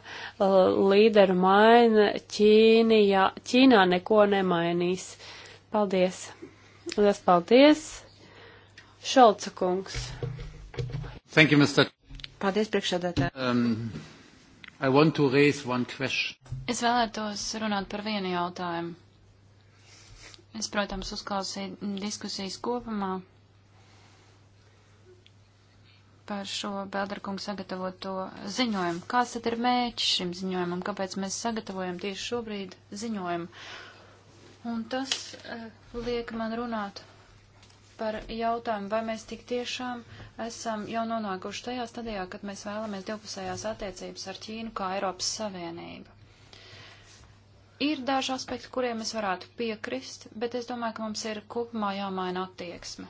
līderu maina Ķīnijā. Ķīnā neko nemainīs. Paldies! Lielas paldies! Šolca kungs! Thank you, Mr. Paldies, priekšsēdētāji. Um, es vēlētos runāt par vienu jautājumu. Es, protams, uzklausīju diskusijas kopumā par šo Belderkungu sagatavoto ziņojumu. Kāds tad ir mēķis šim ziņojumam? Kāpēc mēs sagatavojam tieši šobrīd ziņojumu? Un tas uh, liek man runāt par jautājumu, vai mēs tik tiešām esam jau nonākuši tajā stadijā, kad mēs vēlamies divpusējās attiecības ar Ķīnu kā Eiropas Savienību. Ir daži aspekti, kuriem es varētu piekrist, bet es domāju, ka mums ir kopumā jāmaina attieksme.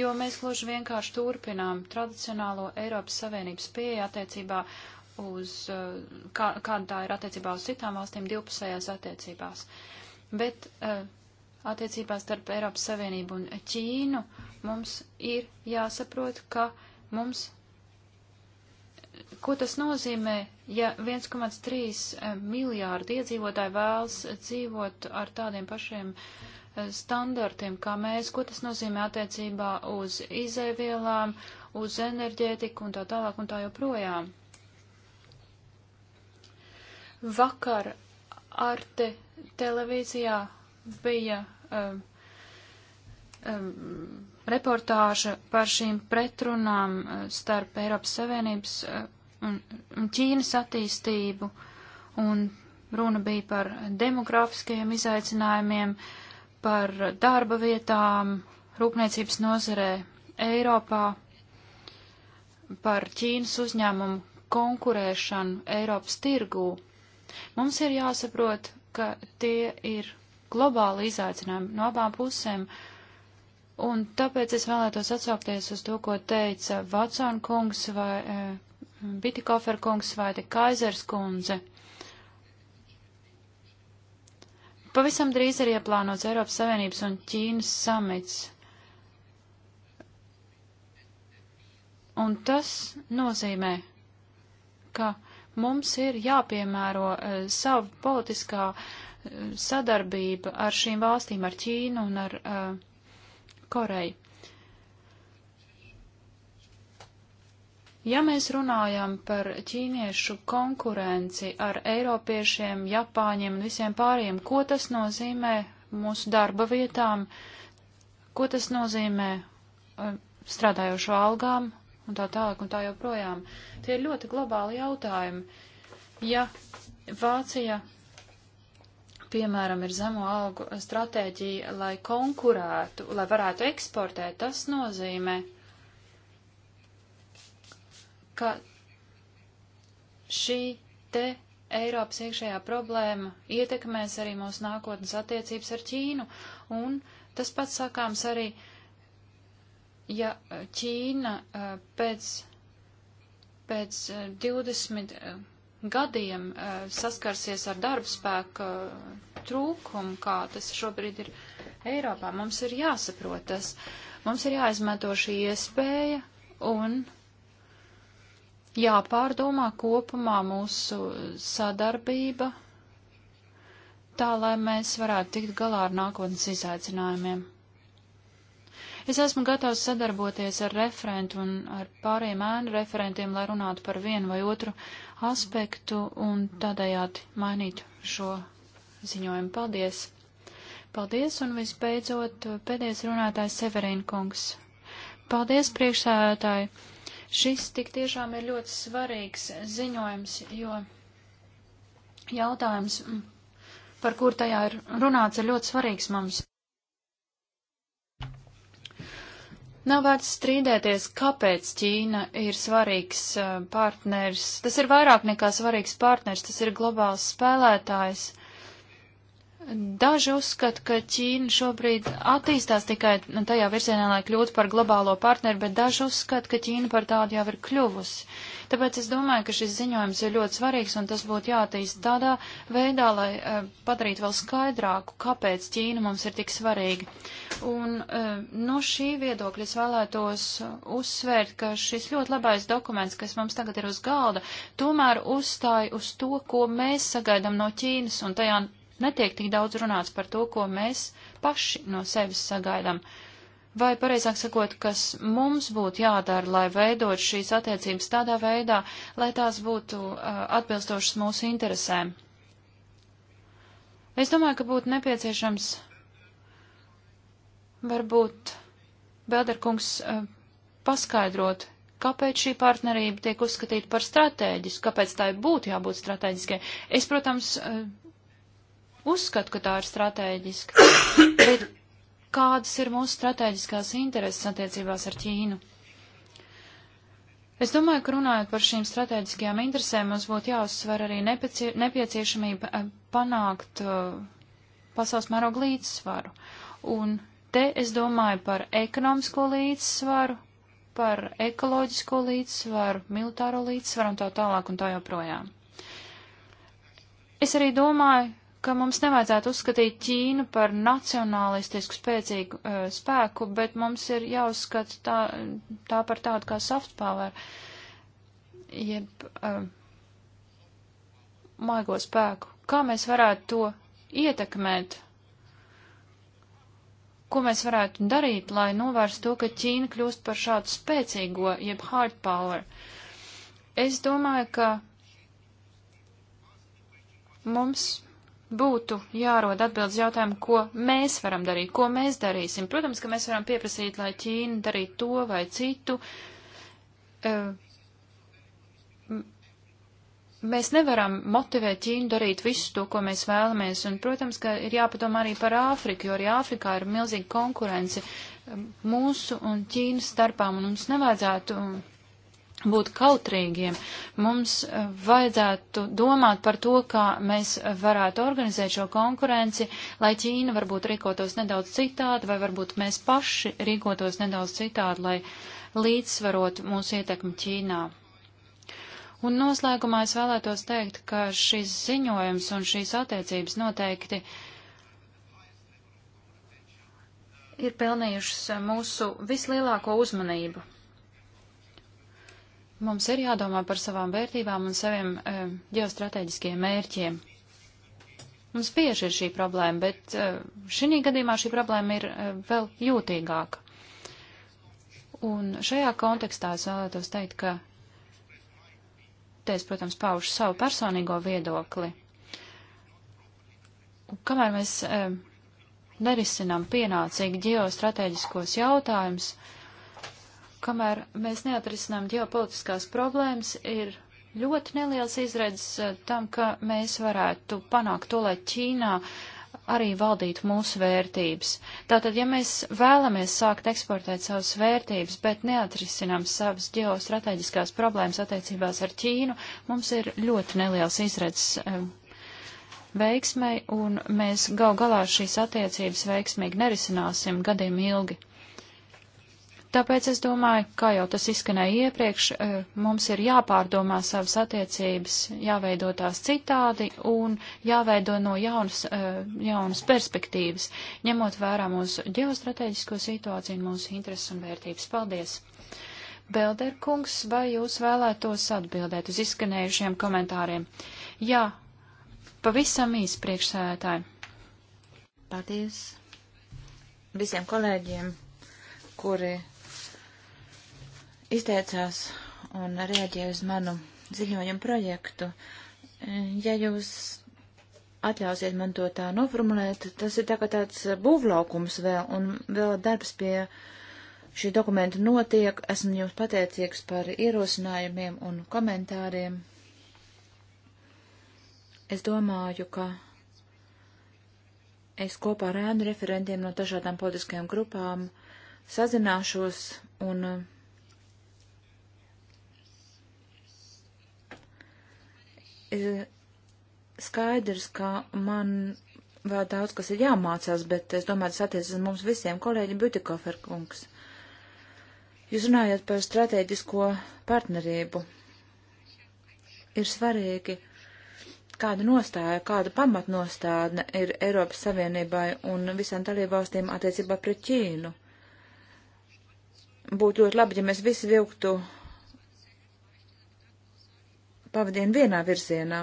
Jo mēs gluži vienkārši turpinām tradicionālo Eiropas Savienības pieeja attiecībā uz, eh, kā, kāda tā ir attiecībā uz citām valstīm divpusējās attiecībās. Bet eh, attiecībās starp Eiropas Savienību un Ķīnu uh, mums ir jāsaprot, ka mums, ko tas nozīmē, ja 1,3 eh, miljārdi iedzīvotāji vēlas dzīvot ar tādiem pašiem eh, standartiem kā mēs, ko tas nozīmē attiecībā uz izēvielām, uz enerģētiku un tā tālāk un tā joprojām. Vakar Arte televīzijā bija um, um, reportāža par šīm pretrunām eh, starp Eiropas Savienības eh, un, un Ķīnas attīstību, un runa bija par demografiskajiem izaicinājumiem, par darba vietām, rūpniecības nozarē Eiropā, par Ķīnas uzņēmumu konkurēšanu Eiropas tirgū. Mums ir jāsaprot, ka tie ir globāli izaicinājumi no abām pusēm. Uh, Un tāpēc es vēlētos atsaukties uz to, ko teica Vatsona kungs vai e, Bitikofer kungs vai te Kaizers kundze. Pavisam drīz ir ieplānots Eiropas Savienības un Ķīnas samits. Un tas nozīmē, ka mums ir jāpiemēro e, savu politiskā e, sadarbība ar šīm valstīm, ar Ķīnu un ar. E, Koreju. Ja mēs runājam par ķīniešu konkurenci ar eiropiešiem, japāņiem un visiem pārējiem, ko tas nozīmē mūsu darba vietām, ko tas nozīmē uh, strādājošo algām un tā tālāk un tā joprojām. Tie ir ļoti globāli jautājumi. Ja Vācija piemēram, ir zemo algu stratēģija, lai konkurētu, lai varētu eksportēt, tas nozīmē, ka šī te Eiropas iekšējā problēma ietekmēs arī mūsu nākotnes attiecības ar Ķīnu, un tas pats sakāms arī, ja Ķīna eh, pēc, pēc 20 eh, gadiem eh, saskarsies ar darbspēka eh, trūkumu, kā tas šobrīd ir Eiropā. Mums ir jāsaprot tas. Mums ir jāizmanto šī iespēja un jāpārdomā kopumā mūsu sadarbība, tā lai mēs varētu tikt galā ar nākotnes izaicinājumiem. Es esmu gatavs sadarboties ar referentu un ar pārējiem ēnu referentiem, lai runātu par vienu vai otru aspektu un tādējādi mainītu šo ziņojumu. Paldies! Paldies, un visbeidzot, pēdējais runātājs Severīna kungs. Paldies, priekšsēdētāji! Šis tik tiešām ir ļoti svarīgs ziņojums, jo jautājums, par kur tajā ir runāts, ir ļoti svarīgs mums. Nav vērts strīdēties, kāpēc Ķīna ir svarīgs eh, partners. Tas ir vairāk nekā svarīgs partners, tas ir globāls spēlētājs. Daži uzskata, ka Ķīna šobrīd attīstās tikai nu, tajā virzienā, lai kļūtu par globālo partneri, bet daži uzskata, ka Ķīna par tādu jau ir kļuvusi. Tāpēc es domāju, ka šis ziņojums ir ļoti svarīgs un tas būtu jātīst tādā veidā, lai uh, padarītu vēl skaidrāku, kāpēc Ķīna mums ir tik svarīga. Un uh, no šī viedokļa es vēlētos uzsvērt, ka šis ļoti labais dokuments, kas mums tagad ir uz galda, tomēr uzstāja uz to, ko mēs sagaidām no Ķīnas un tajā netiek tik daudz runāts par to, ko mēs paši no sevis sagaidām. Vai pareizāk sakot, kas mums būtu jādara, lai veidot šīs attiecības tādā veidā, lai tās būtu uh, atbilstošas mūsu interesēm? Es domāju, ka būtu nepieciešams varbūt Bēderkungs uh, paskaidrot, kāpēc šī partnerība tiek uzskatīta par stratēģisku, kāpēc tai būtu jābūt stratēģiskai. Es, protams, uh, uzskatu, ka tā ir strateģiska, bet kādas ir mūsu strateģiskās intereses attiecībās ar Ķīnu? Es domāju, ka runājot par šīm strateģiskajām interesēm, mums būtu jāuzsver arī nepecie, nepieciešamība eh, panākt uh, pasaules mēroga līdzsvaru. Un te es domāju par ekonomisko līdzsvaru, par ekoloģisko līdzsvaru, militāro līdzsvaru un tā tālāk un tā joprojām. Es arī domāju ka mums nevajadzētu uzskatīt Ķīnu par nacionālistisku spēcīgu uh, spēku, bet mums ir jāuzskata tā, tā par tādu kā soft power, jeb uh, maigo spēku. Kā mēs varētu to ietekmēt? Ko mēs varētu darīt, lai novērstu to, ka Ķīna kļūst par šādu spēcīgo, jeb hard power? Es domāju, ka mums būtu jārod atbildes jautājumu, ko mēs varam darīt, ko mēs darīsim. Protams, ka mēs varam pieprasīt, lai Ķīna darītu to vai citu. E, mēs nevaram motivēt Ķīnu darīt visu to, ko mēs vēlamies, un, protams, ka ir jāpadomā arī par Āfriku, jo arī Āfrikā ir milzīga konkurence mūsu un Ķīnas starpām, un mums nevajadzētu būt kautrīgiem. Mums e, vajadzētu domāt par to, kā mēs varētu organizēt šo konkurenci, lai Ķīna varbūt rīkotos nedaudz citādi, vai varbūt mēs paši rīkotos nedaudz citādi, lai līdzsvarot mūsu ietekmi Ķīnā. Un noslēgumā es vēlētos teikt, ka šis ziņojums un šīs attiecības noteikti ir pelnījušas mūsu vislielāko uzmanību. Mums ir jādomā par savām vērtībām un saviem e, ģeostrateģiskiem mērķiem. Mums bieži ir šī problēma, bet e, šī gadījumā šī problēma ir e, vēl jūtīgāka. Un šajā kontekstā es vēlētos teikt, ka te es, protams, paušu savu personīgo viedokli. Un kamēr mēs e, nerisinām pienācīgi ģeostrateģiskos jautājumus, e, kamēr mēs neatrisinām ģeopolitiskās problēmas, ir ļoti neliels izredzes eh, tam, ka mēs varētu panākt to, lai Ķīnā arī valdītu mūsu vērtības. Tātad, ja mēs vēlamies sākt eksportēt savas vērtības, bet neatrisinām savas ģeostrateģiskās problēmas attiecībās ar Ķīnu, mums ir ļoti neliels izredzes eh, veiksmei, un mēs gal galā šīs attiecības veiksmīgi nerisināsim gadiem ilgi. Tāpēc es domāju, kā jau tas izskanēja iepriekš, e, mums ir jāpārdomā savas attiecības, jāveido tās citādi un jāveido no jaunas, e, jaunas perspektīvas, ņemot vērā mūsu ģeostrateģisko situāciju un mūsu intereses un vērtības. Paldies! Belderkungs, vai jūs vēlētos atbildēt uz izskanējušiem komentāriem? Jā, pavisam īsi priekšsēdētāji. Paldies visiem kolēģiem, kuri izteicās un reaģēja uz manu ziņojumu projektu. Ja jūs atļausiet man to tā noformulēt, tas ir tā kā tāds būvlaukums vēl, un vēl darbs pie šī dokumenta notiek. Esmu jums pateicīgs par ierosinājumiem un komentāriem. Es domāju, ka es kopā ar ēnu referentiem no dažādām politiskajām grupām sazināšos un ir skaidrs, ka man vēl daudz kas ir jāmācās, bet es domāju, tas attiecas mums visiem, kolēģi Butikofer kungs. Jūs runājat par strateģisko partnerību. Ir svarīgi, kāda nostāja, kāda pamatnostādne ir Eiropas Savienībai un visām dalībvalstīm attiecībā pret Ķīnu. Būtu ļoti labi, ja mēs visi vilktu pavadienu vienā virzienā.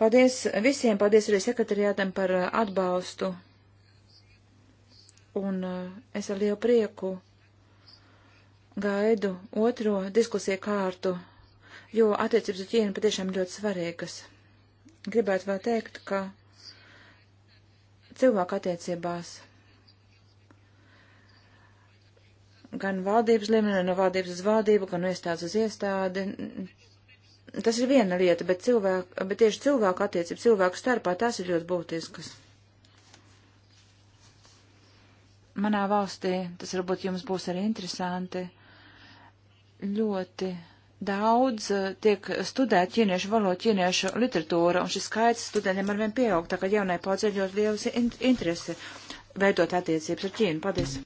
Paldies visiem, paldies arī sekretariātam par uh, atbalstu. Un uh, es ar lielu prieku gaidu otro diskusiju kārtu, jo attiecības uz Ķīnu patiešām ļoti svarīgas. Gribētu vēl teikt, ka cilvēku attiecībās gan valdības līmenī, no valdības uz valdību, gan no iestādes uz iestādi tas ir viena lieta, bet, cilvēku, bet tieši cilvēku attiecību cilvēku starpā tās ir ļoti būtiskas. Manā valstī, tas varbūt jums būs arī interesanti, ļoti daudz eh, tiek studēt ķīniešu valodu, ķīniešu literatūru, un šis skaits studentiem arvien pieaug, tā kā jaunai paudzē ļoti liels interesi veidot attiecības ar Ķīnu. Paldies.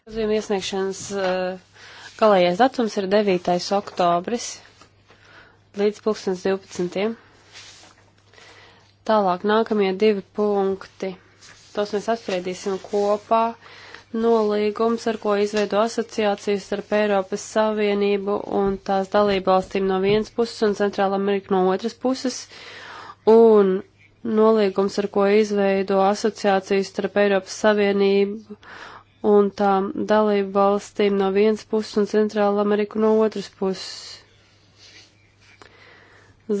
Grozījuma iesniegšanas uh, Galējais datums ir 9. oktobris līdz 2012. Tālāk nākamie divi punkti. Tos mēs apspriedīsim kopā. Nolīgums, ar ko izveido asociācijas starp Eiropas Savienību un tās dalībvalstīm no vienas puses un Centrāla Amerika no otras puses. Un nolīgums, ar ko izveido asociācijas starp Eiropas Savienību un tām dalību valstīm no vienas puses un Centrāla Ameriku no otras puses.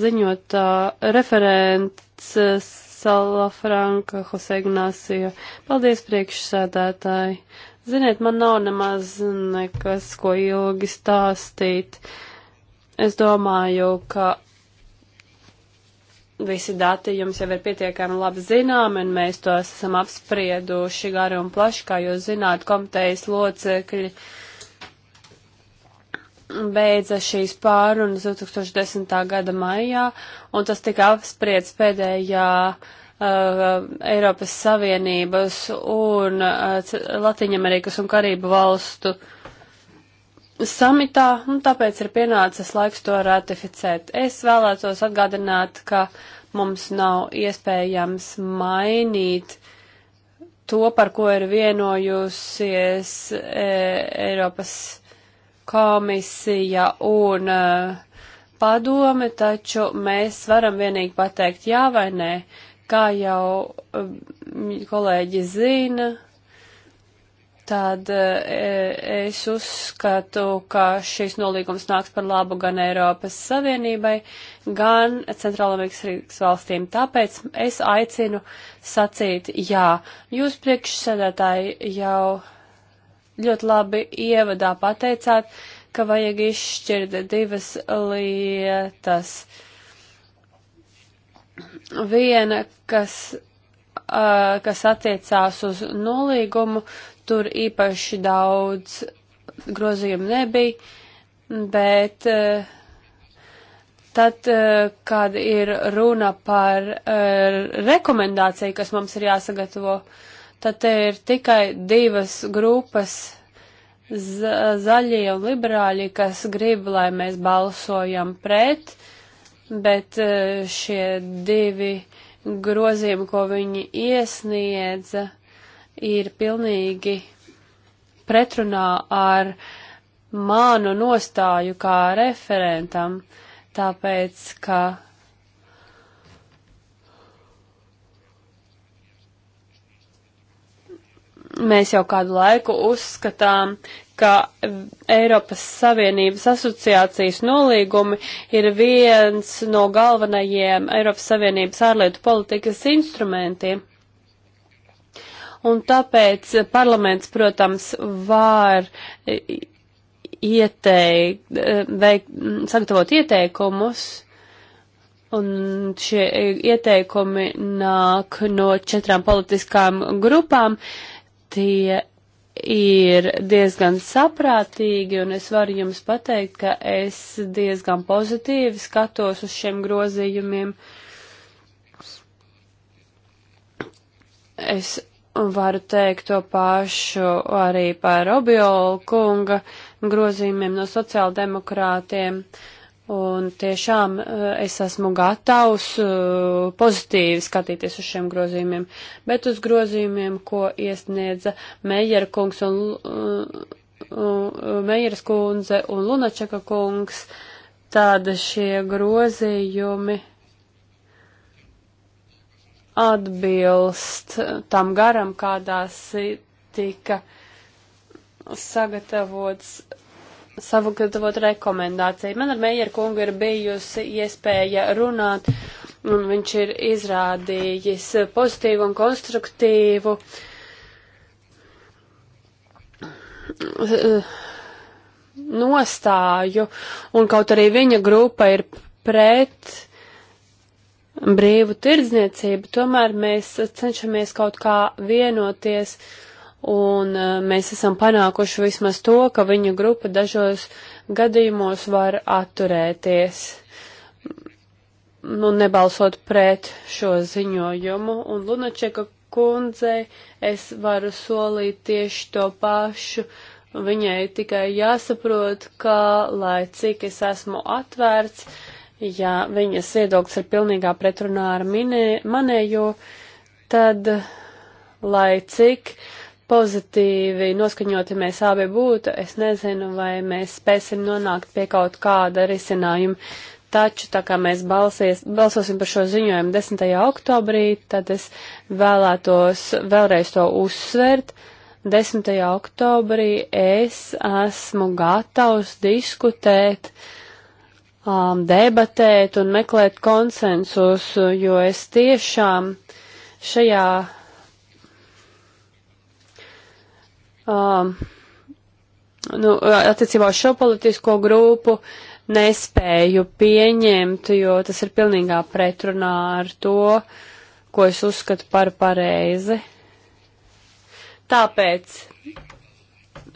Ziņot referents Salafranka Jose Ignācija. Paldies priekšsēdētāji. Ziniet, man nav nemaz nekas, ko ilgi stāstīt. Es domāju, ka Visi dati jums jau ir pietiekami labi zināmi, un mēs tos esam apsprieduši gari un plaši, kā jūs zināt, komitejas locekļi beidza šīs pārunas 2010. gada maijā, un tas tika apspriests pēdējā uh, Eiropas Savienības un uh, Latvijas-Amerikas un Karību valstu uh, samitā, un tāpēc ir pienācis laiks to ratificēt. Es vēlētos atgādināt, ka mums nav iespējams mainīt to, par ko ir vienojusies e, Eiropas komisija un e, padome, taču mēs varam vienīgi pateikt jā vai nē, kā jau e, kolēģi zina tad eh, es uzskatu, ka šīs nolīgums nāks par labu gan Eiropas Savienībai, gan Centrālamerikas valstīm. Tāpēc es aicinu sacīt jā. Jūs priekšsēdētāji jau ļoti labi ievadā pateicāt, ka vajag izšķirt divas lietas. Viena, kas eh, kas attiecās uz nolīgumu, Tur īpaši daudz grozījumu nebija, bet eh, tad, eh, kad ir runa par eh, rekomendāciju, kas mums ir jāsagatavo, tad te ir tikai divas grupas zaļie un liberāļi, kas grib, lai mēs balsojam pret, bet šie divi grozījumi, ko viņi iesniedza, ir pilnīgi pretrunā ar mānu nostāju kā referentam, tāpēc, ka mēs jau kādu laiku uzskatām, ka Eiropas Savienības asociācijas nolīgumi ir viens no galvenajiem Eiropas Savienības ārlietu politikas instrumentiem un tāpēc parlaments, protams, var ieteikt, veikt, sagatavot ieteikumus, un šie ieteikumi nāk no četrām politiskām grupām. Tie ir diezgan saprātīgi, un es varu jums pateikt, ka es diezgan pozitīvi skatos uz šiem grozījumiem. Es varu teikt to pašu arī par Robiolu kunga grozījumiem no sociāldemokrātiem. Un tiešām eh, es esmu gatavs eh, pozitīvi skatīties uz šiem grozījumiem, bet uz grozījumiem, ko iesniedza Meijera kungs un eh, Meijeras kundze un Lunačeka kungs, tad šie grozījumi atbilst tam garam, kādās tika sagatavots, sagatavot rekomendāciju. Man ar Meijer kungu ir bijusi iespēja runāt, un viņš ir izrādījis pozitīvu un konstruktīvu eh, nostāju, un kaut arī viņa grupa ir pret brīvu tirdzniecību, tomēr mēs cenšamies kaut kā vienoties, un eh, mēs esam panākuši vismaz to, ka viņu grupa dažos gadījumos var atturēties, nu, nebalsot pret šo ziņojumu, un Lunačeka kundzei es varu solīt tieši to pašu, Viņai tikai jāsaprot, ka, lai cik es esmu atvērts, uh, ja viņas viedoklis ir pilnīgā pretrunā ar minē, manējo, tad, lai cik pozitīvi noskaņoti mēs abi būtu, es nezinu, vai mēs spēsim nonākt pie kaut kāda risinājuma. Taču, tā kā mēs balsies, balsosim par šo ziņojumu 10. oktobrī, tad es vēlētos vēlreiz to uzsvērt. 10. oktobrī es esmu gatavs diskutēt uh, um, debatēt un meklēt konsensus, jo es tiešām šajā um, nu, attiecībā uz šo politisko grupu nespēju pieņemt, jo tas ir pilnīgā pretrunā ar to, ko es uzskatu par pareizi. Tāpēc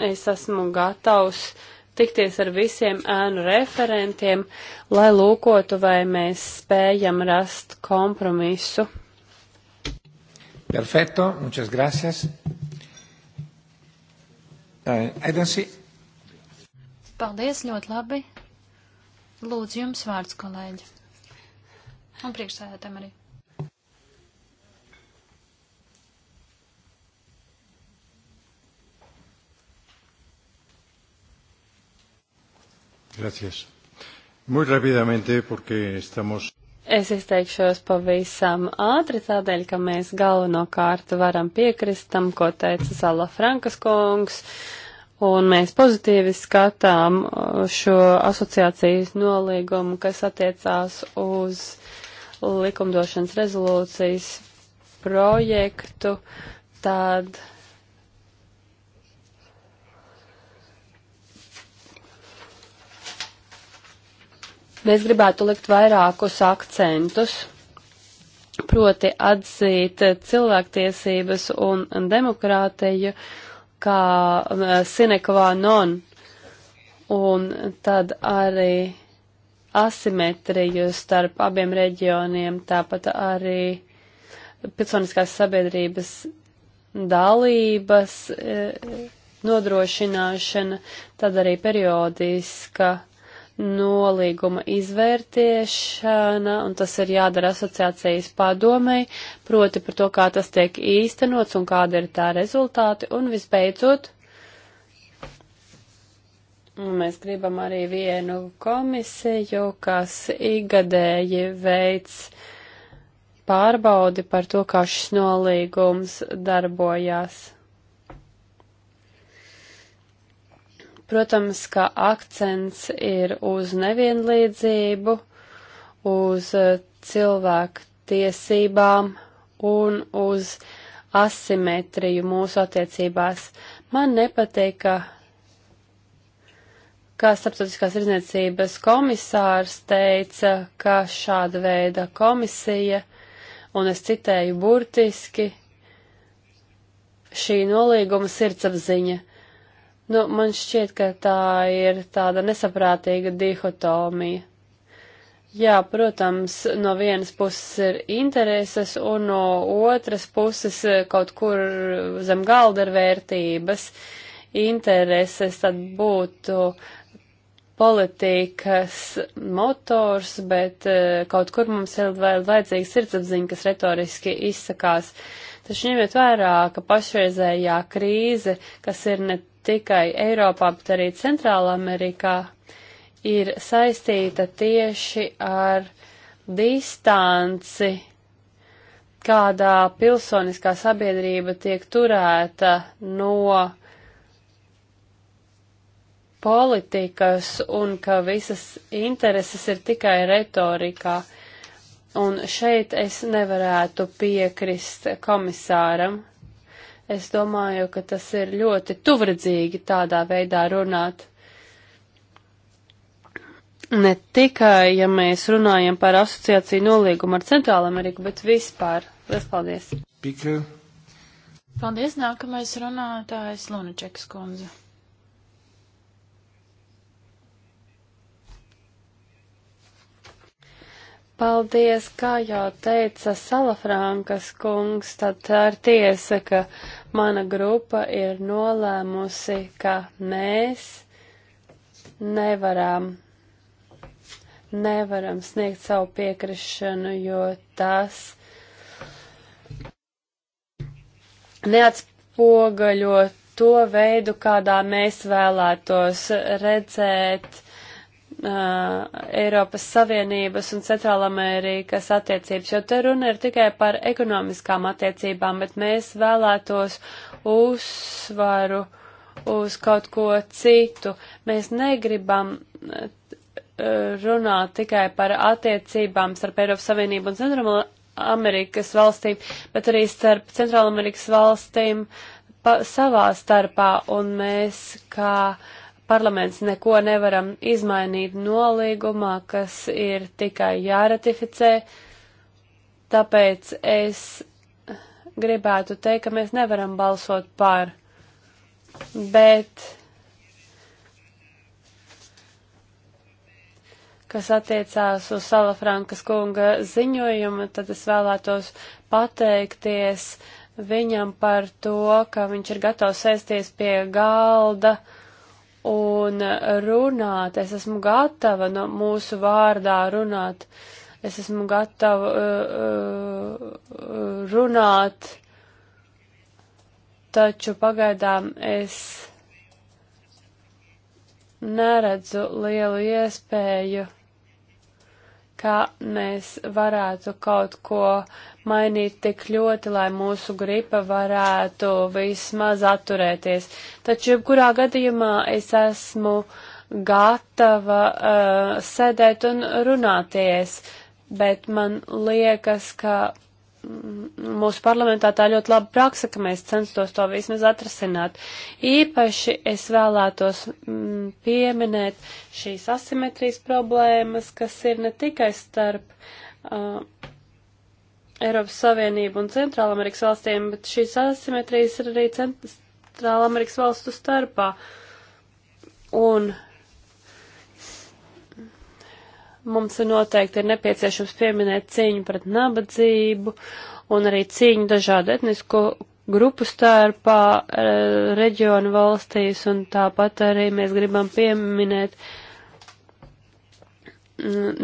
es esmu gatavs uh, tikties ar visiem ēnu referentiem, lai lūkotu, vai mēs spējam rast kompromisu. Perfecto, muchas gracias. Eh, Aidansi. Paldies, ļoti labi. Lūdzu, jums vārds, kolēģi. Un priekšsēdētājiem arī. Gracias. Muy rápidamente, porque estamos. Es izteikšos pavisam ātri, tādēļ, ka mēs galvenokārt varam piekrist tam, ko teica Zala Frankas kungs, un mēs pozitīvi skatām uh, šo asociācijas nolīgumu, kas attiecās uz likumdošanas rezolūcijas projektu, tad mēs gribētu likt vairākus akcentus, proti atzīt cilvēktiesības un demokrātiju kā sinekvā non, un tad arī asimetriju starp abiem reģioniem, tāpat arī pilsoniskās sabiedrības dalības e, nodrošināšana, tad arī periodiska nolīguma izvērtiešana, un tas ir jādara asociācijas padomei, proti par to, kā tas tiek īstenots un kāda ir tā rezultāti, un visbeidzot, mēs gribam arī vienu komisiju, kas igadēji veids pārbaudi par to, kā šis nolīgums darbojās. Protams, ka akcents ir uz nevienlīdzību, uz eh, cilvēku tiesībām un uz asimetriju mūsu attiecībās. Man nepatīk, ka, kā starptautiskās izniecības komisārs teica, ka šāda veida komisija, un es citēju burtiski, šī nolīguma sirdsapziņa Nu, man šķiet, ka tā ir tāda nesaprātīga dihotomija. Jā, protams, no vienas puses ir intereses, un no otras puses kaut kur zem galda ir vērtības. Intereses tad būtu politikas motors, bet eh, kaut kur mums ir vēl vajadzīga sirdsapziņa, kas retoriski izsakās. Taču ņemiet vērā, ka pašreizējā krīze, kas ir ne tikai Eiropā, bet arī Centrāla Amerikā, ir saistīta tieši ar distanci, kādā pilsoniskā sabiedrība tiek turēta no politikas un ka visas intereses ir tikai retorikā. Un šeit es nevarētu piekrist komisāram, Es domāju, ka tas ir ļoti tuvredzīgi tādā veidā runāt. Ne tikai, ja mēs runājam par asociāciju nolīgumu ar Centrālameriku, bet vispār. Lies paldies! Pika. Paldies, nākamais runātājs Lunačeks kundze. Paldies, kā jau teica Salafrankas kungs, tad tā ir tiesa, ka mana grupa ir nolēmusi, ka mēs nevaram, nevaram sniegt savu piekrišanu, jo tas neatspogaļo to veidu, kādā mēs vēlētos redzēt Uh, Eiropas Savienības un Centrālamerikas attiecības, jo te runa ir tikai par ekonomiskām attiecībām, bet mēs vēlētos uzsvaru uz kaut ko citu. Mēs negribam uh, runāt tikai par attiecībām starp Eiropas Savienību un Centrālamerikas valstīm, bet arī starp Centrālamerikas valstīm pa, savā starpā, un mēs kā uh, parlaments neko nevaram izmainīt nolīgumā, kas ir tikai jāratificē, tāpēc es gribētu teikt, ka mēs nevaram balsot par, bet kas attiecās uz Salafrankas kunga ziņojumu, tad es vēlētos pateikties viņam par to, ka viņš ir gatavs sēsties pie galda uh, un runāt. Es esmu gatava no nu, mūsu vārdā runāt. Es esmu gatava uh, uh, uh, runāt, taču pagaidām es neredzu lielu iespēju, kā mēs varētu kaut ko uh, mainīt tik ļoti, lai mūsu gripa varētu vismaz atturēties. Taču jebkurā gadījumā es esmu gatava uh, sēdēt un runāties, bet man liekas, ka mm, mūsu parlamentā tā ļoti laba praksa, ka mēs censtos to vismaz atrasināt. Īpaši es vēlētos mm, pieminēt šīs asimetrijas problēmas, kas ir ne tikai starp uh, Eiropas Savienību un Centrālamerikas valstīm, bet šīs asimetrijas ir arī Centrālamerikas valstu starpā. Un mums ir noteikti ir nepieciešams pieminēt cīņu pret nabadzību un arī cīņu dažādu etnisko grupu starpā eh, reģionu valstīs, un tāpat arī mēs gribam pieminēt uh,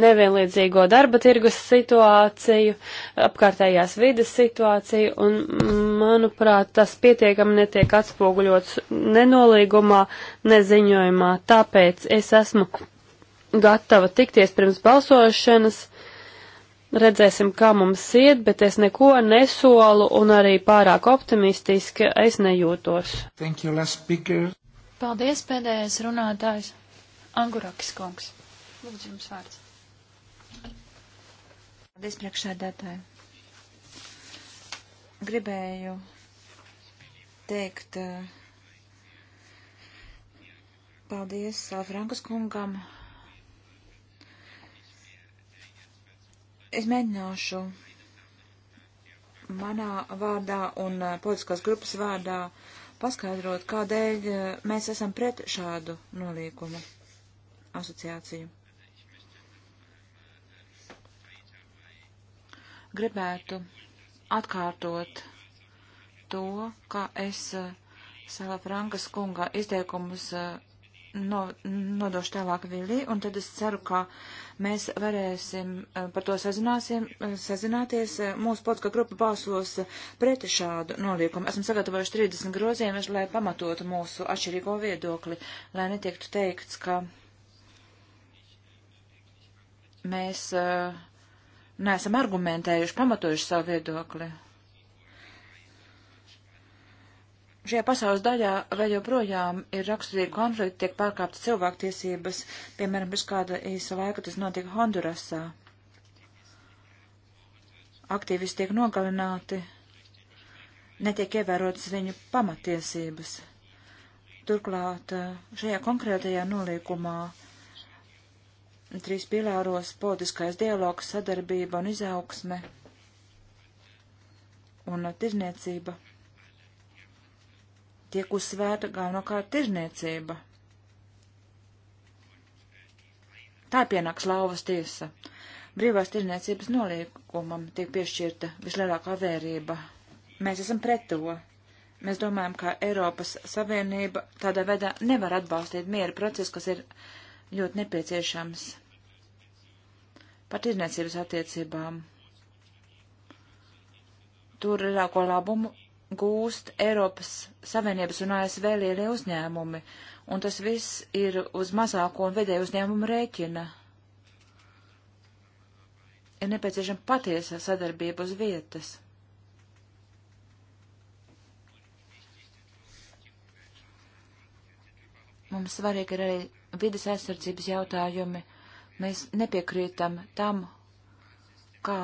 nevienlīdzīgo darba tirgus situāciju, apkārtējās vides situāciju, un, manuprāt, tas pietiekami netiek atspoguļots nenolīgumā, neziņojumā. Tāpēc es esmu gatava tikties pirms balsošanas. Redzēsim, kā mums iet, bet es neko nesolu un arī pārāk optimistiski es nejūtos. Thank you, Paldies, pēdējais runātājs. Angurakis kungs. Lūdzu, jums vārds. Paldies, priekšsēdētāji. Gribēju teikt eh, paldies Frankas kungam. Es mēģināšu manā vārdā un eh, politiskās grupas vārdā paskaidrot, kādēļ eh, mēs esam pret šādu nolīkumu asociāciju. gribētu atkārtot to, ka es eh, savā Frankas kunga izteikumus eh, no, nodošu tālāk Vilī, un tad es ceru, ka mēs varēsim eh, par to sazināties. Mūsu podska grupa balsos pret šādu noliekumu. Esmu sagatavojuši 30 grozījumus, lai pamatotu mūsu atšķirīgo viedokli, lai netiektu teikts, ka mēs uh, neesam argumentējuši, pamatojuši savu viedokli. Šajā pasaules daļā vēl joprojām ir raksturīgi konflikti, tiek pārkāptas cilvēktiesības, piemēram, bez kāda īsa laika tas notika Hondurasā. Aktīvisti tiek nogalināti, netiek ievērotas viņu pamatiesības. Turklāt eh, šajā konkrētajā nolīkumā trīs pilāros - politiskais dialogs, sadarbība un izaugsme un tirzniecība. Tiek uzsvērta galvenokārt tirzniecība. Tā pienāks lauvas tiesa. Brīvās tirzniecības noliekumam tiek piešķirta vislielākā vērība. Mēs esam pret to. Mēs domājam, ka Eiropas Savienība tādā veidā nevar atbalstīt miera procesu, kas ir ļoti nepieciešams par tirniecības attiecībām. Tur lielāko labumu gūst Eiropas Savienības un ASV lielie uzņēmumi, un tas viss ir uz mazāko un vedēju uzņēmumu rēķina. Ir nepieciešama patiesa sadarbība uz vietas. Mums svarīgi ir arī vidas aizsardzības jautājumi. Mēs nepiekrītam tam, kā,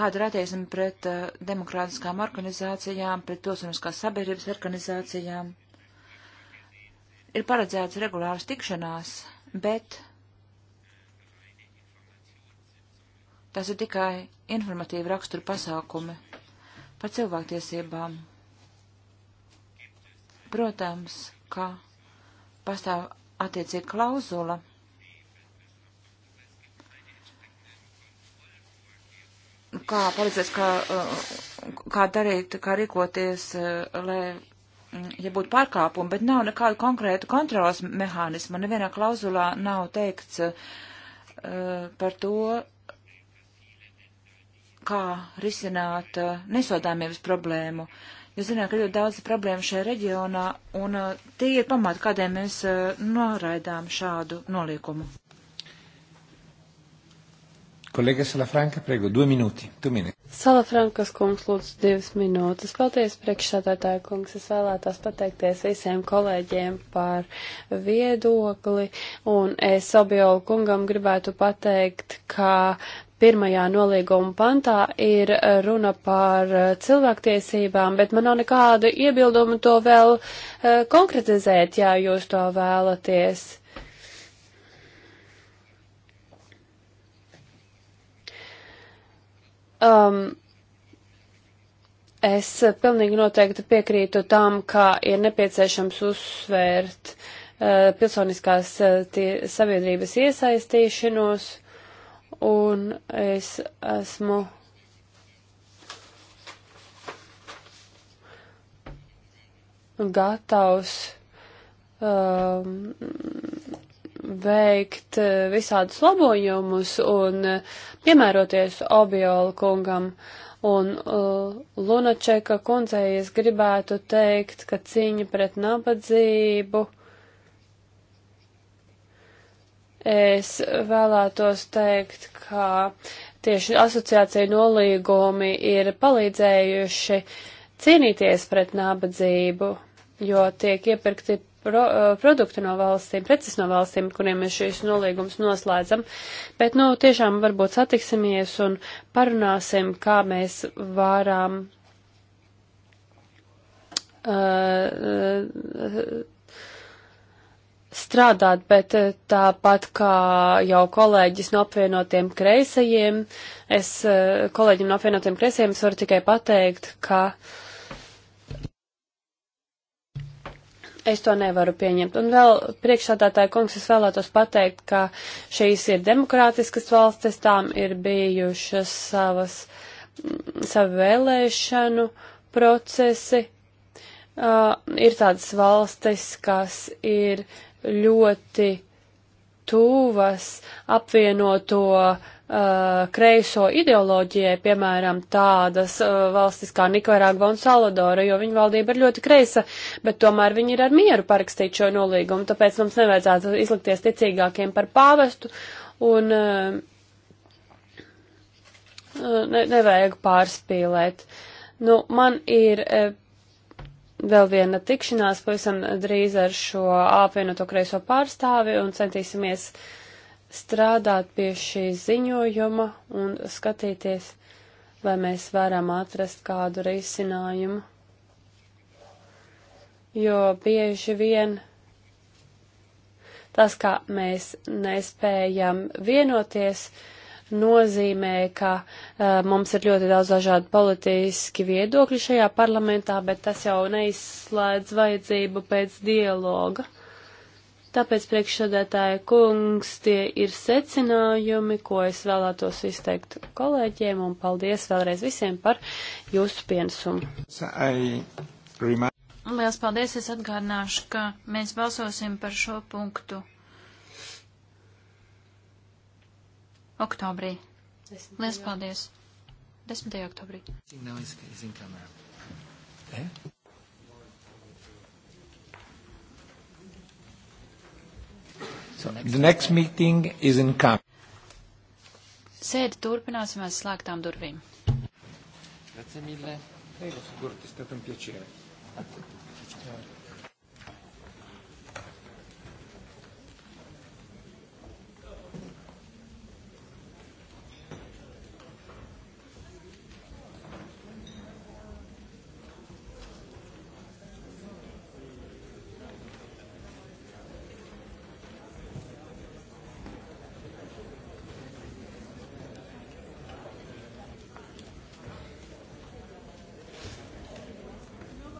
kāda ir attieksme pret uh, demokrātiskām organizācijām, pret pilsoniskās sabiedrības organizācijām. Ir paredzēts regulāras tikšanās, bet tas ir tikai informatīva rakstura pasākumi par cilvēktiesībām. Protams, ka pastāv attiecīga klauzula. Kā palīdzēs, kā, uh, kā darīt, kā rīkoties, uh, lai, mm, ja būtu pārkāpumi, bet nav nekādu konkrētu kontrolas mehānismu. Nevienā klauzulā nav teikts uh, par to, kā risināt uh, nesodāmības problēmu. Uh, Jūs zināt, ka ļoti daudz problēmu šajā reģionā, un uh, tie ir pamati, kādēļ mēs uh, noraidām šādu noliekumu. Kolēģa Salafranka, prego, divi minūti. Tu mini. Salafrankas kungs, lūdzu, divas minūtes. Paldies, priekšsādātāja kungs. Es vēlētos pateikties visiem kolēģiem par viedokli, un es Sobiolu kungam gribētu pateikt, ka pirmajā nolīguma pantā ir eh, runa par eh, cilvēktiesībām, bet man nav nekādu iebildumu to vēl uh, konkretizēt, ja jūs to vēlaties. Um, es pilnīgi noteikti piekrītu tam, ka ir nepieciešams uzsvērt uh, pilsoniskās uh, tie, sabiedrības iesaistīšanos. Uh, un es esmu gatavs um, veikt visādus labojumus un piemēroties Obiola kungam. Un uh, Lunačeka kundzei es gribētu teikt, ka cīņa pret nabadzību Es vēlētos teikt, ka tieši asociācija nolīgumi ir palīdzējuši cīnīties pret nabadzību, jo tiek iepirkti pro, produkti no valstīm, preces no valstīm, kuriem mēs šīs nolīgumus noslēdzam. Bet, nu, tiešām varbūt satiksimies un parunāsim, kā mēs varam. Uh, uh strādāt, bet eh, tāpat kā jau kolēģis no apvienotiem kreisajiem, es eh, kolēģim no apvienotiem kreisajiem es varu tikai pateikt, ka es to nevaru pieņemt. Un vēl priekšsādātāja kungs es vēlētos pateikt, ka šīs ir demokrātiskas valstis, tām ir bijušas savas, mm, savu vēlēšanu procesi. Uh, ir tādas valstis, kas ir uh, ļoti tuvas apvienoto uh, kreiso ideoloģijai, piemēram, tādas uh, valstis kā Nikaragva un Salvadora, jo viņa valdība ir ļoti kreisa, bet tomēr viņi ir ar mieru parakstīt šo nolīgumu, tāpēc mums nevajadzētu izlikties ticīgākiem par pāvestu un uh, uh ne, nevajag pārspīlēt. Nu, man ir eh, vēl viena tikšanās pavisam drīz ar šo apvienoto kreiso pārstāvi un centīsimies strādāt pie šī ziņojuma un skatīties, vai mēs varam atrast kādu risinājumu. Jo bieži vien tas, kā mēs nespējam vienoties, uh, nozīmē, ka uh, mums ir ļoti daudz dažādu politiski viedokļu šajā parlamentā, bet tas jau neizslēdz vajadzību pēc dialoga. Tāpēc priekšsēdētāja kungs tie ir secinājumi, ko es vēlētos izteikt kolēģiem, un paldies vēlreiz visiem par jūsu pienesumu. Liels paldies, es atgādināšu, ka mēs balsosim par šo punktu oktobrī. Lielas paldies! 10. oktobrī. Eh? So, the next meeting is in camp. Sēdi turpināsim aiz slēgtām durvīm. Grazie mille. Prego, figurati, è stato un piacere.